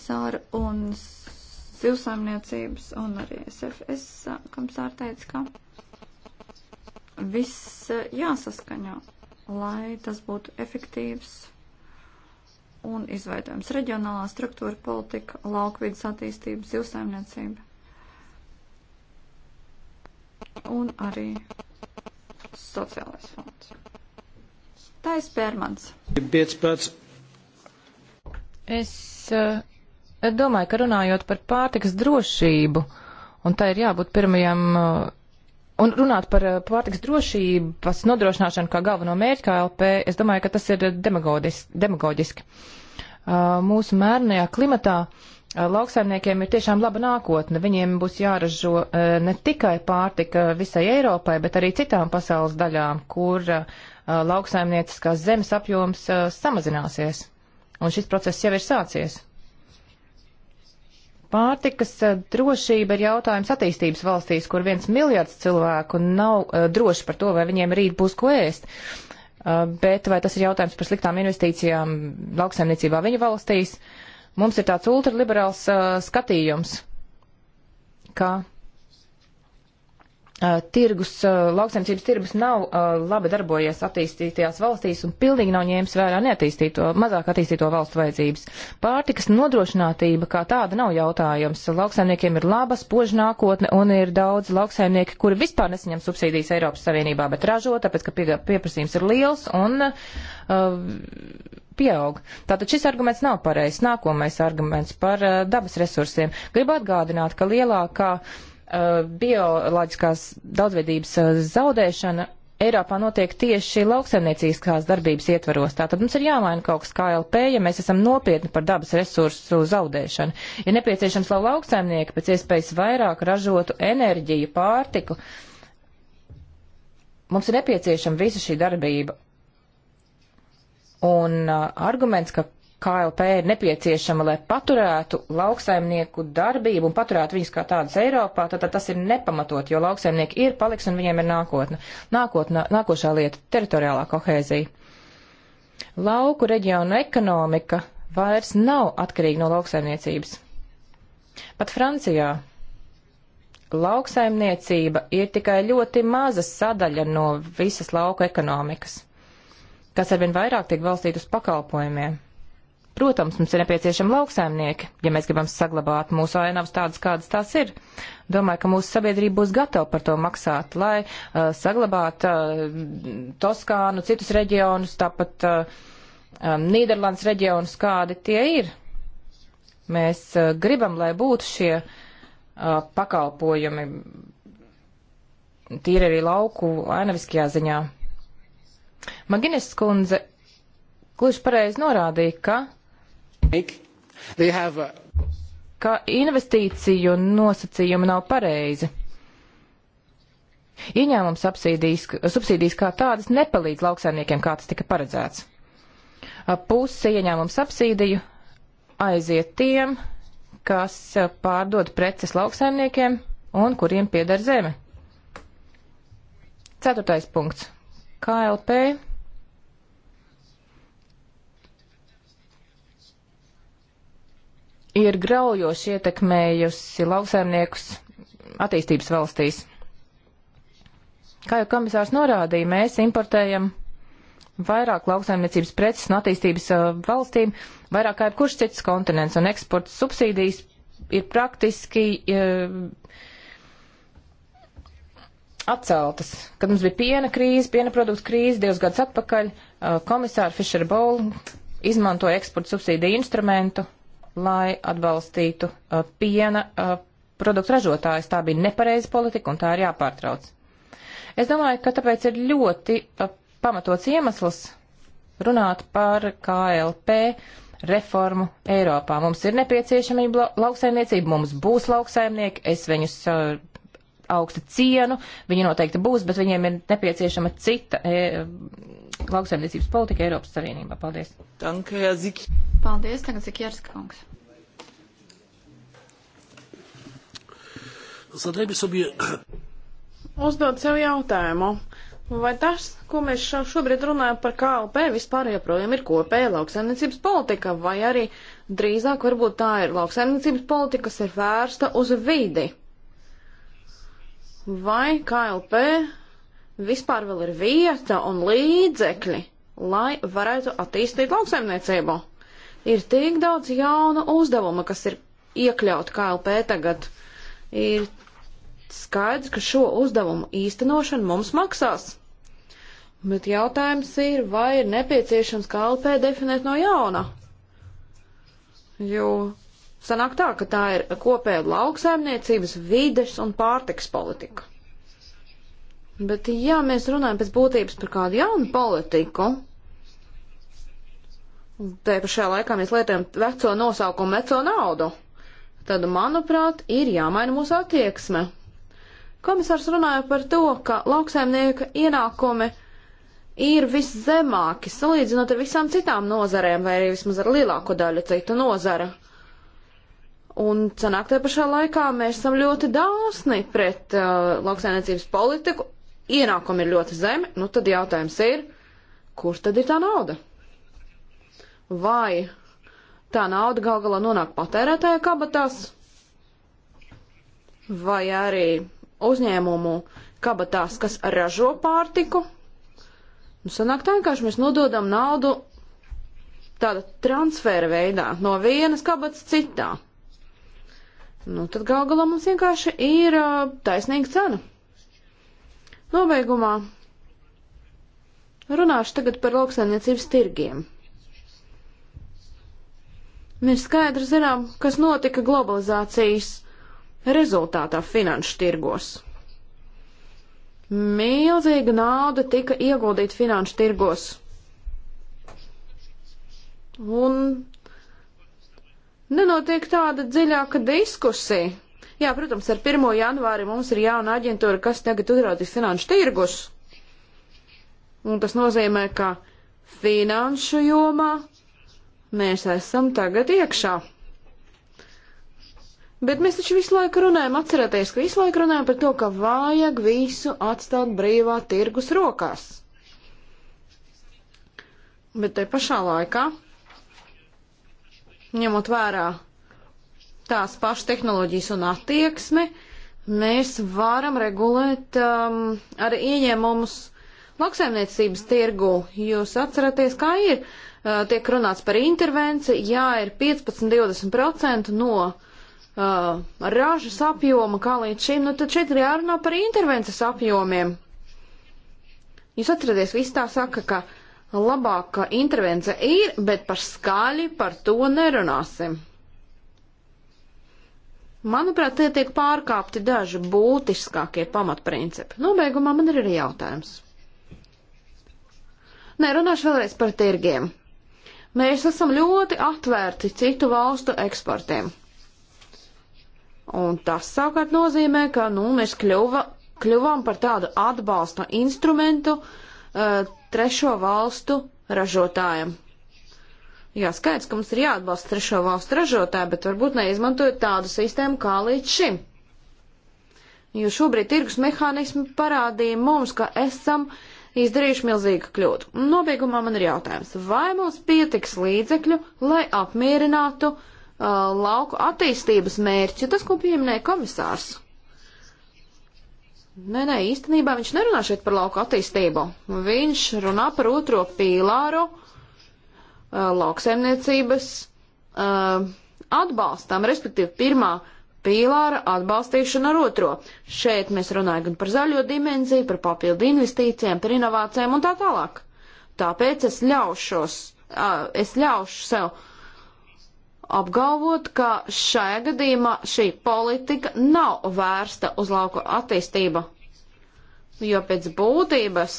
sāra un zivsaimniecības un arī SFS komisāra teica, ka viss jāsaskaņo, lai tas būtu efektīvs un izveidojams reģionālā struktūra politika, laukvidas attīstība, zivsaimniecība un arī sociālais fonds. Tā ir spērmans. Es uh, domāju, ka runājot par pārtiks drošību, un tā ir jābūt pirmajam. Uh, Un runāt par eh, pārtiks drošības nodrošināšanu kā galveno mērķu KLP, es domāju, ka tas ir demagoģiski. demagoģiski. Uh, mūsu mērnajā klimatā uh, lauksaimniekiem ir tiešām laba nākotne. Viņiem būs jāražo ne tikai pārtika visai Eiropai, bet arī citām pasaules daļām, kur lauksaimnieciskās zemes apjoms samazināsies. Un šis process jau ir sācies. Pārtikas drošība ir jautājums attīstības valstīs, kur viens miljards cilvēku nav droši par to, vai viņiem rīt būs ko ēst. Bet vai tas ir jautājums par sliktām investīcijām lauksaimniecībā viņa valstīs? Uh, Mums ir tāds ultraliberāls uh, skatījums, ka Uh, tirgus, uh, lauksaimniecības tirgus nav uh, labi darbojies attīstītajās valstīs un pilnīgi nav ņēmis vērā neattīstīto, mazāk attīstīto valstu vajadzības. Pārtikas nodrošinātība kā tāda nav jautājums. Lauksaimniekiem ir laba, spoža nākotne un ir daudz lauksaimnieki, kuri vispār nesaņem subsīdijas Eiropas Savienībā, bet ražo, tāpēc, ka pie, pieprasījums ir liels un. Uh, pieaug. Tātad šis arguments nav pareizs. Nākamais arguments par uh, dabas resursiem. Gribu atgādināt, ka lielākā uh, bioloģiskās daudzveidības uh, zaudēšana Eiropā notiek tieši lauksaimniecīskās darbības ietvaros. Tātad mums ir jāmaina kaut kas KLP, ja mēs esam nopietni par dabas resursu zaudēšanu. Ir ja nepieciešams, lai lauksaimnieki pēc iespējas vairāk ražotu enerģiju, pārtiku. Mums ir nepieciešama visa šī darbība, Un uh, arguments, ka KLP ir nepieciešama, lai paturētu lauksaimnieku darbību un paturētu viņus kā tādus Eiropā, tad, tad tas ir nepamatot, jo lauksaimnieki ir paliks un viņiem ir nākotne. Nākotnā, nākošā lieta - teritoriālā kohēzija. Lauku reģionu ekonomika vairs nav atkarīga no lauksaimniecības. Pat Francijā lauksaimniecība ir tikai ļoti maza sadaļa no visas lauku ekonomikas kas arvien vairāk tiek valstīt uz pakalpojumiem. Protams, mums ir nepieciešami lauksaimnieki, ja mēs gribam saglabāt mūsu ainavas tādas, kādas tās ir. Domāju, ka mūsu sabiedrība būs gatava par to maksāt, lai uh, saglabātu uh, Toskānu, citus reģionus, tāpat uh, um, Nīderlandes reģionus, kādi tie ir. Mēs uh, gribam, lai būtu šie uh, pakalpojumi tīri arī lauku ainaviskajā ziņā. Maginis skundze gluži pareizi norādīja, ka, a... ka investīciju nosacījumi nav pareizi. Ieņēmums subsīdijas, subsīdijas kā tādas nepalīdz lauksaimniekiem, kā tas tika paredzēts. Puse ieņēmumu subsīdiju aiziet tiem, kas pārdod preces lauksaimniekiem un kuriem pieder zeme. Ceturtais punkts. KLP ir graujoši ietekmējusi lauksaimniekus attīstības valstīs. Kā jau komisārs norādīja, mēs importējam vairāk lauksaimniecības preces no attīstības uh, valstīm, vairāk kā jebkurš cits kontinents, un eksporta subsīdijas ir praktiski uh, atceltas. Kad mums bija piena krīze, piena produktu krīze divus gadus atpakaļ, uh, komisāra Fischer Bowl izmantoja eksporta subsīdiju instrumentu, lai atbalstītu uh, piena uh, produktu ražotājus. Tā bija nepareiza politika un tā ir jāpārtrauc. Es domāju, ka tāpēc ir ļoti pamatots iemesls runāt par KLP reformu Eiropā. Mums ir nepieciešamība lauksaimniecība, mums būs lauksaimnieki, es viņus augstu cienu, viņi noteikti būs, bet viņiem ir nepieciešama cita e, lauksaimniecības politika Eiropas Savienībā. Paldies. Danke, Ziki. Paldies, tagad Zikierska kungs. Zadējumi sobie. Uzdod sev jautājumu. Vai tas, ko mēs šobrīd runājam par KLP, vispār joprojām ir kopēja lauksaimniecības politika, vai arī drīzāk varbūt tā ir lauksaimniecības politika, kas ir vērsta uz vidi? vai KLP vispār vēl ir vieta un līdzekļi, lai varētu attīstīt lauksaimniecību. Ir tik daudz jaunu uzdevumu, kas ir iekļauti KLP tagad. Ir skaidrs, ka šo uzdevumu īstenošana mums maksās. Bet jautājums ir, vai ir nepieciešams KLP definēt no jauna? Jo sanāk tā, ka tā ir kopēja lauksaimniecības, vides un pārtiks politika. Bet, ja mēs runājam pēc būtības par kādu jaunu politiku, te pašā laikā mēs lietojam veco nosaukumu, veco naudu, tad, manuprāt, ir jāmaina mūsu attieksme. Komisārs runāja par to, ka lauksaimnieka ienākumi ir viszemāki, salīdzinot ar visām citām nozarēm, vai arī vismaz ar lielāko daļu citu nozara. Un sanāk te pašā laikā mēs esam ļoti dāsni pret uh, lauksainiecības politiku, ienākumi ir ļoti zemi, nu tad jautājums ir, kur tad ir tā nauda? Vai tā nauda gal galā nonāk patērētāja kabatās, vai arī uzņēmumu kabatās, kas ražo pārtiku? Nu sanāk tā, ka mēs nododam naudu tāda transfēra veidā no vienas kabatas citā nu tad gal galā mums vienkārši ir uh, taisnīga cena. Nobeigumā runāšu tagad par lauksaimniecības tirgiem. Mēs skaidri zinām, kas notika globalizācijas rezultātā finanšu tirgos. Milzīga nauda tika ieguldīta finanšu tirgos. Un nenotiek tāda dziļāka diskusija. Jā, protams, ar 1. janvāri mums ir jauna aģentūra, kas tagad uzraudzīs finanšu tirgus. Un tas nozīmē, ka finanšu jomā mēs esam tagad iekšā. Bet mēs taču visu laiku runājam, atcerieties, ka visu laiku runājam par to, ka vajag visu atstāt brīvā tirgus rokās. Bet te pašā laikā ņemot vērā tās pašas tehnoloģijas un attieksmi, mēs varam regulēt um, arī ieņēmumus lauksaimniecības tirgu. Jūs atceraties, kā ir? Uh, tiek runāts par intervenciju, jā, ir 15-20% no uh, ražas apjoma, kā līdz šim, nu tad šeit ir jārunā par intervences apjomiem. Jūs atceraties, viss tā saka, ka uh, labāka intervence ir, bet par skaļi par to nerunāsim. Manuprāt, tie tiek pārkāpti daži būtiskākie pamatprincipi. Nobeigumā man ir arī jautājums. Nē, runāšu vēlreiz par tirgiem. Mēs esam ļoti atvērti citu valstu eksportiem. Un tas savukārt nozīmē, ka nu, mēs kļuva, kļuvām par tādu atbalsta instrumentu uh, trešo valstu ražotājiem. Jā, skaidrs, ka mums ir jāatbalsta trešo valstu ražotāji, bet varbūt neizmantojot tādu sistēmu kā līdz šim. Jo šobrīd tirgus mehānismi parādīja mums, ka esam izdarījuši milzīgu kļūdu. Nobeigumā man ir jautājums, vai mums pietiks līdzekļu, lai apmierinātu uh, lauku attīstības mērķi, tas, ko pieminēja komisārs? Nē, nē, īstenībā viņš nerunā šeit par lauku attīstību. Viņš runā par otro pīlāru eh, lauksaimniecības eh, atbalstam, respektīvi pirmā pīlāra atbalstīšana ar otro. Šeit mēs runājam gan par zaļo dimenziju, par papildu investīcijām, par inovācijām un tā tālāk. Tāpēc es ļaušos, eh, es ļaušu sev apgalvot, ka šajā gadījumā šī politika nav vērsta uz lauku attīstību, jo pēc būtības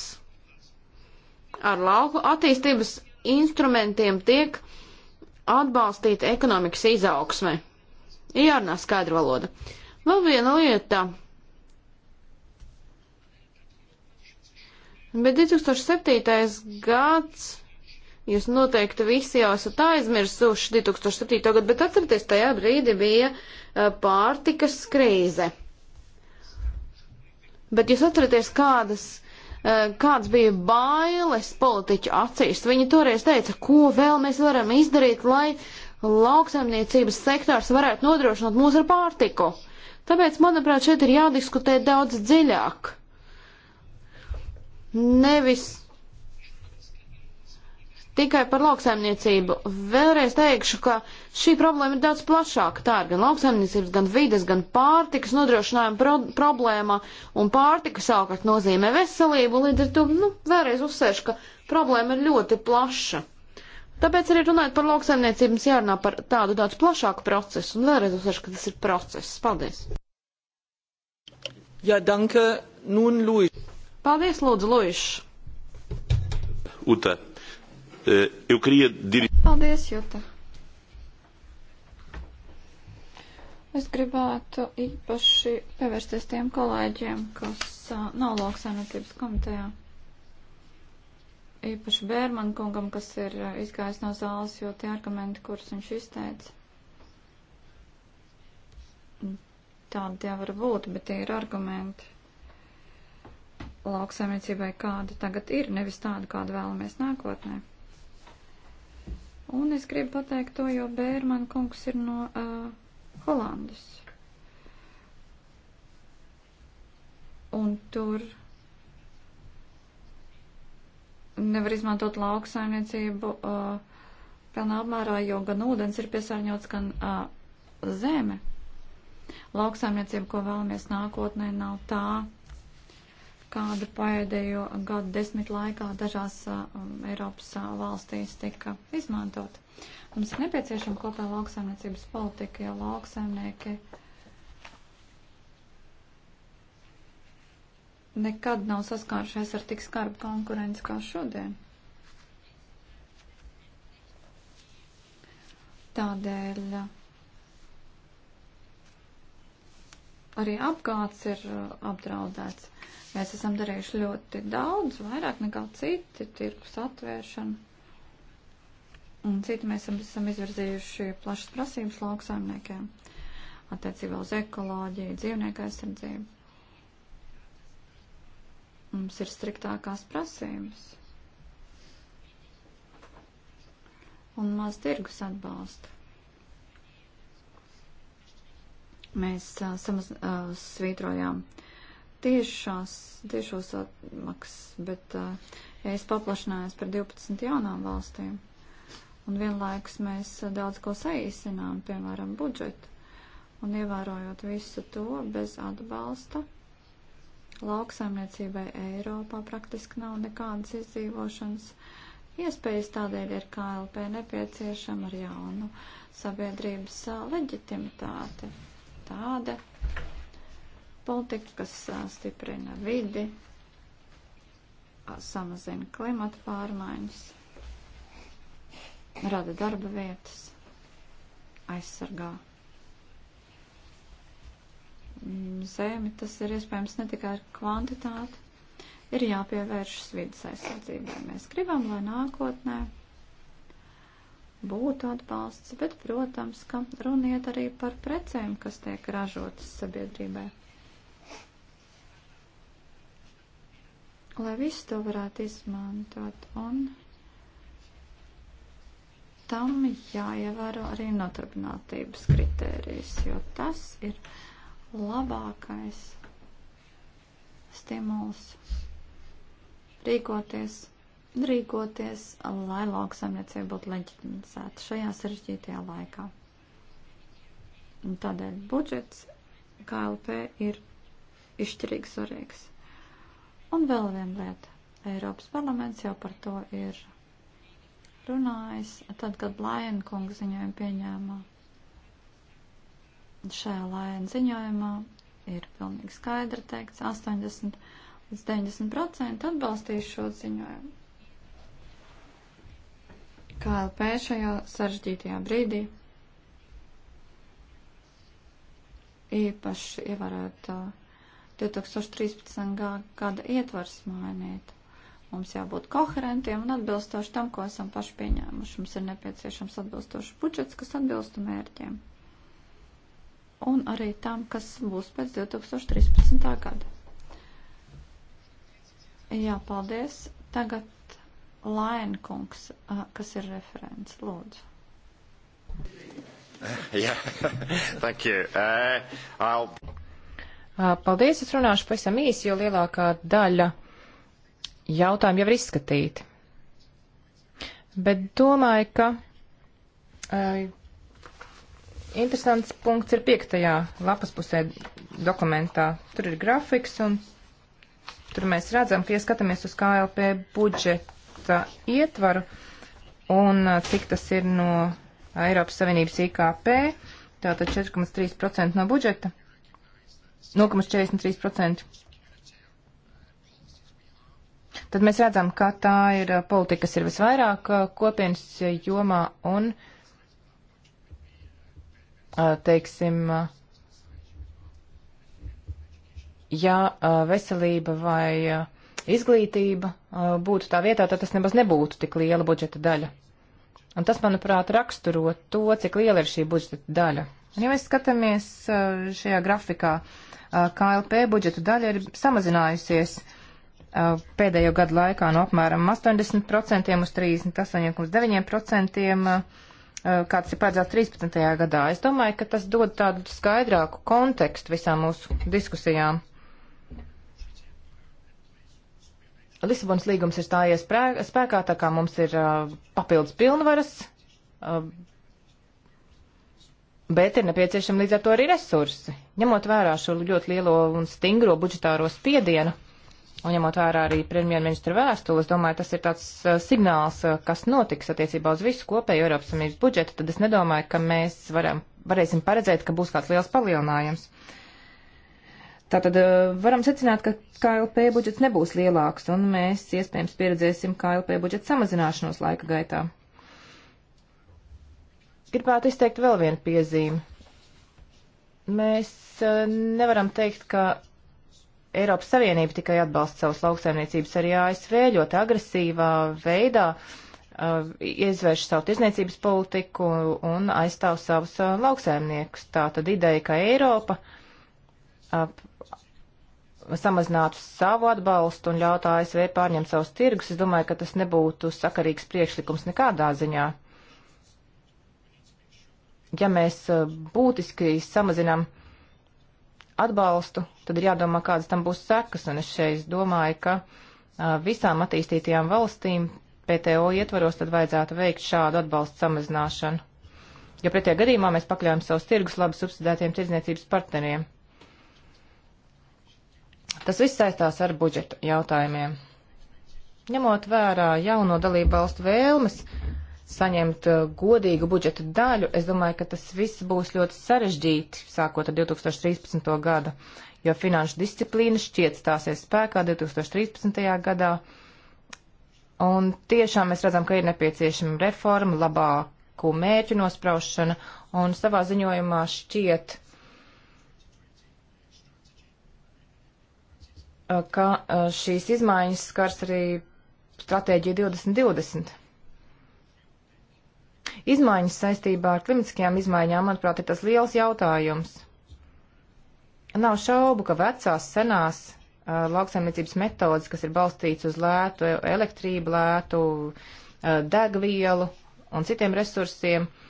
ar lauku attīstības instrumentiem tiek atbalstīta ekonomikas izaugsme. Jārunā skaidra valoda. Vēl viena lieta. Bet 2007. gads Jūs noteikti visi jau esat aizmirsuši 2007. gadu, bet atcerieties, tajā brīdī bija eh, pārtikas krīze. Bet jūs atcerieties, kādas, eh, kāds bija bailes politiķu acīs. Viņi toreiz teica, ko vēl mēs varam izdarīt, lai lauksaimniecības sektors varētu nodrošināt mūs ar pārtiku. Tāpēc, manuprāt, šeit ir jādiskutē daudz dziļāk. Nevis tikai par lauksaimniecību. Vēlreiz teikšu, ka šī problēma ir daudz plašāka. Tā ir gan lauksaimniecības, gan vides, gan pārtikas nodrošinājuma pro problēma, un pārtika savukārt nozīmē veselību, līdz ar to, nu, vēlreiz uzsvēršu, ka problēma ir ļoti plaša. Tāpēc arī runājot par lauksaimniecību, mums jārunā par tādu daudz plašāku procesu, un vēlreiz uzsvēršu, ka tas ir process. Paldies! Ja, danke, nun, Luis. Paldies, lūdzu, Luis. Ute. Eh, eu queria dirigir. Paldies, Juta. Es gribētu īpaši pievērsties tiem kolēģiem, kas uh, nav lauksainatības komitejā. Īpaši Bērman kungam, kas ir uh, izgājis no zāles, jo tie argumenti, kurus viņš izteica, tādi tie var būt, bet tie ir argumenti lauksaimniecībai, kāda tagad ir, nevis tāda, kāda vēlamies nākotnē. Un es gribu pateikt to, jo Bērman kungs ir no uh, Holandas. Un tur nevar izmantot lauksaimniecību uh, pilnā apmērā, jo gan ūdens ir piesārņots, gan uh, zeme. Lauksaimniecība, ko vēlamies nākotnē, nav tā kāda pēdējo gadu desmit laikā dažās uh, Eiropas uh, valstīs tika izmantot. Mums ir nepieciešama kopējā lauksaimniecības politika, jo lauksaimnieki nekad nav saskāršies ar tik skarbu konkurenci kā šodien. Tādēļ. Uh, arī apgāds ir uh, apdraudēts. Mēs esam darījuši ļoti daudz, vairāk nekā citi, tirkus atvēršana. Un citi mēs esam, esam izvirzījuši plašas prasības lauksaimniekiem attiecībā uz ekoloģiju, dzīvnieku aizsardzību. Mums ir striktākās prasības. Un maz tirgus atbalsta. mēs uh, samaz, uh, svītrojām tiešās, tiešos atmaksas, bet uh, es paplašinājos par 12 jaunām valstīm. Un vienlaikus mēs uh, daudz ko saīsinām, piemēram, budžetu. Un ievērojot visu to bez atbalsta, lauksaimniecībai Eiropā praktiski nav nekādas izdzīvošanas iespējas, tādēļ ir KLP nepieciešama ar jaunu sabiedrības leģitimitāti tāda politika, kas stiprina vidi, samazina klimata pārmaiņas, rada darba vietas, aizsargā mm, zemi. Tas ir iespējams ne tikai ar kvantitāti, ir jāpievēršas vidas aizsardzībai. Mēs gribam, lai nākotnē būtu atbalsts, bet, protams, ka runiet arī par precēm, kas tiek ražotas sabiedrībai. Lai visu to varētu izmantot un tam jāievēro arī notarbinātības kritērijas, jo tas ir labākais stimuls rīkoties rīkoties, lai lauksaimniecība būtu leģitimizēta šajā sarežģītajā laikā. Un tādēļ budžets KLP ir izšķirīgi svarīgs. Un vēl viena lieta. Eiropas parlaments jau par to ir runājis, tad, kad Lajena kunga ziņojumu pieņēmā. Šajā Lajena ziņojumā ir pilnīgi skaidri teikts 80 līdz 90% atbalstīšu šo ziņojumu. KLP šajā sarežģītajā brīdī. Īpaši ievarēt ja 2013. gada ietvars mainīt. Mums jābūt koherentiem un atbilstoši tam, ko esam paši pieņēmuši. Mums ir nepieciešams atbilstošs budžets, kas atbilstu mērķiem. Un arī tam, kas būs pēc 2013. gada. Jā, paldies. Tagad Lainkungs, kas ir referents, lūdzu. Yeah. Thank you. Uh, I'll... Uh, paldies, es runāšu pavisam īsi, jo lielākā daļa jautājumu jau ir izskatīti. Bet domāju, ka uh, interesants punkts ir piektajā lapas pusē dokumentā. Tur ir grafiks un tur mēs redzam, ka, ja skatāmies uz KLP budžetu, budžeta uh, ietvaru un uh, cik tas ir no Eiropas Savienības IKP, tātad 4,3% no budžeta, 0,43%. Tad mēs redzam, ka tā ir uh, politika, kas ir visvairāk kopienas jomā un, teiksim, ja veselība vai izglītība uh, būtu tā vietā, tad tas nemaz nebūtu tik liela budžeta daļa. Un tas, manuprāt, raksturo to, cik liela ir šī budžeta daļa. Un, ja mēs skatāmies uh, šajā grafikā, uh, KLP budžeta daļa ir samazinājusies pēdējo gadu laikā no apmēram 80% uz 38,9%, kāds ir paredzēts 13. gadā. Es domāju, ka tas dod tādu skaidrāku kontekstu visām mūsu diskusijām. Lisabonas līgums ir stājies spēkā, tā kā mums ir uh, papildus pilnvaras, uh, bet ir nepieciešami līdz ar to arī resursi. Ņemot vērā šo ļoti lielo un stingro budžetāro spiedienu, un ņemot vērā arī premjerministra vēstuli, es domāju, tas ir tāds uh, signāls, kas notiks attiecībā uz visu kopēju Eiropas Savienības budžetu, tad es nedomāju, ka mēs varam, varēsim paredzēt, ka būs kāds liels palielinājums. Uh, Tātad eh, varam secināt, ka KLP budžets nebūs lielāks, un mēs iespējams pieredzēsim KLP budžeta samazināšanos laika gaitā. Gribētu izteikt vēl vienu piezīmi. Mēs eh, nevaram teikt, ka Eiropas Savienība tikai atbalsta savus lauksaimniecības arī ASV ļoti agresīvā veidā uh, eh, izvērš savu tirzniecības politiku un aizstāv savus uh, lauksaimniekus. Tā tad ideja, ka Eiropa uh, samazinātu savu atbalstu un ļautu ASV pārņemt savus tirgus, es domāju, ka tas nebūtu sakarīgs priekšlikums nekādā ziņā. Ja mēs uh, būtiski samazinām atbalstu, tad ir jādomā, kādas tam būs sekas, un es šeit domāju, ka uh, visām attīstītajām valstīm PTO ietvaros tad vajadzētu veikt šādu atbalstu samazināšanu, jo ja pretējā gadījumā mēs pakļaujam savus tirgus labi subsidētiem tirdzniecības partneriem. Tas viss saistās ar budžetu jautājumiem. Ņemot vērā jauno dalību valstu vēlmes saņemt uh, godīgu budžeta daļu, es domāju, ka tas viss būs ļoti sarežģīti sākot ar 2013. gadu, jo finanšu disciplīna šķiet stāsies spēkā 2013. gadā. Un tiešām mēs redzam, ka ir nepieciešama reforma, labāku mērķu nospraušana, un savā ziņojumā šķiet, uh, Uh, ka uh, šīs izmaiņas skars arī stratēģiju 2020. Izmaiņas saistībā ar klimatiskajām izmaiņām, manuprāt, ir tas liels jautājums. Nav šaubu, ka vecās, senās uh, lauksaimniecības metodas, kas ir balstīts uz lētu e- elektrību, lētu uh, degvielu un citiem resursiem, uh,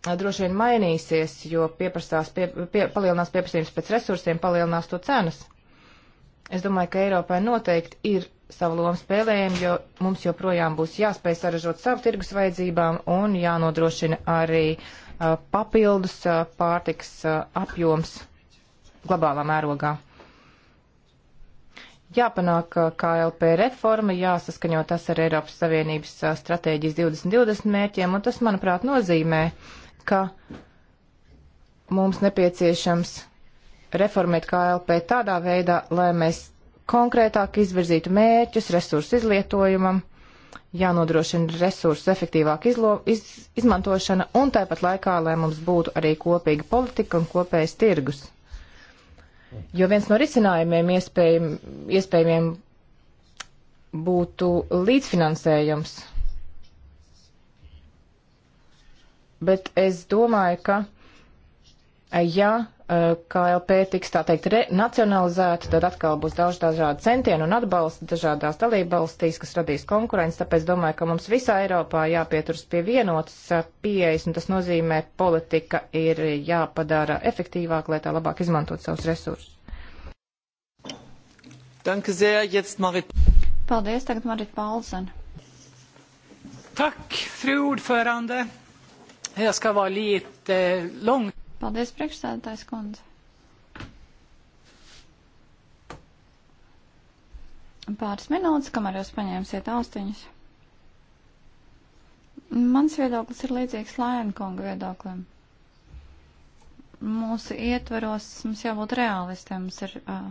droši vien mainīsies, jo pieprasās, pie, pie, palielinās pieprasījums pēc resursiem, palielinās to cenas. Es domāju, ka Eiropai noteikti ir savu lomu spēlējumi, jo mums joprojām būs jāspēj saražot savu tirgus vajadzībām un jānodrošina arī uh, papildus uh, pārtiks uh, apjoms globālā mērogā. Jāpanāk KLP reforma, jāsaskaņo tas ar Eiropas Savienības stratēģijas 2020 mērķiem, un tas, manuprāt, nozīmē uh, ka mums nepieciešams reformēt KLP tādā veidā, lai mēs konkrētāk izvirzītu mērķus resursu izlietojumam, jānodrošina resursu efektīvāk izlo, iz, izmantošana un tāpat laikā, lai mums būtu arī kopīga politika un kopējs tirgus. Jo viens no risinājumiem iespējam, iespējamiem būtu līdzfinansējums bet es domāju, ka ja eh, KLP tiks tā teikt nacionalizēta, tad atkal būs daudz dažādu centienu un atbalsta dažādās dalībvalstīs, kas radīs konkurenci. Tāpēc domāju, ka mums visā Eiropā jāpieturas pie vienotas eh, pieejas, un tas nozīmē, politika ir jāpadara efektīvāk, lai tā labāk izmantot savus resursus. Danke sehr, jetzt Marit. Paldies, tagad Marit Paulsen. Tak, fru ordförande. Jag ska vara lite eh, lång. Paldies, priekšsēdētājs kundze. Pāris minūtes, kamēr jūs paņēmsiet austiņas. Mans viedoklis ir līdzīgs Lēna kunga viedoklim. Mūsu ietveros mums jābūt realistiem, mums ir uh,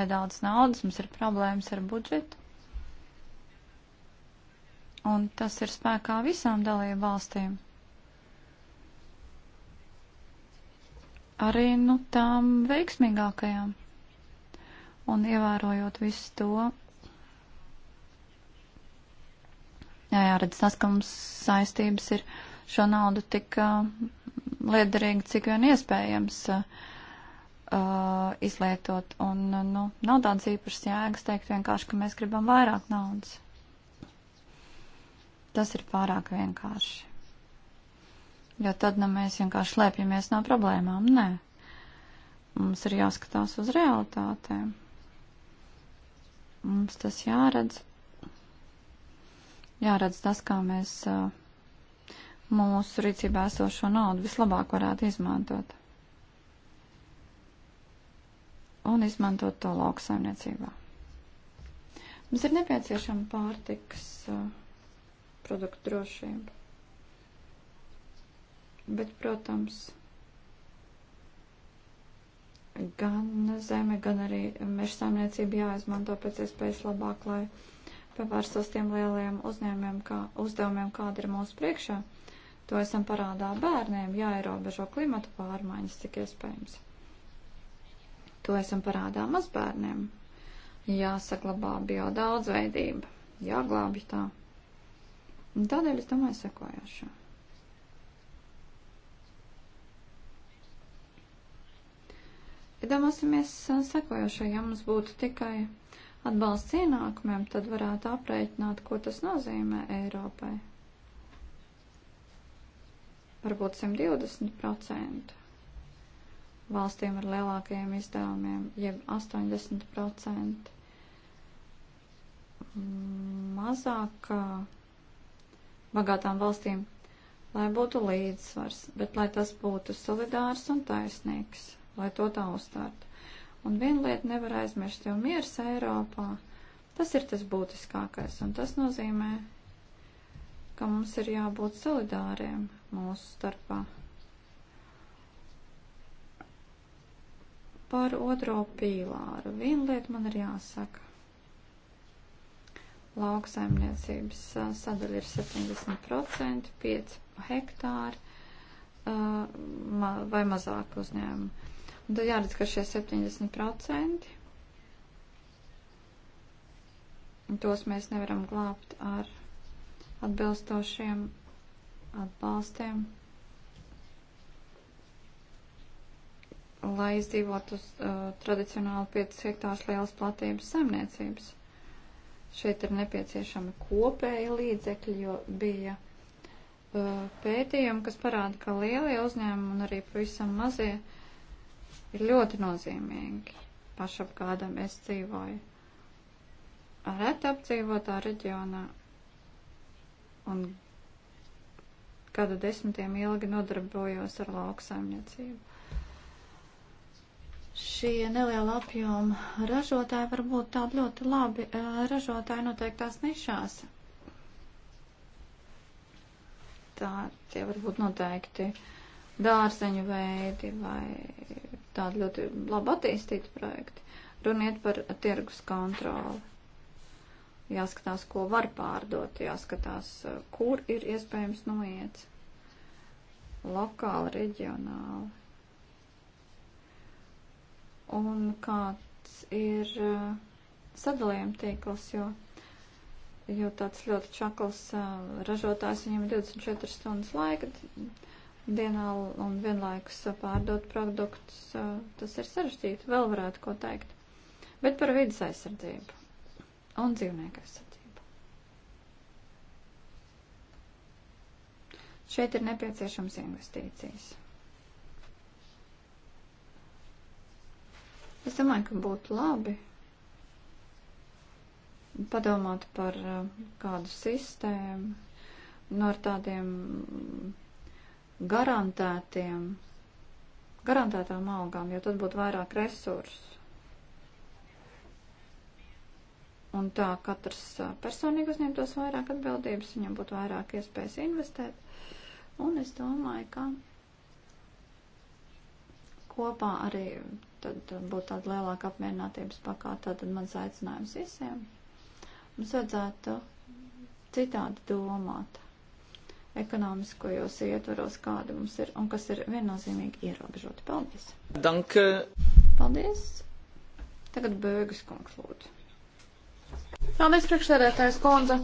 nedaudz naudas, mums ir problēmas ar budžetu. Un tas ir spēkā visām dalību valstīm. arī nu, tām veiksmīgākajām. Un ievērojot visu to, jāredz tas, ka mums saistības ir šo naudu tik uh, liederīgi, cik vien iespējams uh, izlietot. Un, uh, nu, nav tāds īpašs jēgas teikt vienkārši, ka mēs gribam vairāk naudas. Tas ir pārāk vienkārši. Jo tad nu, mēs vienkārši slēpjamies no problēmām. Nē, mums ir jāskatās uz realitātēm. Mums tas jāredz. Jāredz tas, kā mēs mūsu rīcībā esošo naudu vislabāk varētu izmantot. Un izmantot to lauksaimniecībā. Mums ir nepieciešama pārtiks produktu drošība bet, protams, gan zeme, gan arī meža saimniecība jāizmanto pēc iespējas labāk, lai pavērstos tiem lielajiem uzņēmumiem, kā uzdevumiem, kāda ir mūsu priekšā. To esam parādā bērniem, jāierobežo klimatu pārmaiņas, cik iespējams. To esam parādā mazbērniem. Jāsaglabā bio daudzveidība, jāglābj tā. Un tādēļ es domāju sekojošo. Ja Iedomāsimies sekojošo, ja mums būtu tikai atbalsts ienākumiem, tad varētu aprēķināt, ko tas nozīmē Eiropai. Varbūt 120% valstīm ar lielākajiem izdevumiem, jeb 80% mazāk bagātām valstīm, lai būtu līdzsvars, bet lai tas būtu solidārs un taisnīgs lai to tā uztvērtu. Un viena lieta nevar aizmirst, jo miers Eiropā, tas ir tas būtiskākais, un tas nozīmē, ka mums ir jābūt solidāriem mūsu starpā. Par otro pīlāru. Viena lieta man ir jāsaka. Lauksaimniecības sadaļa ir 70%, 5 hektāri vai mazāk uzņēmumu Un nu, tad jāredz, ka šie 70% tos mēs nevaram glābt ar atbilstošiem atbalstiem, lai izdzīvotu uz uh, tradicionāli 5 hektārus lielas platības saimniecības. Šeit ir nepieciešami kopēji līdzekļi, jo bija uh, pētījumi, kas parāda, ka lielie uzņēmumi un arī pavisam mazie uh, ir ļoti nozīmīgi pašapgādam. Es dzīvoju reti apdzīvotā reģionā un gadu desmitiem ilgi nodarbojos ar lauksaimniecību. Šie neliela apjoma ražotāji var būt tādi ļoti labi eh, ražotāji noteiktās nišās. Tā tie var būt noteikti dārzeņu veidi vai tādi ļoti labi attīstīti projekti. Runiet par tirgus kontroli. Jāskatās, ko var pārdot, jāskatās, kur ir iespējams noiet. Lokāli, reģionāli. Un kāds ir eh, sadalījuma tīkls, jo, jo tāds ļoti čakls eh, ražotājs, viņam ir 24 stundas laika dienā un vienlaikus pārdot produktus, tas ir sarežģīti, vēl varētu ko teikt. Bet par vidas aizsardzību un dzīvnieku aizsardzību. Šeit ir nepieciešams investīcijas. Es domāju, ka būtu labi padomāt par kādu sistēmu no nu, ar tādiem garantētiem, garantētām algām, jo tad būtu vairāk resursu. Un tā katrs personīgi uzņemtos vairāk atbildības, viņam būtu vairāk iespējas investēt. Un es domāju, ka kopā arī tad būtu tāda lielāka apmierinātības pakāpe. Tātad mans aicinājums visiem. Mums vajadzētu citādi domāt ekonomiskajos ietvaros, kāda mums ir un kas ir viennozīmīgi ierobežota. Paldies! Danke! Paldies! Tagad Bēgas kungs lūdzu. Paldies, priekšsēdētājs Konza!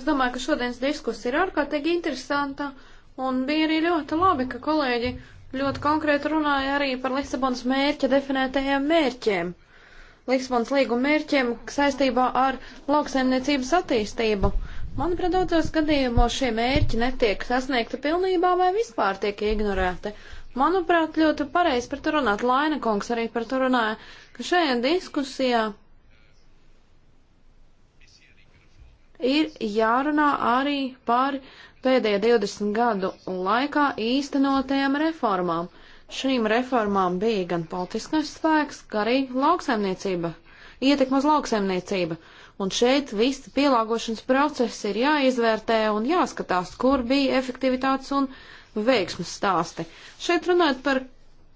Es domāju, ka šodienas diskusija ir ārkārtīgi interesanta un bija arī ļoti labi, ka kolēģi ļoti konkrēti runāja arī par Lisabonas mērķa definētajiem mērķiem. Lisabonas līguma mērķiem saistībā ar lauksaimniecības attīstību. Manuprāt, daudzos gadījumos šie mērķi netiek sasniegti pilnībā vai vispār tiek ignorēti. Manuprāt, ļoti pareizi par to runāt. Laina kungs arī par to runāja, ka šajā diskusijā ir jārunā arī par pēdējo 20 gadu laikā īstenotajām reformām. Šīm reformām bija gan politiskais spēks, gan arī lauksaimniecība, ietekmas lauksaimniecība. Uh, Un šeit viss pielāgošanas process ir jāizvērtē un jāskatās, kur bija efektivitātes un veiksmas stāsti. Šeit runājot par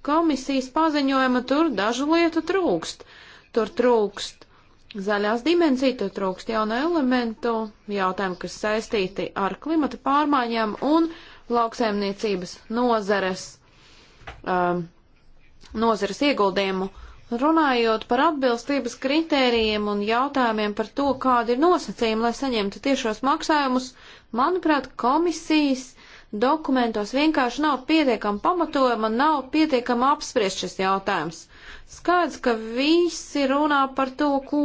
komisijas paziņojumu, tur dažu lietu trūkst. Tur trūkst zaļās dimensijas, tur trūkst jaunu elementu, jautājumu, kas saistīti ar klimata pārmaiņām un lauksaimniecības nozares, um, nozares ieguldījumu uh, Runājot par atbilstības kritērijiem un jautājumiem par to, kāda ir nosacījuma, lai saņemtu tiešos maksājumus, manuprāt, komisijas dokumentos vienkārši nav pietiekama pamatojuma, nav pietiekama apspriest šis jautājums. Skaidrs, ka visi runā par to, ko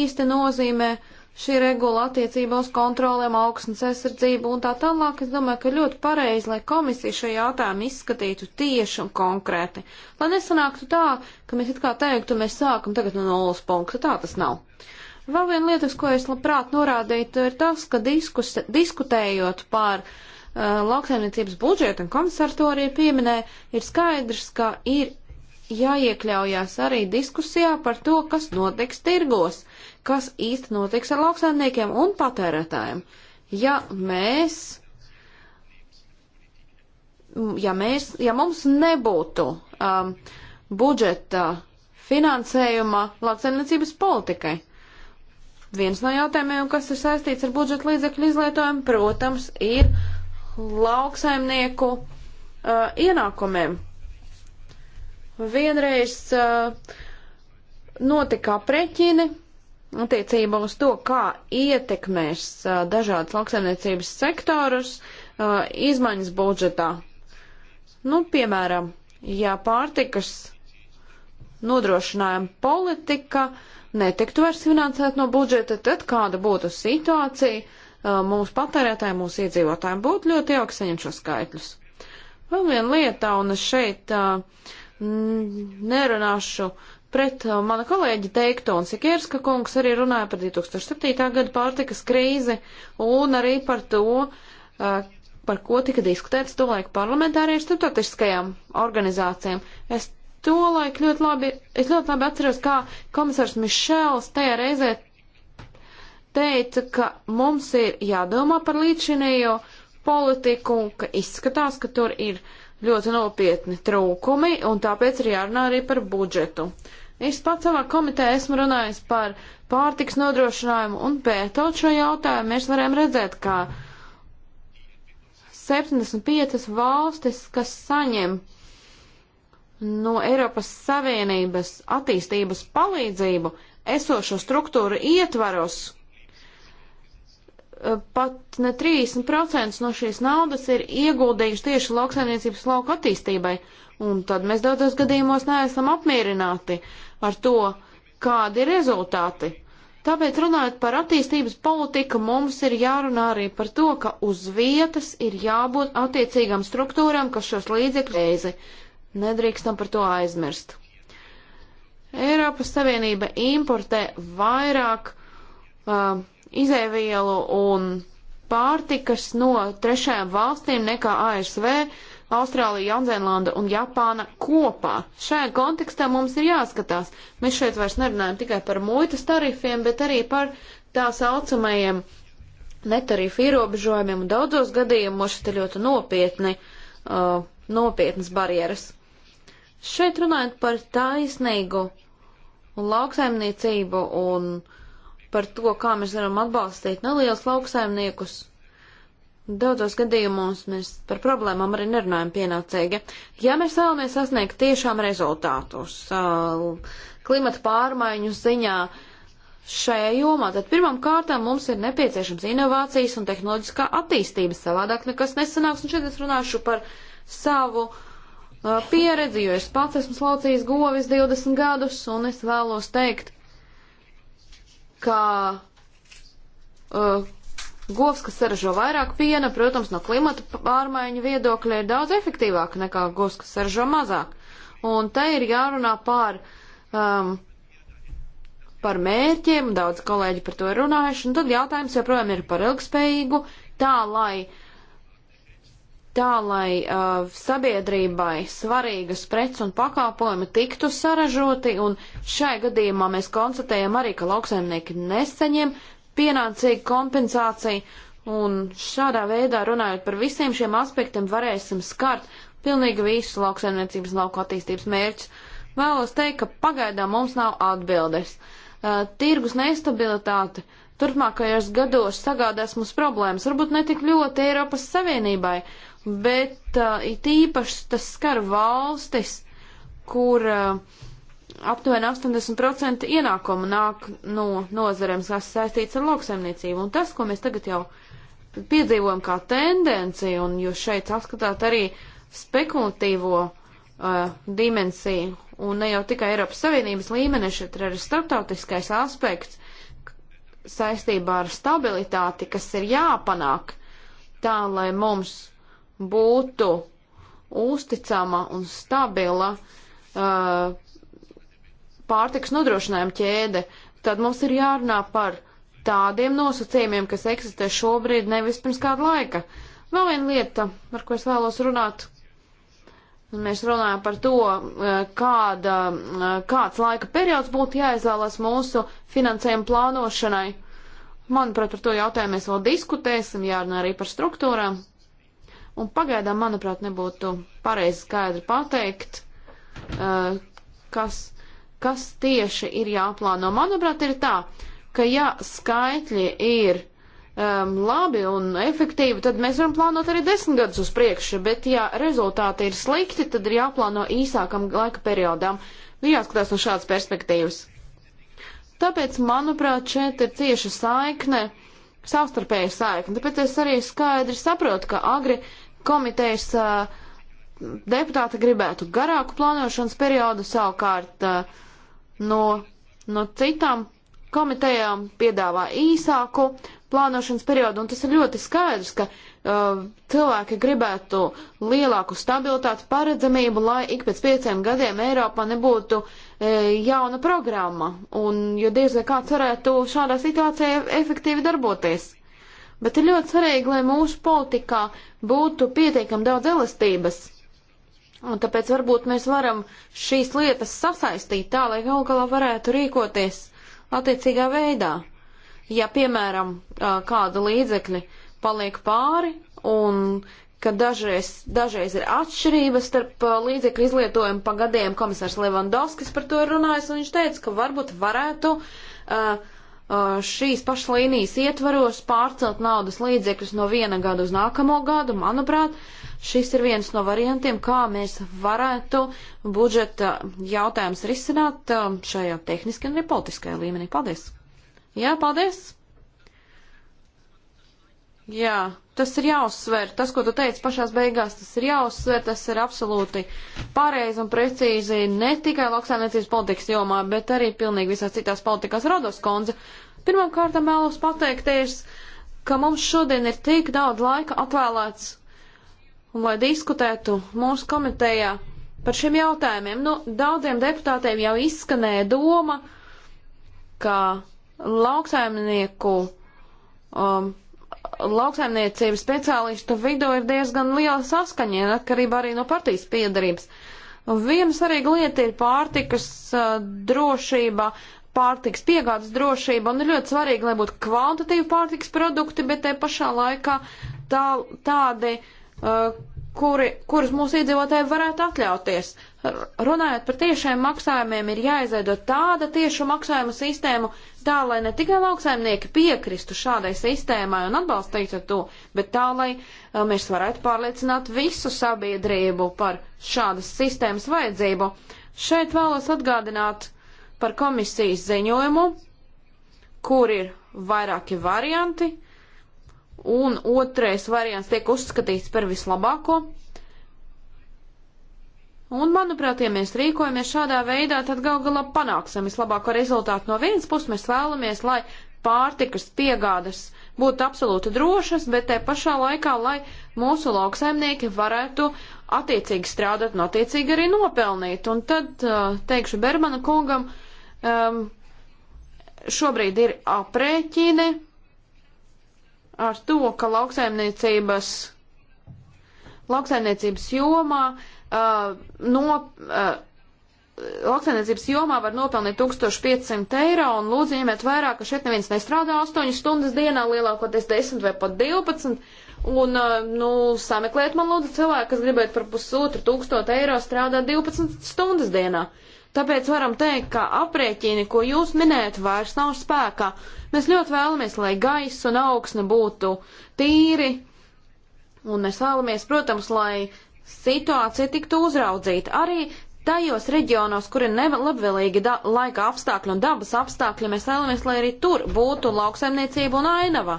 īsti nozīmē uh, šī regula attiecībā uz kontrolēm, augstnes aizsardzību un tā tālāk. Es domāju, ka ļoti pareizi, lai komisija šo jautājumu izskatītu tieši un konkrēti. Lai nesanāktu tā, ka mēs it kā teiktu, mēs sākam tagad no nulles punkta. Tā tas nav. Vēl viena lieta, ko es labprāt norādītu, ir tas, ka diskus, diskutējot par uh, lauksaimniecības budžetu, un komisārs to arī pieminēja, ir skaidrs, ka ir jāiekļaujās arī diskusijā par to, kas notiks tirgos kas īsti notiks ar lauksaimniekiem un patērētājiem. Ja mēs, ja mēs, ja mums nebūtu um, budžeta finansējuma lauksaimniecības politikai, viens no jautājumiem, kas ir saistīts ar budžeta līdzekļu izlietojumu, protams, ir lauksaimnieku uh, ienākumiem. Vienreiz uh, notika aprēķini, attiecībā uz to, kā ietekmēs uh, dažādas lauksaimniecības sektorus uh, izmaiņas budžetā. Nu, piemēram, ja pārtikas nodrošinājuma politika netiktu vairs finansēt no budžeta, tad kāda būtu situācija uh, mūsu patērētājiem, mūsu iedzīvotājiem? Būtu ļoti jauki saņemt šo skaitļus. Vēl viena lieta, un es šeit nerunāšu uh, pret uh, mana kolēģi teikto, un Sikierska kungs arī runāja par 2007. gada pārtikas krīzi un arī par to, uh, par ko tika diskutēts tolaik parlamentāriešu starptautiskajām organizācijām. Es tolaik ļoti labi, es ļoti labi atceros, kā komisārs Mišels tajā reizē teica, ka mums ir jādomā par līdzinējo politiku, ka izskatās, ka tur ir uh, ļoti nopietni trūkumi, un tāpēc ir jārunā arī par budžetu. Es pats savā komitē esmu runājis par pārtiks nodrošinājumu, un pētot šo jautājumu, mēs varam redzēt, ka 75 valstis, kas saņem no Eiropas Savienības attīstības palīdzību, esošo struktūru ietvaros, Eh, pat ne 30% no šīs naudas ir ieguldījuši tieši lauksainiecības lauka attīstībai, un tad mēs daudzos gadījumos neesam apmierināti ar to, kādi ir rezultāti. Tāpēc runājot par attīstības politiku, mums ir jārunā arī par to, ka uz vietas ir jābūt attiecīgām struktūrām, kas šos līdzekļus reizi. Nedrīkstam par to aizmirst. Eiropas Savienība importē vairāk uh, izēvielu un pārtikas no trešajām valstīm nekā ASV, Austrālija, Jaunzēlanda un Japāna kopā. Šajā kontekstā mums ir jāskatās. Mēs šeit vairs nerunājam tikai par muitas tarifiem, bet arī par tā saucamajiem netarifu ierobežojumiem un daudzos gadījumos šeit ir ļoti nopietni, uh, nopietnas barjeras. Šeit runājot par taisnīgu lauksaimniecību un uh, par to, kā mēs varam atbalstīt nelielus lauksaimniekus. Daudzos gadījumos mēs par problēmām arī nerunājam pienācīgi. Ja mēs vēlamies sasniegt tiešām rezultātus uh, klimata pārmaiņu ziņā šajā jomā, tad pirmām kārtām mums ir nepieciešams inovācijas un tehnoloģiskā attīstība. Savādāk nekas nesanāks, un šeit es runāšu par savu uh, pieredzi, jo es pats esmu slaucījis govis 20 gadus, un es vēlos teikt, ka uh, govs, kas saražo vairāk piena, protams, no klimata pārmaiņu viedokļa ir daudz efektīvāk nekā govs, kas saražo mazāk. Un te ir jārunā par, um, par mērķiem, daudz kolēģi par to ir runājuši, un tad jautājums joprojām ir par ilgspējīgu, tā lai uh, tā, lai uh, sabiedrībai svarīgas preces un pakāpojumi tiktu saražoti, un šai gadījumā mēs konstatējam arī, ka lauksaimnieki nesaņem pienācīgu kompensāciju, un šādā veidā runājot par visiem šiem aspektiem varēsim skart pilnīgi visus lauksaimniecības un lauku attīstības mērķus. Vēlos teikt, ka pagaidām mums nav atbildes. Uh, tirgus nestabilitāte turpmākajos gados sagādās mums problēmas, varbūt ne tik ļoti Eiropas Savienībai, uh, bet uh, it īpaši tas skar valstis, kur uh, aptuveni 80% ienākumu nāk no nozarēm, kas saistīts ar lauksaimniecību. Un tas, ko mēs tagad jau piedzīvojam kā tendenci, un jūs šeit apskatāt arī spekulatīvo uh, dimensiju, un ne jau tikai Eiropas Savienības līmenī, šeit ir arī starptautiskais aspekts saistībā ar stabilitāti, kas ir jāpanāk tā, lai mums būtu uzticama un stabila uh, pārtiks nodrošinājuma ķēde, tad mums ir jārunā par tādiem nosacījumiem, kas eksistē šobrīd, nevis pirms kāda laika. Vēl viena lieta, par ko es vēlos runāt. Mēs runājam par to, uh, kāda, uh, kāds laika periods būtu jāizvēlas mūsu finansējuma plānošanai. Manuprāt, par to jautājumu mēs vēl diskutēsim, jārunā arī par struktūrām. Un pagaidām, manuprāt, nebūtu pareizi skaidri pateikt, uh, kas, kas tieši ir jāplāno. Manuprāt, ir tā, ka ja skaitļi ir um, labi un efektīvi, tad mēs varam plānot arī desmit gadus uz priekšu, bet ja rezultāti ir slikti, tad ir jāplāno īsākam laika periodam. Nu, jāskatās no šādas perspektīvas. Tāpēc, manuprāt, šeit ir cieša saikne savstarpēja saikne. Tāpēc es arī skaidri saprotu, ka agri komitejas uh, deputāti gribētu garāku plānošanas periodu, savukārt uh, no, no citām komitejām piedāvā īsāku plānošanas periodu, un tas ir ļoti skaidrs, ka uh, cilvēki gribētu lielāku stabilitāti, paredzamību, lai ik pēc pieciem gadiem Eiropā nebūtu uh, jauna programma, un jo diez vai kāds varētu šādā situācijā efektīvi darboties bet ir ļoti svarīgi, lai mūsu politikā būtu pietiekami daudz elastības. Un tāpēc varbūt mēs varam šīs lietas sasaistīt tā, lai gal galā varētu rīkoties attiecīgā veidā. Ja, piemēram, kāda līdzekļa paliek pāri un ka dažreiz, dažreiz ir atšķirības starp līdzekļu izlietojumu pa gadiem. Komisārs Levandovskis par to ir runājis, un viņš teica, ka varbūt varētu uh, šīs pašas līnijas ietvaros pārcelt naudas līdzekļus no viena gada uz nākamo gadu, manuprāt, šis ir viens no variantiem, kā mēs varētu budžeta jautājums risināt šajā tehniskajā un arī politiskajā līmenī. Paldies! Jā, paldies! Jā, tas ir jāuzsver. Tas, ko tu teici pašās beigās, tas ir jāuzsver, tas ir absolūti pareizi un precīzi ne tikai lauksaimniecības politikas jomā, bet arī pilnīgi visās citās politikās rados konze. Pirmkārt, vēlos pateikties, ka mums šodien ir tik daudz laika atvēlēts, un lai diskutētu mūsu komitejā par šiem jautājumiem. Nu, daudziem deputātiem jau izskanēja doma, ka lauksaimnieku um, lauksaimniecības speciālistu vidū ir diezgan liela saskaņa, atkarībā arī no partijas piedarības. Viena svarīga lieta ir pārtikas uh, drošība, pārtikas piegādes drošība, un ir ļoti svarīgi, lai būtu kvalitatīvi pārtikas produkti, bet te pašā laikā tā, tādi, uh, kuri, kurus mūsu iedzīvotāji varētu atļauties. Runājot par tiešiem maksājumiem, ir jāizveido tāda tiešu maksājumu sistēmu, tā lai ne tikai lauksaimnieki piekristu šādai sistēmai un atbalstītu to, bet tā lai uh, mēs varētu pārliecināt visu sabiedrību par šādas sistēmas vajadzību. Šeit vēlos atgādināt par komisijas ziņojumu, kur ir vairāki varianti un otrais variants tiek uzskatīts par vislabāko. Un, manuprāt, ja mēs rīkojamies šādā veidā, tad gal galā panāksim vislabāko rezultātu. No vienas puses mēs vēlamies, lai pārtikas piegādes būtu absolūti drošas, bet te pašā laikā, lai mūsu lauksaimnieki varētu attiecīgi strādāt un attiecīgi arī nopelnīt. Un tad uh, teikšu Bermana kungam, um, šobrīd ir aprēķini ar to, ka lauksaimniecības, lauksaimniecības jomā uh, no. Uh, lauksaimniecības jomā var nopelnīt 1500 eiro un lūdzu ņemiet vērā, ka šeit neviens nestrādā 8 stundas dienā, lielākoties 10 vai pat 12. Un, uh, nu, sameklēt man lūdzu cilvēku, kas gribētu par pusotru tūkstotu eiro strādāt 12 stundas dienā. Tāpēc varam teikt, ka aprēķini, ko jūs minējat, vairs nav spēkā. Uh, Mēs ļoti vēlamies, lai gaisa un augsne būtu tīri, un mēs vēlamies, protams, lai situācija tiktu uzraudzīta arī tajos reģionos, kur ir nelabvēlīgi laika apstākļi un dabas apstākļi. Mēs vēlamies, lai arī tur būtu lauksaimniecība un ainava.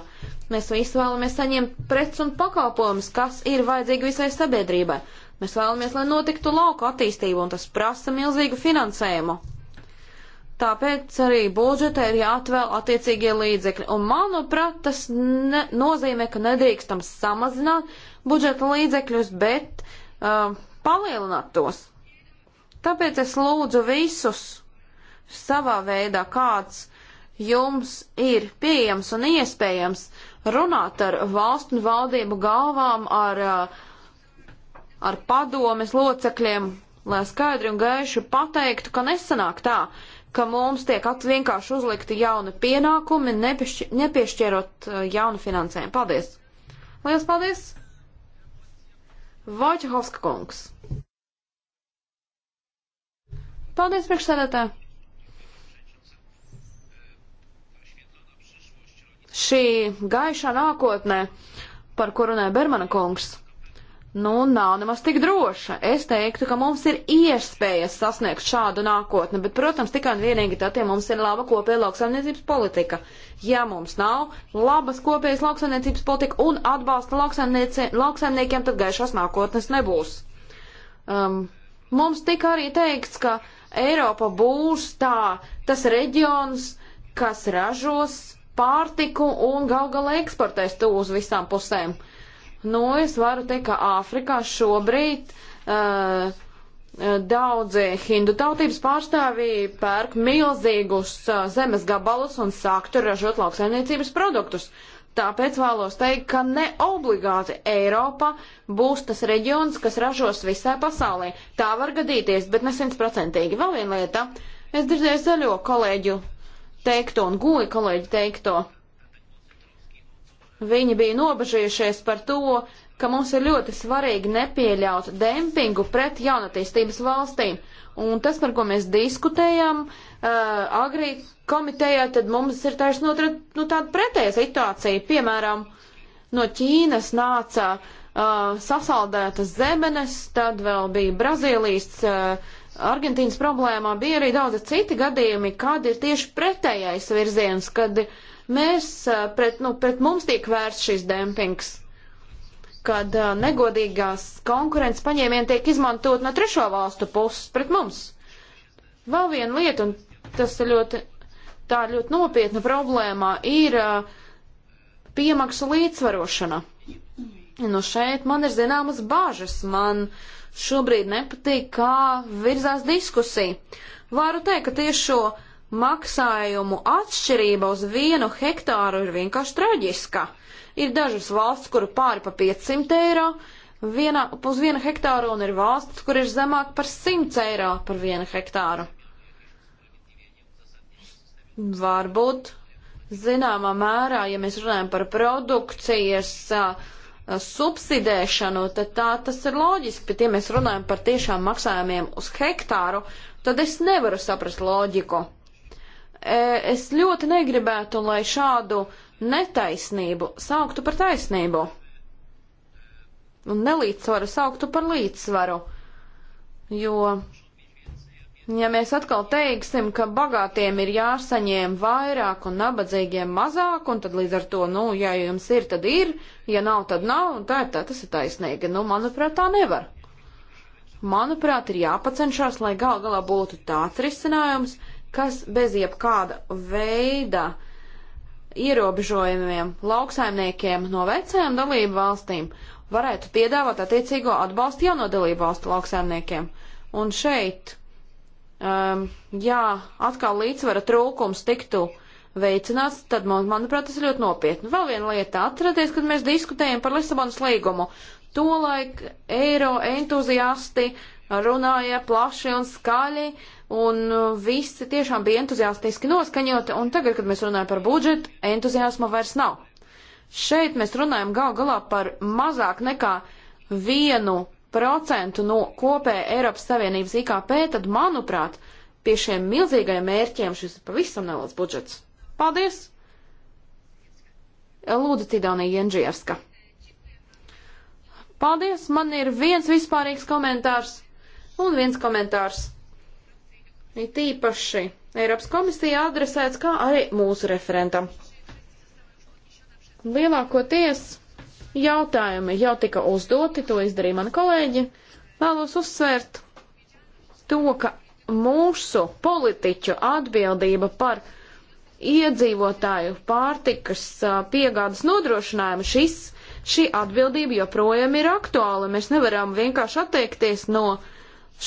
Mēs visi vēlamies saņemt preces un pakalpojumus, kas ir vajadzīgi visai sabiedrībai. Mēs vēlamies, lai notiktu lauku attīstība, un tas prasa milzīgu finansējumu. Tāpēc arī budžetē ir jāatvēl attiecīgie līdzekļi. Un, manuprāt, tas ne, nozīmē, ka nedrīkstam samazināt budžeta līdzekļus, bet uh, palielināt tos. Tāpēc es lūdzu visus savā veidā, kāds jums ir pieejams un iespējams, runāt ar valstu un valdību galvām, ar, uh, ar padomes locekļiem, lai skaidri un gaiši pateiktu, ka nesanāk tā, uh, ka mums tiek vienkārši uzlikti jauni pienākumi, nepiešķi, nepiešķirot uh, jaunu finansējumu. Paldies! Lielas paldies! Vojčehovska kungs! Paldies, priekšsēdētā! Šī gaišā nākotnē, par kuru runāja Bermana kungs nu, nav nemaz tik droša. Es teiktu, ka mums ir iespējas sasniegt šādu nākotni, bet, protams, tikai un vienīgi tad, ja mums ir laba kopēja lauksaimniecības politika. Ja mums nav labas kopējas lauksaimniecības politika un atbalsta lauksaimniekiem, tad gaišās nākotnes nebūs. Um, mums tika arī teikts, ka Eiropa būs tā, tas reģions, kas ražos pārtiku un gal galā eksportēs to uz visām pusēm. Uh, Nu, es varu teikt, ka Āfrikā šobrīd uh, daudzi hindu tautības pārstāvji pērk milzīgus uh, zemes gabalus un sāktu ražot lauksaimniecības produktus. Tāpēc vēlos teikt, ka ne obligāti Eiropa būs tas reģions, kas ražos visā pasaulē. Tā var gadīties, bet ne simtprocentīgi. Vēl viena lieta. Es dzirdēju zaļo kolēģu teikto un guļu kolēģu teikto. Uh, Viņi bija nobežījušies par to, ka mums ir ļoti svarīgi nepieļaut dempingu pret jaunatīstības valstīm. Un tas, par ko mēs diskutējam uh, eh, agrī komitejā, tad mums ir taisnot nu, tāda pretēja situācija. Piemēram, no Ķīnas nāca uh, sasaldētas zemenes, tad vēl bija Brazīlijas, uh, Argentīnas problēmā, bija arī daudz citi gadījumi, kad ir tieši pretējais virziens, kad uh, Mēs, pret, nu, pret mums tiek vērsts šis dempings, kad negodīgās konkurences paņēmieni tiek izmantot no trešo valstu puses pret mums. Vēl viena lieta, un tas ir ļoti, tā ir ļoti nopietna problēma, ir piemaksu līdzsvarošana. Nu šeit man ir zināmas bāžas, man šobrīd nepatīk, kā virzās diskusija. Varu teikt, ka tieši šo maksājumu atšķirība uz vienu hektāru ir vienkārši traģiska. Ir dažas valsts, kuru pāri pa 500 eiro vienā, uz vienu hektāru, un ir valsts, kur ir zemāk par 100 eiro par vienu hektāru. Varbūt, zināmā mērā, ja mēs runājam par produkcijas uh, subsidēšanu, tad tā tas ir loģiski, bet ja mēs runājam par tiešām maksājumiem uz hektāru, tad es nevaru saprast loģiku. E, es ļoti negribētu, lai šādu netaisnību sauktu par taisnību. Un nelīdzsvaru sauktu par līdzsvaru. Jo, ja mēs atkal teiksim, ka bagātiem ir jāsaņem vairāk un nabadzīgiem mazāk, un tad līdz ar to, nu, ja jums ir, tad ir, ja nav, tad nav, un tā, tā tas ir taisnīgi. Nu, manuprāt, tā nevar. Manuprāt, ir jāpacenšās, lai gal galā būtu tāds risinājums, kas bez jebkāda veida ierobežojumiem lauksaimniekiem no vecajām dalību valstīm varētu piedāvāt attiecīgo atbalstu jauno dalību valstu lauksaimniekiem. Un šeit, um, jā, atkal līdzsvara trūkums tiktu veicināts, tad, man, manuprāt, tas ir ļoti nopietni. Vēl viena lieta atcerieties, kad mēs diskutējam par Lisabonas līgumu. Tolaik eiro entuziasti uh, runāja plaši un skaļi, un uh, visi tiešām bija entuziastiski noskaņoti, un tagad, kad mēs runājam par budžetu, entuziasma vairs nav. Šeit mēs runājam gal galā par mazāk nekā vienu procentu no kopēja Eiropas Savienības IKP, tad, manuprāt, pie šiem milzīgajiem mērķiem šis ir pavisam neliels budžets. Paldies! Lūdzu, Tidānija Jenžierska. Paldies, man ir viens vispārīgs komentārs. Un viens komentārs. It īpaši Eiropas komisija adresēts kā arī mūsu referentam. Lielākoties jautājumi jau tika uzdoti, to izdarīja mani kolēģi. Vēlos uzsvērt to, ka mūsu politiķu atbildība par iedzīvotāju pārtikas piegādes nodrošinājumu šis, šī atbildība joprojām ir aktuāla. Mēs nevaram vienkārši atteikties no uh,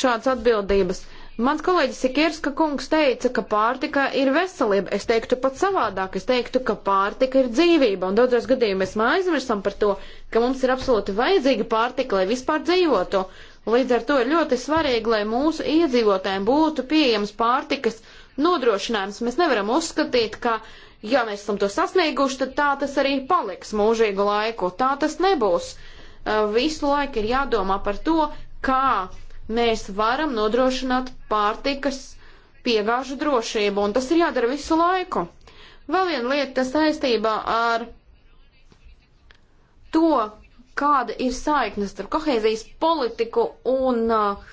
šādas atbildības. Mans kolēģis Sikierska kungs teica, ka pārtika ir veselība. Es teiktu pat savādāk, es teiktu, ka pārtika ir dzīvība, un daudzos gadījumos mēs aizmirstam par to, ka mums ir absolūti vajadzīga pārtika, lai vispār dzīvotu. Līdz ar to ir ļoti svarīgi, lai mūsu iedzīvotājiem būtu pieejams pārtikas nodrošinājums. Mēs nevaram uzskatīt, ka, ja mēs esam to sasnieguši, tad tā tas arī paliks mūžīgu laiku. Tā tas nebūs. Uh, visu laiku ir jādomā par to, kā mēs varam nodrošināt pārtikas piegāžu drošību, un tas ir jādara visu laiku. Vēl viena lieta, kas saistībā ar to, kāda ir saikne starp kohēzijas politiku un uh,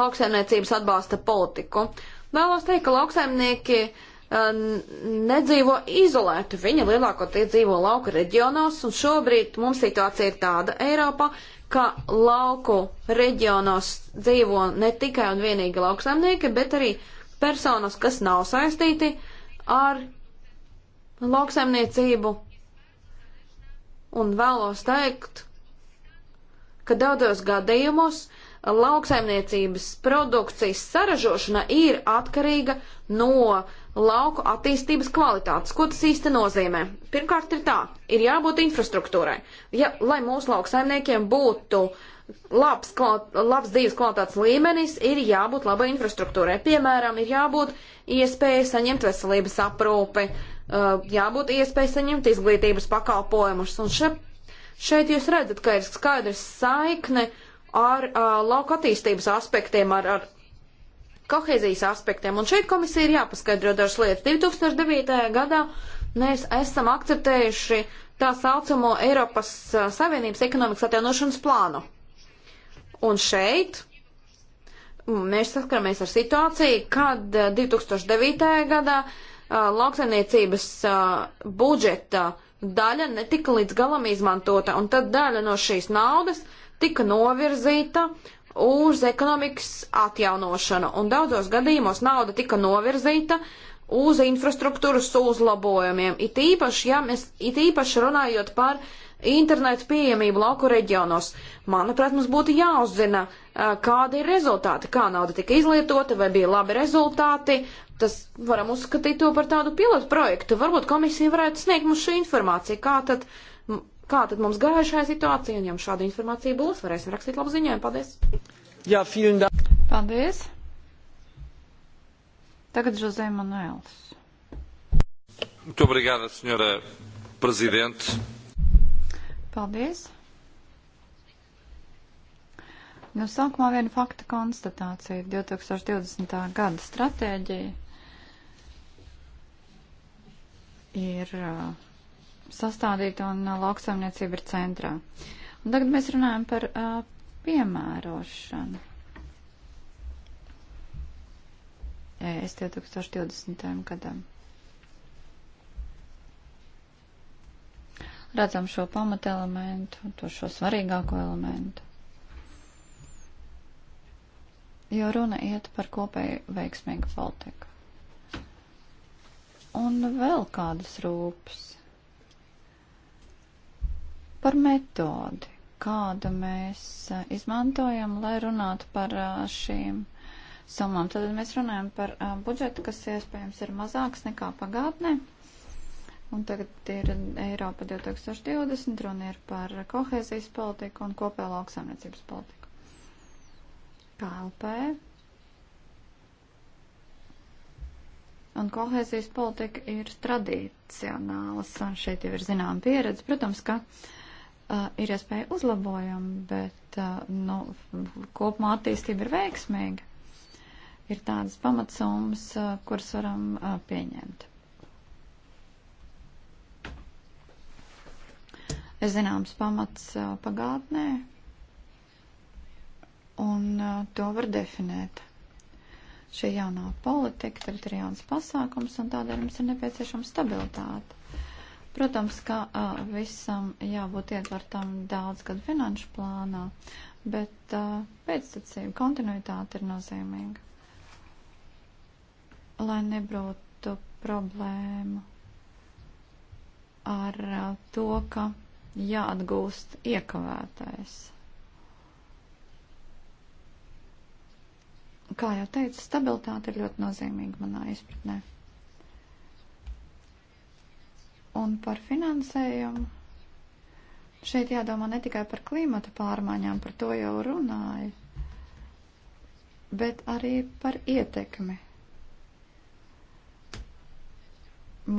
lauksaimniecības atbalsta politiku. Vēlos teikt, ka lauksaimnieki uh, nedzīvo izolēti. Viņa lielākoties dzīvo lauka reģionos, un šobrīd mums situācija ir tāda Eiropā, ka lauku reģionos dzīvo ne tikai un vienīgi lauksaimnieki, bet arī personas, kas nav saistīti ar lauksaimniecību. Un vēlos teikt, ka daudzos gadījumos lauksaimniecības produkcijas saražošana ir atkarīga no uh, lauku attīstības kvalitātes. Ko tas īsti nozīmē? Pirmkārt ir tā, ir jābūt infrastruktūrai. Ja, lai mūsu lauksaimniekiem būtu labs, klāt, labs dzīves kvalitātes līmenis, ir jābūt labai infrastruktūrai. Piemēram, ir jābūt iespēja saņemt veselības aprūpi, uh, jābūt iespēja saņemt izglītības pakalpojumus. Un še, šeit jūs redzat, ka ir skaidrs saikne ar uh, lauka attīstības aspektiem, ar, ar kohēzijas aspektiem. Un šeit komisija ir jāpaskaidro dažas lietas. 2009. gadā mēs esam akceptējuši tā saucamo Eiropas Savienības ekonomikas atjaunošanas plānu. Un šeit mēs saskaramies ar situāciju, kad 2009. gadā lauksainiecības budžeta daļa netika līdz galam izmantota, un tad daļa no šīs naudas tika novirzīta uz ekonomikas atjaunošanu, un daudzos gadījumos nauda tika novirzīta uz infrastruktūras uzlabojumiem, it īpaši, ja mēs, it īpaši runājot par internetu pieejamību lauku reģionos. Manuprāt, mums būtu jāuzzina, kādi ir rezultāti, kā nauda tika izlietota, vai bija labi rezultāti. Tas varam uzskatīt to par tādu pilotu projektu. Varbūt komisija varētu sniegt mums šo informāciju, kā tad uh, kā tad mums gāja šajā situācijā, un ja mums šāda informācija būs, varēsim rakstīt labu ziņojumu. Paldies! Jā, vielen dank! Paldies! Tagad José Manuels. Muito obrigada, senhora Presidente. Paldies. Nu, sākumā viena fakta konstatācija. 2020. gada stratēģija ir uh, sastādīta un uh, lauksaimniecība ir centrā. Un tagad mēs runājam par uh, piemērošanu. E es 2020. gadam. Redzam šo pamatelementu, to šo svarīgāko elementu. Jo runa iet par kopēju veiksmīgu politiku. Un vēl kādas rūpes Par metodi, kādu mēs izmantojam, lai runātu par šīm summām. Tad mēs runājam par budžetu, kas iespējams ir mazāks nekā pagātnē. Un tagad ir Eiropa 2020, runa ir par kohēzijas politiku un kopējo lauksaimniecības politiku. KLP Un kohēzijas politika ir tradicionāls, un šeit jau ir zināma pieredze. Protams, ka uh, Uh, ir iespēja uzlabojumi, bet uh, nu, kopumā attīstība ir veiksmīga. Ir tādas pamatsummas, uh, kuras varam uh, pieņemt. Ir zināms pamats uh, pagātnē, un uh, to var definēt. Šī jaunā politika, teritoriāls pasākums, un tādēļ mums ir nepieciešama stabilitāte Protams, ka uh, visam jābūt ietvertam daudz gadu finanšu plānā, bet uh, pēctecība, kontinuitāte ir nozīmīga. Lai nebrotu problēmu ar uh, to, ka jāatgūst iekavētais. Kā jau teicu, stabilitāte ir ļoti nozīmīga manā izpratnē. Un par finansējumu šeit jādomā ne tikai par klimata pārmaiņām, par to jau runāju, bet arī par ietekmi.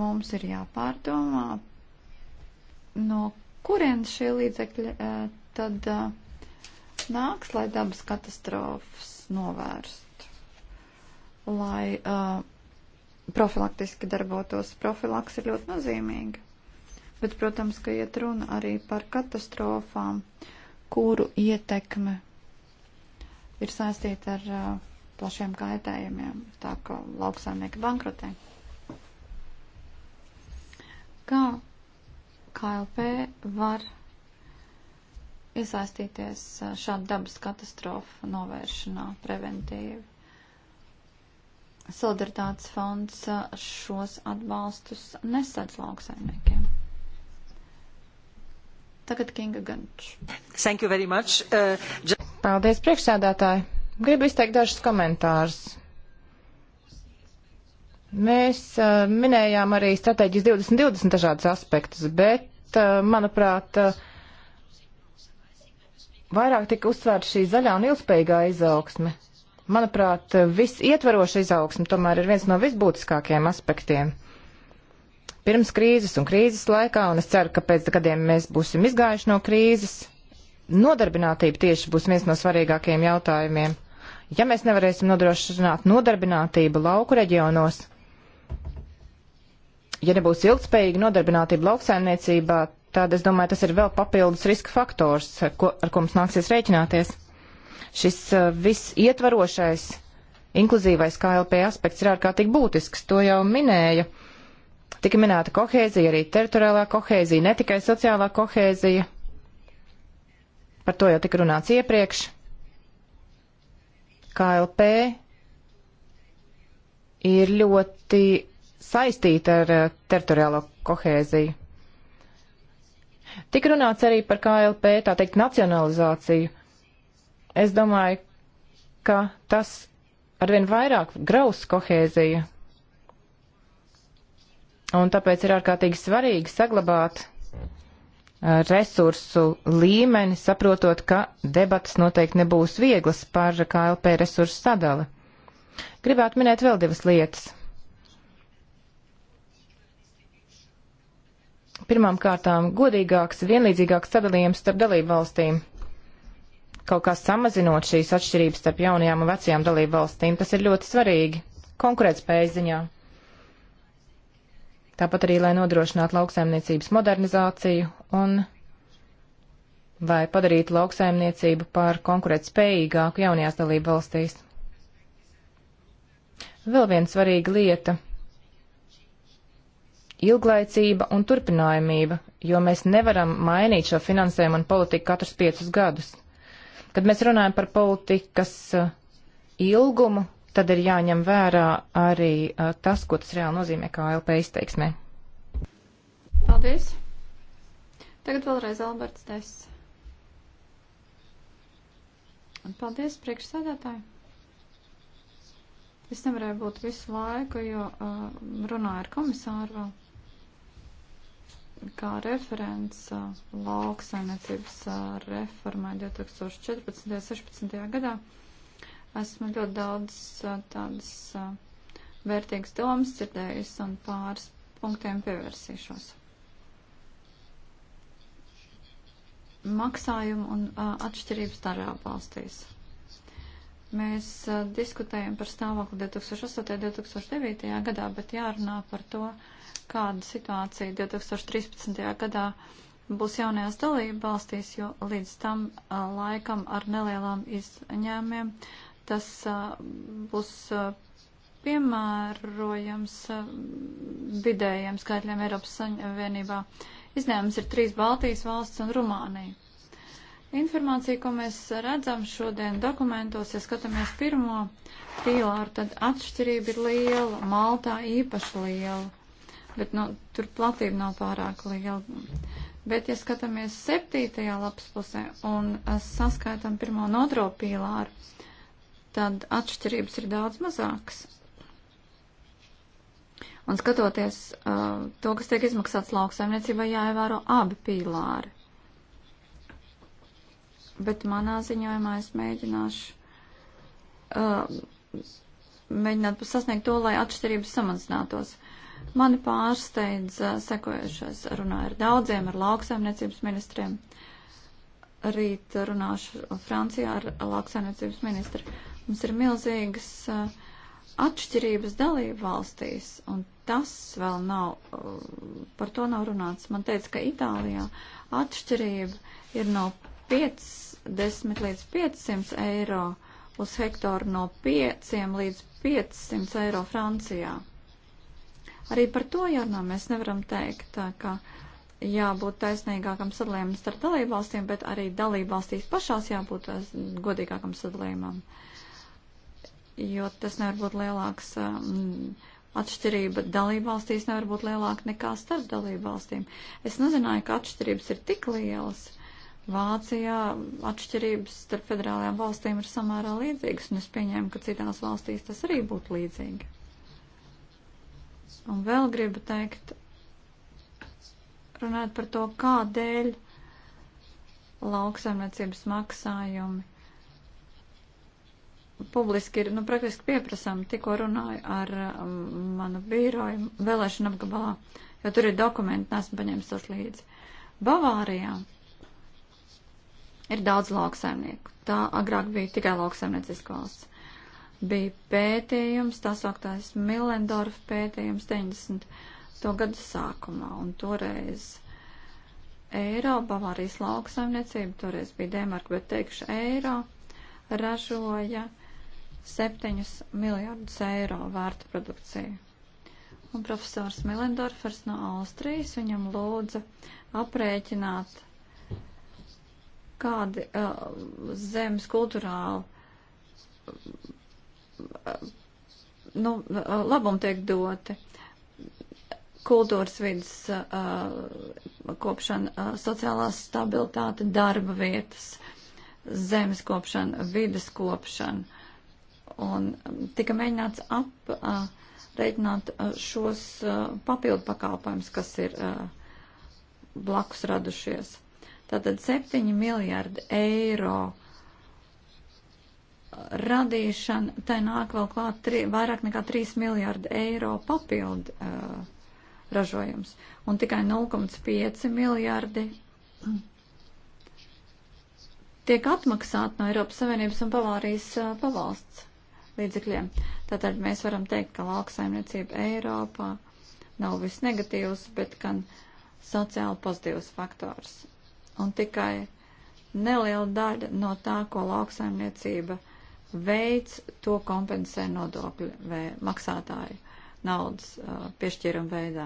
Mums ir jāpārdomā, no kurienes šie līdzekļi eh, tad eh, nāks, lai dabas katastrofas novērstu, lai uh, profilaktiski darbotos. Profilaks ir ļoti nozīmīga. Bet, protams, ka iet runa arī par katastrofām, kuru ietekme ir saistīta ar uh, plašiem kaitējumiem, tā ka lauksaimnieki bankrotē. Kā KLP var iesaistīties uh, šādu dabas katastrofu novēršanā preventīvi? Solidaritātes fonds šos atbalstus nesadz lauksaimniekiem. Tagad Kinga Ganč. Thank you very much. Uh, just... Paldies, priekšsēdētāji. Gribu izteikt dažus komentārus. Mēs uh, minējām arī stratēģijas 2020 dažādas aspektus, bet, uh, manuprāt, uh, vairāk tika uzsvērta šī zaļā un ilgspējīgā izaugsme. Manuprāt, visietvaroša izaugsme tomēr ir viens no visbūtiskākajiem aspektiem. Pirms krīzes un krīzes laikā, un es ceru, ka pēc gadiem mēs būsim izgājuši no krīzes, nodarbinātība tieši būs viens no svarīgākajiem jautājumiem. Ja mēs nevarēsim nodrošināt nodarbinātību lauku reģionos, ja nebūs ilgspējīga nodarbinātība lauksaimniecībā, tad es domāju, tas ir vēl papildus riska faktors, ar ko, ar ko mums nāksies rēķināties. Šis eh, viss ietvarošais inkluzīvais KLP aspekts ir ārkārtīgi būtisks, to jau minēju. Tika minēta kohēzija, arī teritoriālā kohēzija, ne tikai sociālā kohēzija. Par to jau tika runāts iepriekš. KLP ir ļoti saistīta ar eh, teritoriālo kohēziju. Tik runāts arī par KLP, tā teikt, nacionalizāciju. Es domāju, ka tas arvien vairāk graus kohēziju. Un tāpēc ir ārkārtīgi svarīgi saglabāt resursu līmeni, saprotot, ka debatas noteikti nebūs vieglas par KLP resursu sadali. Gribētu minēt vēl divas lietas. Pirmām kārtām godīgāks, vienlīdzīgāks sadalījums starp dalību valstīm kaut kā samazinot šīs atšķirības starp jaunajām un vecajām dalību valstīm. Tas ir ļoti svarīgi konkurētspējas ziņā. Tāpat arī, lai nodrošinātu lauksaimniecības modernizāciju un vai padarītu lauksaimniecību par konkurētspējīgāku jaunajās dalību valstīs. Vēl viena svarīga lieta - ilglaicība un turpinājumība, jo mēs nevaram mainīt šo finansējumu un politiku katrus piecus gadus. Kad mēs runājam par politikas eh, ilgumu, tad ir jāņem vērā arī eh, tas, ko tas reāli nozīmē kā LP izteiksmē. Paldies! Tagad vēlreiz Alberts Tess. Paldies, priekšsēdētāji! Es nevarēju būt visu laiku, jo uh, runāju ar komisāru vēl kā referents lauksainiecības reformai 2014. un 2016. gadā. Esmu ļoti daudz tādas vērtīgas domas dzirdējusi un pāris punktiem pievērsīšos. Maksājumu un atšķirības darā valstīs. Mēs diskutējam par stāvokli 2008. un 2009. gadā, bet jārunā par to, uh, kāda situācija 2013. gadā būs jaunajās dalība valstīs, jo līdz tam uh, laikam ar nelielām izņēmiem tas uh, būs uh, piemērojams vidējiem skaitļiem Eiropas Savienībā. Izņēmums ir trīs Baltijas valsts un Rumānija. Informācija, ko mēs redzam šodien dokumentos, ja skatāmies pirmo pīlāru, tad atšķirība ir liela, Maltā īpaši liela bet nu, tur platība nav pārāk liela. Bet, ja skatāmies septītajā lapas pusē un saskaitām pirmo un otro pīlāru, tad atšķirības ir daudz mazākas. Un skatoties uh, to, kas tiek izmaksāts lauksaimniecībā, jāievēro abi pīlāri. Bet manā ziņojumā es mēģināšu uh, mēģināt sasniegt to, lai atšķirības samazinātos. Mani pārsteidz sekojušais runā ar daudziem, ar lauksaimniecības ministriem. Rīt runāšu Francijā ar lauksaimniecības ministru. Mums ir milzīgas atšķirības dalību valstīs, un tas vēl nav, par to nav runāts. Man teica, ka Itālijā atšķirība ir no 50 līdz 500 eiro uz hektāru no 5 līdz 500 eiro Francijā. Arī par to jārunā mēs nevaram teikt, ka jābūt taisnīgākam sadalījumam starp dalībvalstīm, bet arī dalībvalstīs pašās jābūt eh, godīgākam sadalījumam, jo tas nevar būt lielāks. Um, atšķirība dalībvalstīs nevar būt lielāka nekā starp dalībvalstīm. Es nezināju, ka atšķirības ir tik lielas. Vācijā atšķirības starp federālajām valstīm ir samērā līdzīgas, un es pieņēmu, ka citās valstīs tas arī būtu līdzīgi. Un vēl gribu teikt, runāt par to, kādēļ lauksaimniecības maksājumi publiski ir, nu, praktiski pieprasām, tikko runāju ar um, manu bīroju vēlēšanu apgabalā, jo tur ir dokumenti, nesmu paņēmis tos līdzi. Bavārijā ir daudz lauksaimnieku. Tā agrāk bija tikai lauksaimnieciska valsts bija pētījums, tā sauktājs Millendorf pētījums 90. gadu sākumā, un toreiz eiro, Bavārijas lauksaimniecība, toreiz bija Dēmarka, bet teikšu eiro, ražoja 7 miljardus eiro vērtu produkciju. Un profesors Millendorfers no Austrijas viņam lūdza aprēķināt, kādi uh, zemes kultūrāli nu, labumu tiek doti. Kultūras vidas kopšana, sociālā stabilitāte, darba vietas, zemes kopšana, vidas kopšana. Un tika mēģināts aprēķināt šos papildu pakalpojumus, kas ir blakus radušies. Tātad 7 miljardi eiro radīšana, tai nāk vēl klāt tri, vairāk nekā 3 miljārdi eiro papildu uh, ražojums. Un tikai 0,5 miljārdi tiek atmaksāti no Eiropas Savienības un Bavārijas uh, pavalsts līdzekļiem. Tātad mēs varam teikt, ka lauksaimniecība Eiropā nav viss negatīvs, bet gan sociāli pozitīvs faktors. Un tikai neliela daļa no tā, ko lauksaimniecība uh, veids to kompensē nodokļu vai maksātāju naudas uh, piešķīruma veidā.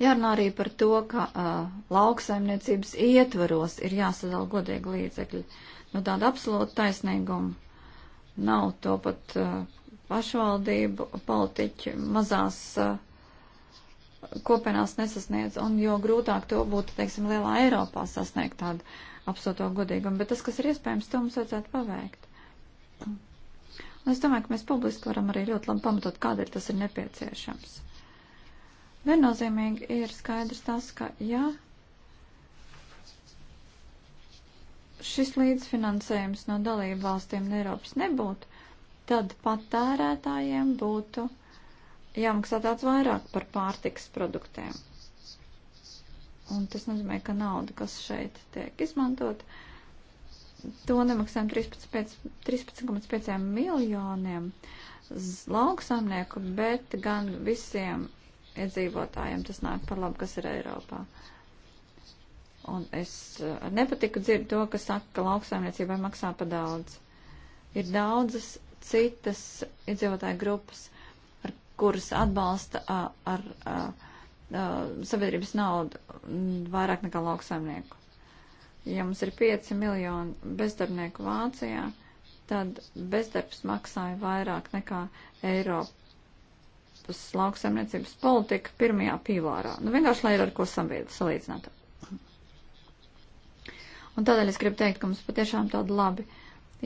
Jārunā arī par to, ka uh, lauksaimniecības ietvaros ir jāsadala godīgi līdzekļi. Nu, tāda absolūta taisnīguma nav to pat uh, pašvaldību politiķi mazās uh, kopienās nesasniedz, un jo grūtāk to būtu, teiksim, lielā Eiropā sasniegt tādu uh, absolūto godīgumu, bet tas, kas ir iespējams, to mums vajadzētu paveikt. Un es domāju, ka mēs publiski varam arī ļoti labi pamatot, kādēļ tas ir nepieciešams. Viennozīmīgi ir skaidrs tas, ka ja šis līdzfinansējums no dalību valstīm un Eiropas nebūtu, tad patērētājiem būtu jāmaksā tāds vairāk par pārtikas produktiem. Un tas nozīmē, ka nauda, kas šeit tiek izmantot, to nemaksājam 13,5 13 miljoniem lauksaimnieku, bet gan visiem iedzīvotājiem tas nāk par labu, kas ir Eiropā. Un es ar eh, nepatiku dzirdu to, ka saka, ka lauksaimniecībai maksā pa daudz. Ir daudzas citas iedzīvotāju grupas, ar kuras atbalsta ar, ar sabiedrības naudu vairāk nekā lauksaimnieku. Ja mums ir 5 miljoni bezdarbnieku Vācijā, tad bezdarbs maksāja vairāk nekā Eiropas lauksaimniecības politika pirmajā pīlārā. Nu, vienkārši, lai ir ar ko salīdzināt. Un tādēļ es gribu teikt, ka mums patiešām tāda labi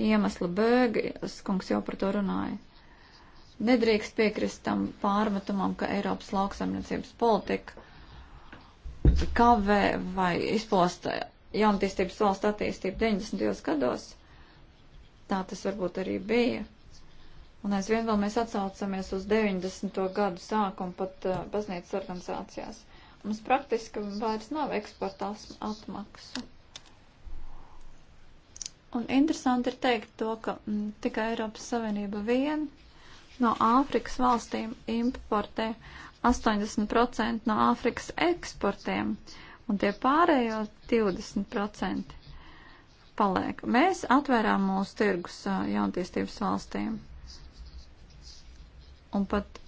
iemesla bēgas, kungs jau par to runāja. Nedrīkst piekrist tam pārmetumam, ka Eiropas lauksaimniecības politika kavē vai izplasta jaunatīstības valsts attīstību 90. gados. Tā tas varbūt arī bija. Un aizvien vēl mēs atsaucamies uz 90. gadu sākumu pat uh, baznīcas organizācijās. Mums praktiski vairs nav eksporta atmaksu. Un interesanti ir teikt to, ka m, mm, tikai Eiropas Savienība vien no Āfrikas valstīm importē 80% no Āfrikas eksportiem, un tie pārējo 20% paliek. Mēs atvērām mūsu tirgus jaunatīstības valstīm. Un pat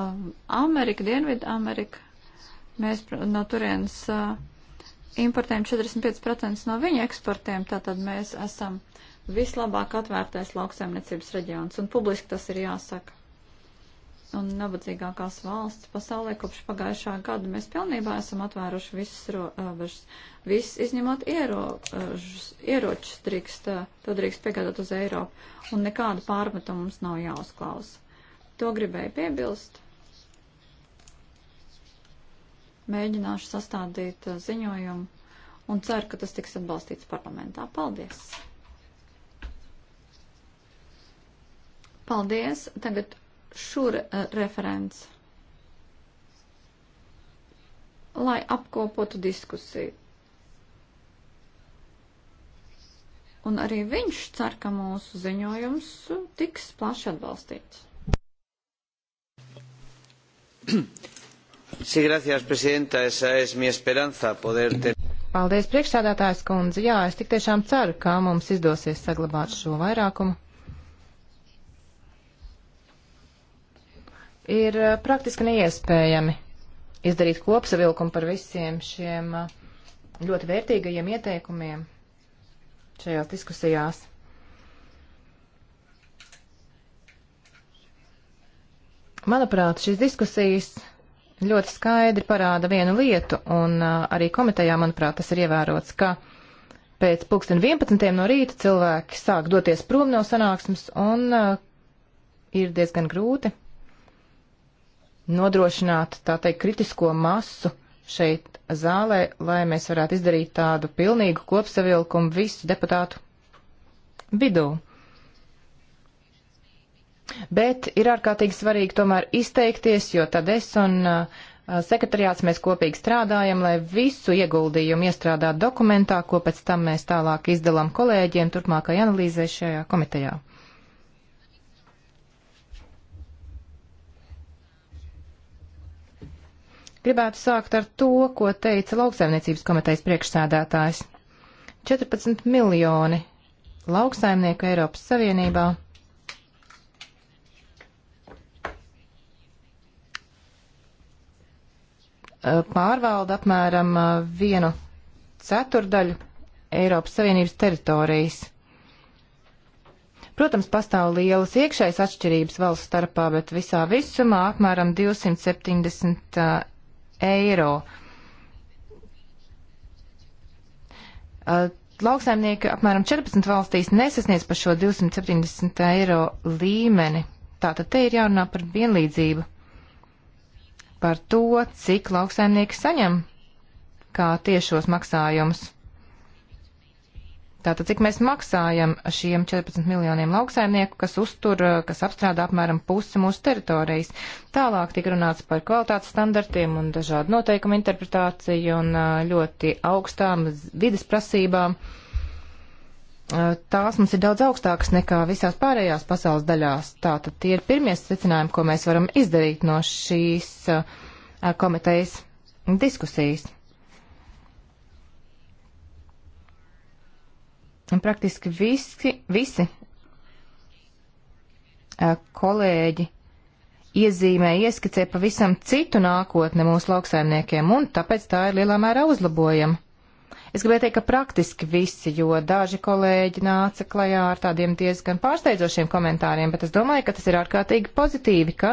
um, Amerika, Dienvidu Amerika, mēs no turienes uh, importējam 45% no viņa eksportiem, tātad mēs esam uh, vislabāk atvērtais lauksaimniecības reģions, un publiski tas ir jāsaka. Un nabadzīgākās valsts pasaulē kopš pagājušā gada mēs pilnībā esam atvēruši visas robežas. Viss izņemot ierožus, ieročus drīkst, to drīkst piegādāt uz Eiropu, un nekādu pārmetumu mums nav jāuzklausa. To gribēju piebilst. Mēģināšu sastādīt ziņojumu un ceru, ka tas tiks atbalstīts parlamentā. Paldies! Paldies. Tagad šur uh, referents. Lai apkopotu diskusiju. Un arī viņš cer, ka mūsu ziņojums tiks plaši atbalstīts. Sí, gracias, presidenta. Esa es mi esperanza poder tener. Paldies, priekšsādātājs kundze. Jā, es tik tiešām ceru, ka mums izdosies saglabāt šo vairākumu. ir eh, praktiski neiespējami izdarīt kopsavilkumu par visiem šiem eh, ļoti vērtīgajiem ieteikumiem šajās diskusijās. Manuprāt, šīs diskusijas ļoti skaidri parāda vienu lietu, un eh, arī komitejā, manuprāt, tas ir ievērots, ka pēc pulksten 11. no rīta cilvēki sāk doties prom no sanāksmes, un ir diezgan grūti nodrošināt, tā teikt, kritisko masu šeit zālē, lai mēs varētu izdarīt tādu pilnīgu kopsavilkumu visu deputātu vidū. Bet ir ārkārtīgi svarīgi tomēr izteikties, jo tad es un uh, sekretariāts mēs kopīgi strādājam, lai visu ieguldījumu iestrādātu dokumentā, ko pēc tam mēs tālāk izdalām kolēģiem turpmākai analīzē šajā komitejā. Gribētu sākt ar to, ko teica lauksaimniecības komitejas priekšsādātājs. 14 miljoni lauksaimnieku Eiropas Savienībā. Eh, pārvalda apmēram eh, vienu ceturdaļu Eiropas Savienības teritorijas. Protams, pastāv lielas iekšējas atšķirības valsts starpā, bet visā visumā apmēram 270 eiro. Lauksaimnieki apmēram 14 valstīs nesasniedz par šo 270 eiro līmeni. Tātad te ir jārunā par vienlīdzību, par to, cik lauksaimnieki saņem kā tiešos maksājumus. Tātad, cik mēs maksājam šiem 14 miljoniem lauksaimnieku, kas uztur, kas apstrādā apmēram pusi mūsu teritorijas. Tālāk tika runāts par kvalitātes standartiem un dažādu noteikumu interpretāciju un ļoti augstām vidas prasībām. Tās mums ir daudz augstākas nekā visās pārējās pasaules daļās. Tātad tie ir pirmie secinājumi, ko mēs varam izdarīt no šīs komitejas diskusijas. Un praktiski visi, visi kolēģi iezīmē, ieskicē pavisam citu nākotni mūsu lauksaimniekiem, un tāpēc tā ir lielā mērā uzlabojama. Es gribēju teikt, ka praktiski visi, jo daži kolēģi nāca klajā ar tādiem diezgan pārsteidzošiem komentāriem, bet es domāju, ka tas ir ārkārtīgi pozitīvi, ka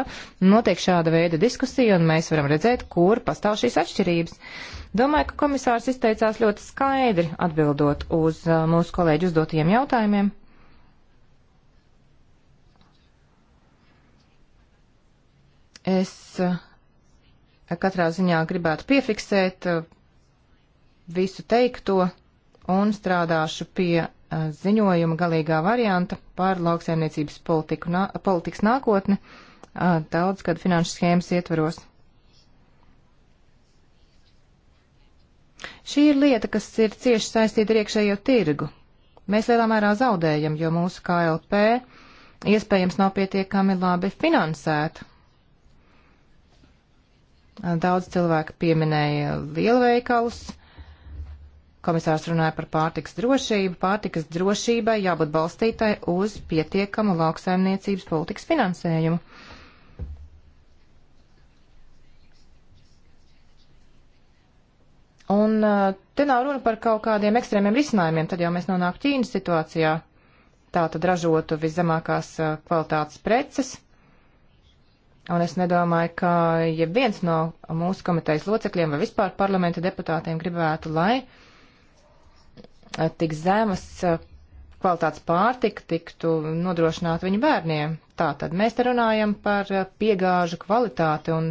notiek šāda veida diskusija un mēs varam redzēt, kur pastāv šīs atšķirības. Domāju, ka komisārs izteicās ļoti skaidri atbildot uz uh, mūsu kolēģi uzdotajiem jautājumiem. Es uh, katrā ziņā gribētu piefiksēt uh, visu teikto un strādāšu pie uh, ziņojuma galīgā varianta par lauksaimniecības politiku, nā, politikas nākotni uh, daudz gadu finanšu schēmas ietvaros. Šī ir lieta, kas ir cieši saistīta ar iekšējo tirgu. Mēs lielā mērā zaudējam, jo mūsu KLP iespējams nav pietiekami labi finansēta. Daudz cilvēku pieminēja lielveikalus, uh, Komisārs runāja par pārtikas drošību. Pārtikas drošībai jābūt balstītai uz pietiekamu lauksaimniecības politikas finansējumu. Un eh, te nav runa par kaut kādiem ekstrēmiem risinājumiem, tad jau mēs nonāktu Ķīnas situācijā. Tā tad ražotu viszemākās eh, kvalitātes preces. Un es nedomāju, ka ja viens no mūsu komitejas locekļiem vai vispār parlamenta deputātiem gribētu, lai uh, tik zemas uh, kvalitātes pārtika tiktu nodrošināta viņu bērniem. Tātad mēs te runājam par uh, piegāžu kvalitāti un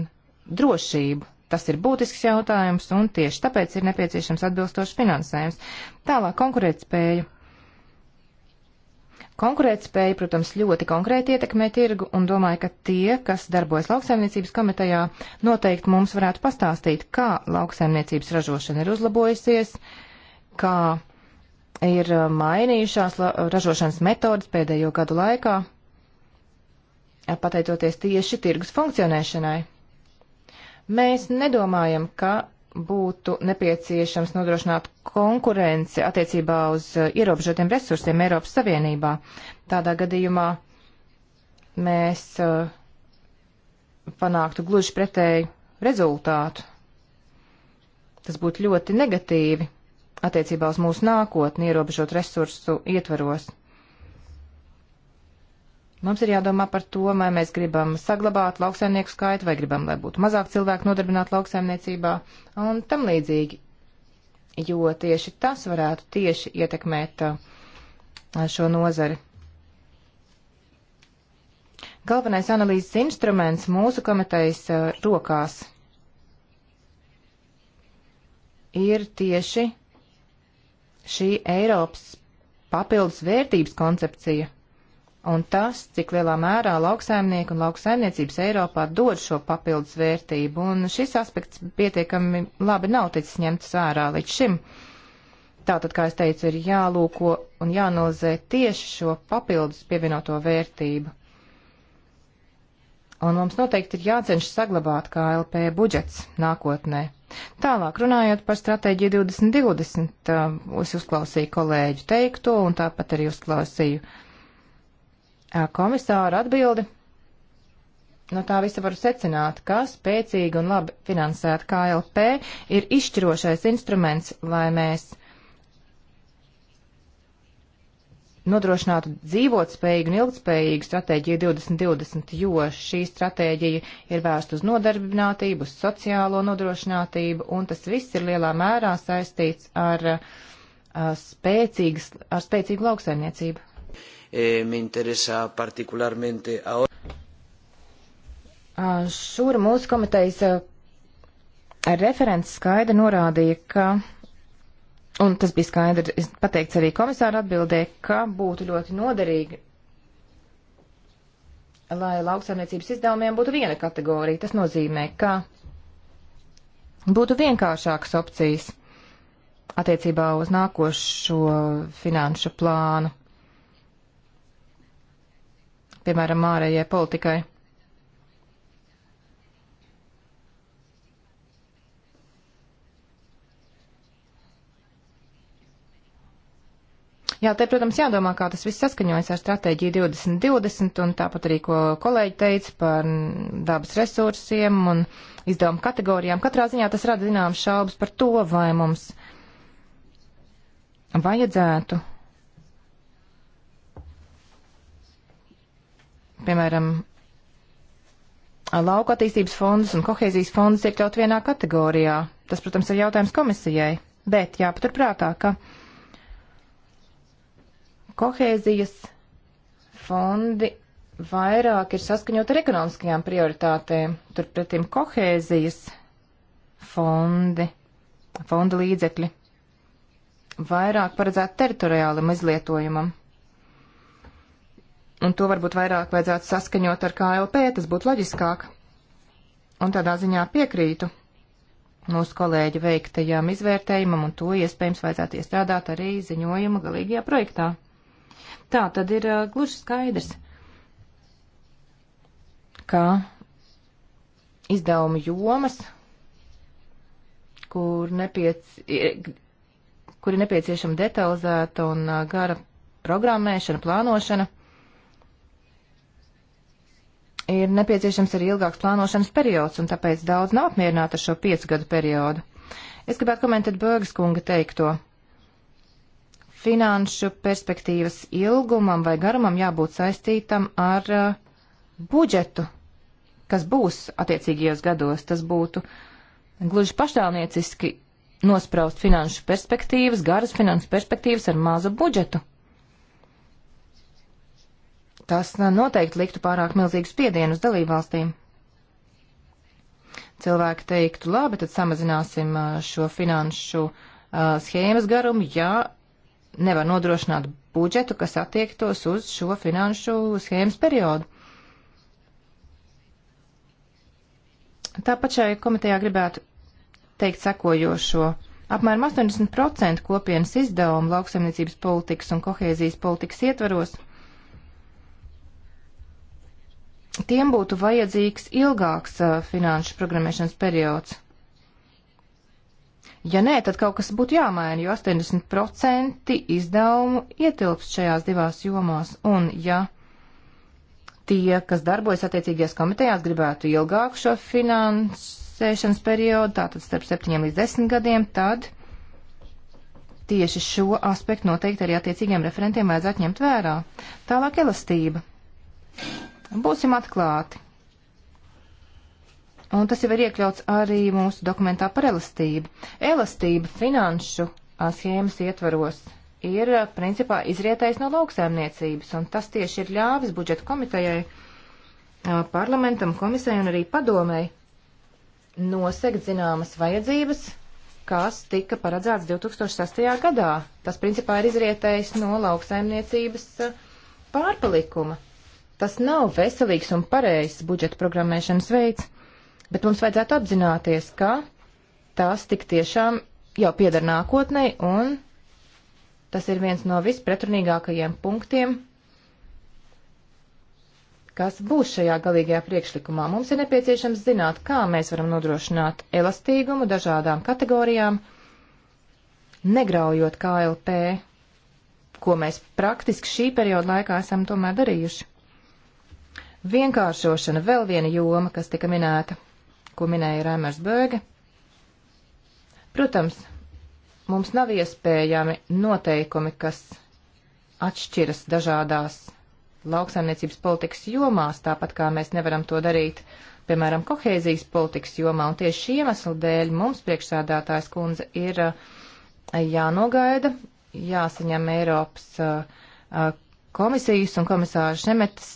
drošību. Tas ir būtisks jautājums, un tieši tāpēc ir nepieciešams atbilstošs finansējums. Tālāk konkurētspēja. Konkurētspēja, protams, ļoti konkrēti ietekmē tirgu, un domāju, ka tie, kas darbojas lauksaimniecības komitejā, noteikti mums varētu pastāstīt, kā lauksaimniecības ražošana ir uzlabojusies, kā ir uh, mainījušās ražošanas metodas pēdējo gadu laikā, uh, pateicoties tieši tirgus funkcionēšanai. Mēs nedomājam, ka būtu nepieciešams nodrošināt konkurenci attiecībā uz uh, ierobežotiem resursiem Eiropas Savienībā. Tādā gadījumā mēs uh, panāktu gluži pretēju rezultātu. Tas būtu ļoti negatīvi attiecībā uz mūsu nākotni, ierobežot resursu ietvaros. Mums ir jādomā par to, vai mēs gribam saglabāt lauksaimnieku skaitu, vai gribam, lai būtu mazāk cilvēku nodarbināti lauksaimniecībā un tam līdzīgi, jo tieši tas varētu tieši ietekmēt uh, šo nozari. Galvenais analīzes instruments mūsu komitejas uh, rokās ir tieši šī Eiropas papildus vērtības koncepcija un tas, cik lielā mērā lauksaimnieki un lauksaimniecības Eiropā dod šo papildus vērtību, un šis aspekts pietiekami labi nav ticis ņemts vērā līdz šim. Tātad, kā es teicu, ir jālūko un jāanalizē tieši šo papildus pievienoto vērtību un mums noteikti ir jācenšas saglabāt KLP budžets nākotnē. Tālāk runājot par stratēģiju 2020, uh, es uzklausīju kolēģu teikto un tāpat arī uzklausīju uh, komisāru atbildi. No tā visa var secināt, ka spēcīga un labi finansēta KLP ir izšķirošais instruments, lai mēs nodrošinātu dzīvotspējīgu un ilgspējīgu stratēģiju 2020, jo šī stratēģija ir vērsta uz nodarbinātību, uz sociālo nodrošinātību, un tas viss ir lielā mērā saistīts ar, ar, spēcīgas, ar spēcīgu lauksaimniecību. Šūra eh, ah, mūsu komitejas eh, referents skaida norādīja, ka Un tas bija skaidri pateikts arī komisāra atbildē, ka būtu ļoti noderīgi, lai lauksaimniecības izdevumiem būtu viena kategorija. Tas nozīmē, ka būtu vienkāršākas opcijas attiecībā uz nākošo finanšu plānu, piemēram, ārējai politikai. Jā, te, protams, jādomā, kā tas viss saskaņojas ar stratēģiju 2020, un tāpat arī, ko kolēģi teica par dabas resursiem un izdevumu kategorijām. Katrā ziņā tas rada zināmas šaubas par to, vai mums vajadzētu, piemēram, lauka attīstības fondus un kohēzijas fondus iekļaut vienā kategorijā. Tas, protams, ir jautājums komisijai, bet jāpaturprātā, ka Kohēzijas fondi vairāk ir saskaņot ar ekonomiskajām prioritātēm, turpretim kohēzijas fondi, fonda līdzekļi vairāk paredzēt teritoriālam izlietojumam. Un to varbūt vairāk vajadzētu saskaņot ar KLP, tas būtu loģiskāk. Un tādā ziņā piekrītu mūsu kolēģi veiktajām izvērtējumam, un to iespējams vajadzētu iestrādāt arī ziņojuma galīgajā projektā. Tā tad ir uh, gluži skaidrs, ka izdevuma jomas, kur, nepiec, kur ir nepieciešama detalizēta un uh, gara programmēšana, plānošana, ir nepieciešams arī ilgāks plānošanas periods, un tāpēc daudz nav apmierināti ar šo piecu gadu periodu. Es gribētu komentēt Bērgas kunga teikto finanšu perspektīvas ilgumam vai garumam jābūt saistītam ar uh, budžetu, kas būs attiecīgajos gados. Tas būtu gluži paštālnieciski nospraust finanšu perspektīvas, garas finanšu perspektīvas ar mazu budžetu. Tas uh, noteikti liktu pārāk milzīgu spiedienu uz dalībvalstīm. Cilvēki teiktu, labi, tad samazināsim uh, šo finanšu uh, schēmas garumu, ja nevar nodrošināt budžetu, kas attiektos uz šo finanšu schēmas periodu. Tāpat šai komitejā gribētu teikt sekojošo. Apmēram 80% kopienas izdevumu lauksaimniecības politikas un kohēzijas politikas ietvaros tiem būtu vajadzīgs ilgāks uh, finanšu programmēšanas periods. Ja nē, tad kaut kas būtu jāmaina, jo 80% izdevumu ietilpst šajās divās jomās. Un ja tie, kas darbojas attiecīgajās komitejās, gribētu ilgāku šo finansēšanas periodu, tātad starp 7 līdz 10 gadiem, tad tieši šo aspektu noteikti arī attiecīgiem referentiem vajadzētu ņemt vērā. Tālāk elastība. Būsim atklāti. Un tas jau ir iekļauts arī mūsu dokumentā par elastību. Elastība finanšu schēmas ietvaros ir principā izrietējis no lauksēmniecības, un tas tieši ir ļāvis budžeta komitejai, parlamentam, komisijai un arī padomēji nosegt zināmas vajadzības, kas tika paredzēts 2006. gadā. Tas principā ir izrietējis no lauksaimniecības pārpalikuma. Tas nav veselīgs un pareizs budžeta programmēšanas veids. Bet mums vajadzētu apzināties, ka tās tik tiešām jau pieder nākotnē, un tas ir viens no vispretrunīgākajiem punktiem, kas būs šajā galīgajā priekšlikumā. Mums ir nepieciešams zināt, kā mēs varam nodrošināt elastīgumu dažādām kategorijām, negraujot KLP, ko mēs praktiski šī perioda laikā esam tomēr darījuši. Vienkāršošana vēl viena joma, kas tika minēta ko minēja Rēmers Bēge. Protams, mums nav iespējami noteikumi, kas atšķiras dažādās lauksaimniecības politikas jomās, tāpat kā mēs nevaram to darīt, piemēram, kohēzijas politikas jomā, un tieši šī iemesla dēļ mums priekšsādātājs kundze ir uh, jānogaida, jāsaņem Eiropas uh, uh, komisijas un komisāra Šemetas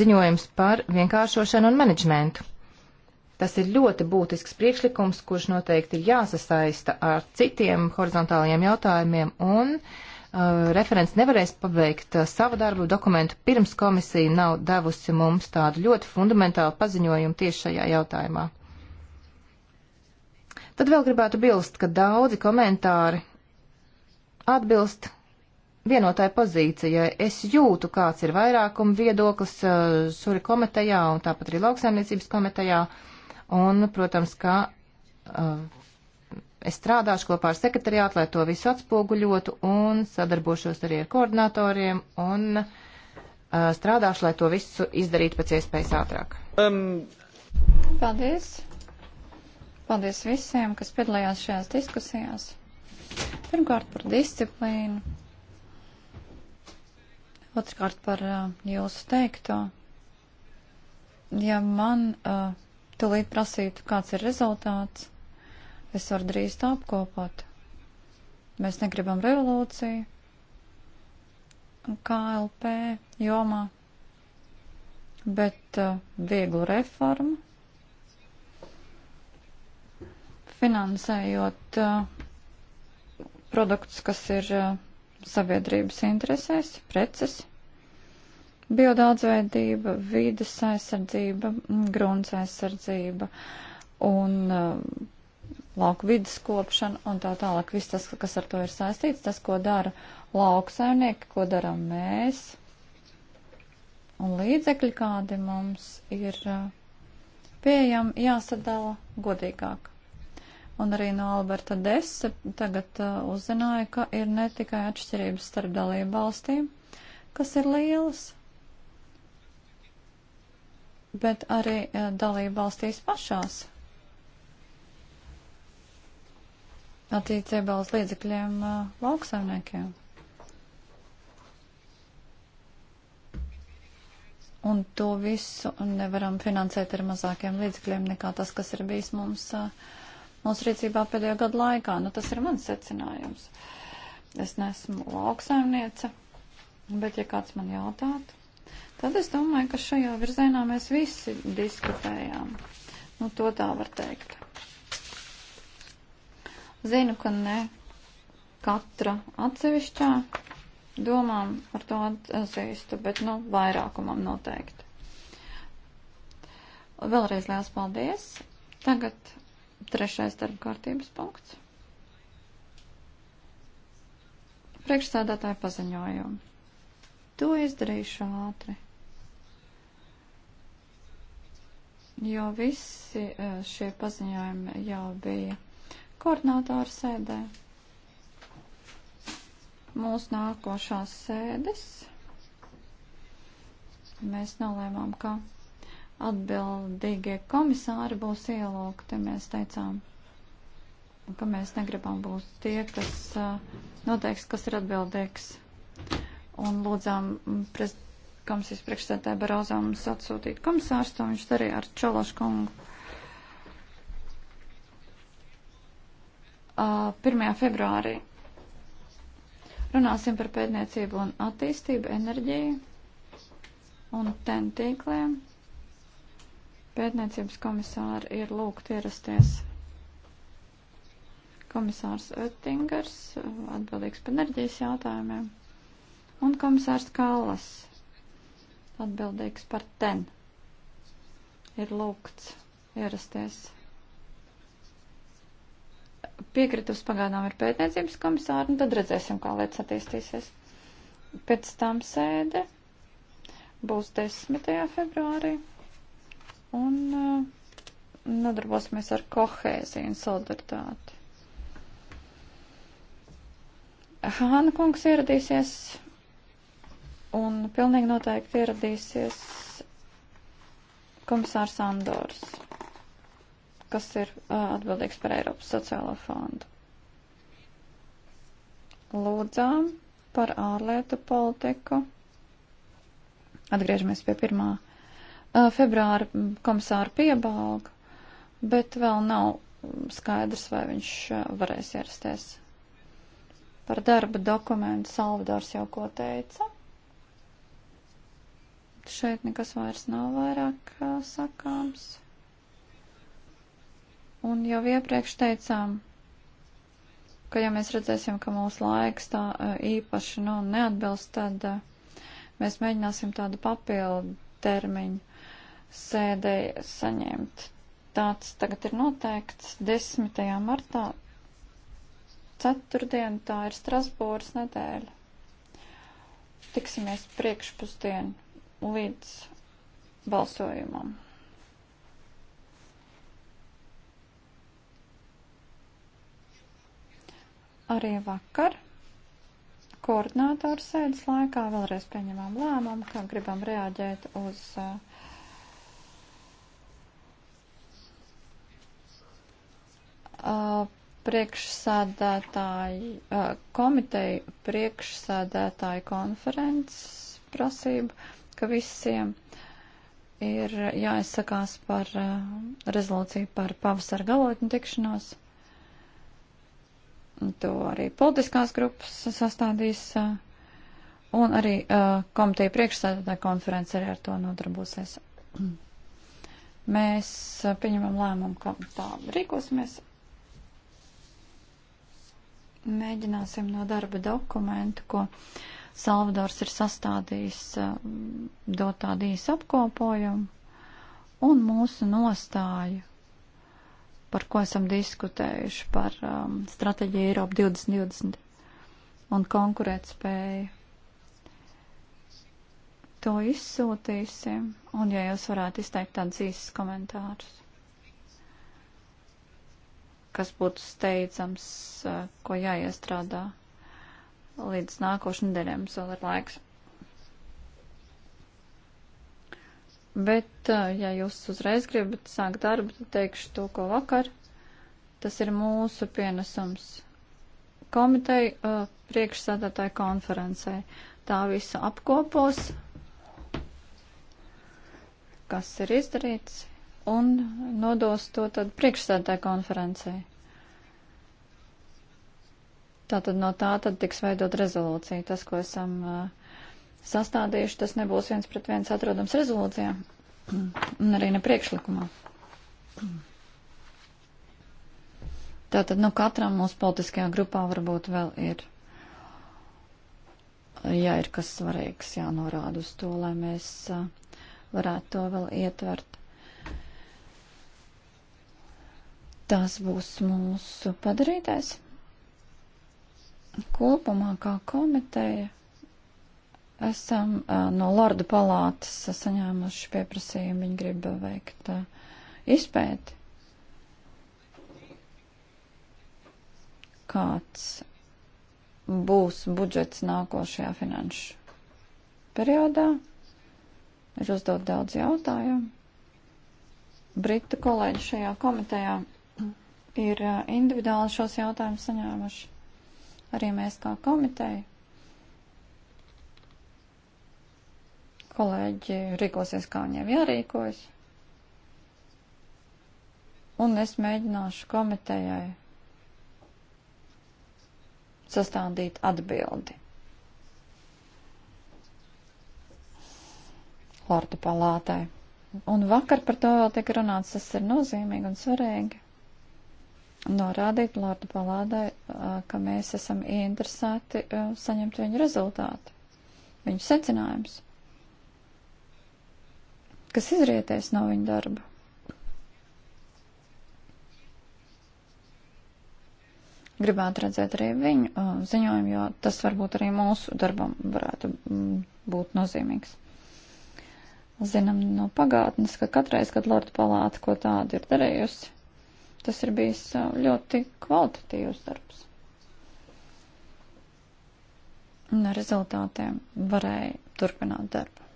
ziņojums par vienkāršošanu un menedžmentu. Tas ir ļoti būtisks priekšlikums, kurš noteikti ir jāsasaista ar citiem horizontālajiem jautājumiem, un uh, referents nevarēs pabeigt uh, savu darbu dokumentu pirms komisija nav devusi mums tādu ļoti fundamentālu paziņojumu tieši šajā jautājumā. Tad vēl gribētu bilst, ka daudzi komentāri atbilst vienotai pozīcijai. Es jūtu, kāds ir vairākuma viedoklis uh, Suri komitejā un tāpat arī lauksaimniecības komitejā. Uh, Un, protams, ka uh, es strādāšu kopā ar sekretariātu, lai to visu atspoguļotu un sadarbošos arī ar koordinatoriem un uh, strādāšu, lai to visu izdarītu pēc iespējas ātrāk. Um. Paldies! Paldies visiem, kas piedalījās šajās diskusijās. Pirmkārt par disciplīnu, otrkārt par uh, jūsu teikto. Ja man uh, Tūlīt prasītu, kāds ir rezultāts. Es varu drīz to apkopot. Mēs negribam revolūciju. KLP jomā, bet uh, vieglu reformu, finansējot uh, produktus, kas ir uh, sabiedrības interesēs, preces. Biodaudzveidība, vides aizsardzība, mm, grunts aizsardzība un uh, lauku vidas kopšana un tā tālāk. Viss tas, kas ar to ir saistīts, tas, ko dara lauksaimnieki, ko daram mēs un līdzekļi, kādi mums ir uh, pieejami, jāsadala godīgāk. Un arī no Alberta Desse tagad uh, uzzināja, ka ir ne tikai atšķirības starp dalību valstīm, kas ir lielas, bet arī e, dalību valstīs pašās. attiecībā uz līdzekļiem e, lauksaimniekiem. Un to visu nevaram finansēt ar mazākiem līdzekļiem nekā tas, kas ir bijis mums, e, mūsu rīcībā pēdējo gadu laikā. Nu, tas ir mans secinājums. Es nesmu lauksaimniece, bet ja kāds man jautātu, tad es domāju, ka šajā virzienā mēs visi diskutējām. Nu, to tā var teikt. Zinu, ka ne katra atsevišķā domām ar to atzīstu, bet, nu, vairākumam noteikti. Vēlreiz liels paldies. Tagad trešais darba kārtības punkts. Priekšsēdētāja paziņojumu. To izdarīšu ātri. jo visi e, šie paziņojumi jau bija koordinātāra sēdē. Mūsu nākošās sēdes mēs nolēmām, ka atbildīgie komisāri būs ielūgti. Mēs teicām, ka mēs negribam būt tie, kas e, noteiks, kas ir atbildīgs. Un lūdzām prezidents komisijas priekšstādātāja Barozā mums atsūtīt komisārs, to viņš darīja ar Čološu kungu. 1. februārī runāsim par pētniecību un attīstību, enerģiju un ten tīkliem. Pētniecības komisāri ir lūgt ierasties. Komisārs Oettingers atbildīgs par enerģijas jautājumiem un komisārs Kallas atbildīgs par ten ir lūgts ierasties. Piekritus pagaidām ir pētniecības komisāra, un nu tad redzēsim, kā lietas attīstīsies. Pēc tam sēde būs 10. februārī, un uh, nodarbosimies ar kohēziju un solidaritāti. Hāna kungs ieradīsies Un pilnīgi noteikti ieradīsies komisārs Andors, kas ir uh, atbildīgs par Eiropas sociālo fondu. Lūdzām par ārlietu politiku. Atgriežamies pie 1. februāra komisāra piebalga, bet vēl nav skaidrs, vai viņš varēs ierasties. Par darba dokumentu Salvadors jau ko teica. Šeit nekas vairs nav vairāk uh, sakāms. Un jau iepriekš teicām, ka ja mēs redzēsim, ka mūsu laiks tā uh, īpaši nu, neatbilst, tad uh, mēs mēģināsim tādu papildu termiņu sēdēji saņemt. Tāds tagad ir noteikts 10. martā. Ceturtdien tā ir Strasbūras nedēļa. Tiksimies priekšpusdienu līdz balsojumam. Arī vakar koordinātoru sēdes laikā vēlreiz pieņemām lēmumu, ka gribam reaģēt uz uh, priekšsādātāju uh, komiteju priekšsādātāju konferences prasību ka visiem ir jāizsakās par eh, rezolūciju par pavasara galotņu tikšanos. To arī politiskās grupas sastādīs. Eh, un arī uh, komiteja priekšsēdētāja konference arī ar to nodarbosies. Mēs uh, pieņemam lēmumu, ka tā rīkosimies. Mēģināsim no darba dokumentu, ko uh, Salvadors ir sastādījis eh, dot tādu īsu apkopojumu un mūsu nostāju, par ko esam diskutējuši, par um, strateģiju Eiropa 2020 un konkurētspēju. To izsūtīsim, un ja jūs varētu izteikt tādus īsus komentārus, kas būtu steidzams, eh, ko jāiestrādā līdz nākošu nedēļai mums vēl ir laiks. Bet, ja jūs uzreiz gribat sākt darbu, tad teikšu to, ko vakar. Tas ir mūsu pienesums komiteju uh, priekšsādātāju konferencē. Tā visu apkopos, kas ir izdarīts, un nodos to tad priekšsādātāju konferencei. Tātad no tā tad tiks veidot rezolūcija. Tas, ko esam uh, sastādījuši, tas nebūs viens pret viens atrodams rezolūcijā un arī ne priekšlikumā. Tātad, nu, katram mūsu politiskajā grupā varbūt vēl ir, ja ir kas svarīgs, jānorāda uz to, lai mēs uh, varētu to vēl ietvert. Tas būs mūsu padarītais kopumā kā komiteja esam uh, no Lorda palātas saņēmuši pieprasījumu, viņi grib veikt uh, izpēti. Kāds būs budžets nākošajā finanšu periodā? Ir uzdot daudz jautājumu. Britu kolēģi šajā komitejā ir uh, individuāli šos jautājumus saņēmuši arī mēs kā komiteja. Kolēģi rīkosies, kā viņiem jārīkojas. Un es mēģināšu komitejai sastādīt atbildi. Lordu palātai. Un vakar par to vēl tika runāts, tas ir nozīmīgi un svarīgi norādīt Lordu Palādai, ka mēs esam ieinteresēti saņemt viņu rezultātu, viņu secinājumus, kas izrietēs no viņa darba. Gribētu redzēt arī viņu ziņojumu, jo tas varbūt arī mūsu darbam varētu būt nozīmīgs. Zinām no pagātnes, ka katreiz, kad Lorda palāta ko tādu ir darījusi, Tas ir bijis uh, ļoti kvalitatīvs darbs. Un ar rezultātiem varēja turpināt darbu.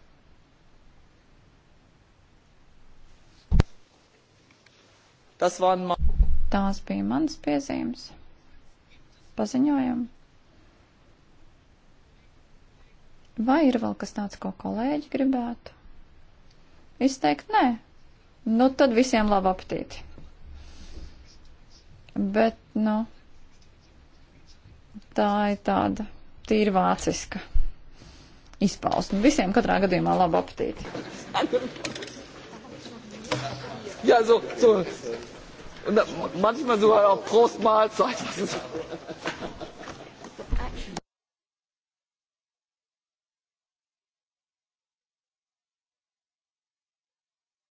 Tas var man. Tās bija manas piezīmes. Paziņojam. Vai ir vēl kas tāds, ko kolēģi gribētu? Izteikt nē. Nu tad visiem labu apetīti! bet, nu, tā ir tāda tīri vāciska izpausme. Visiem katrā gadījumā labu apetīti. Ja, so, so. Und manchmal sogar auch Prost Mahlzeit.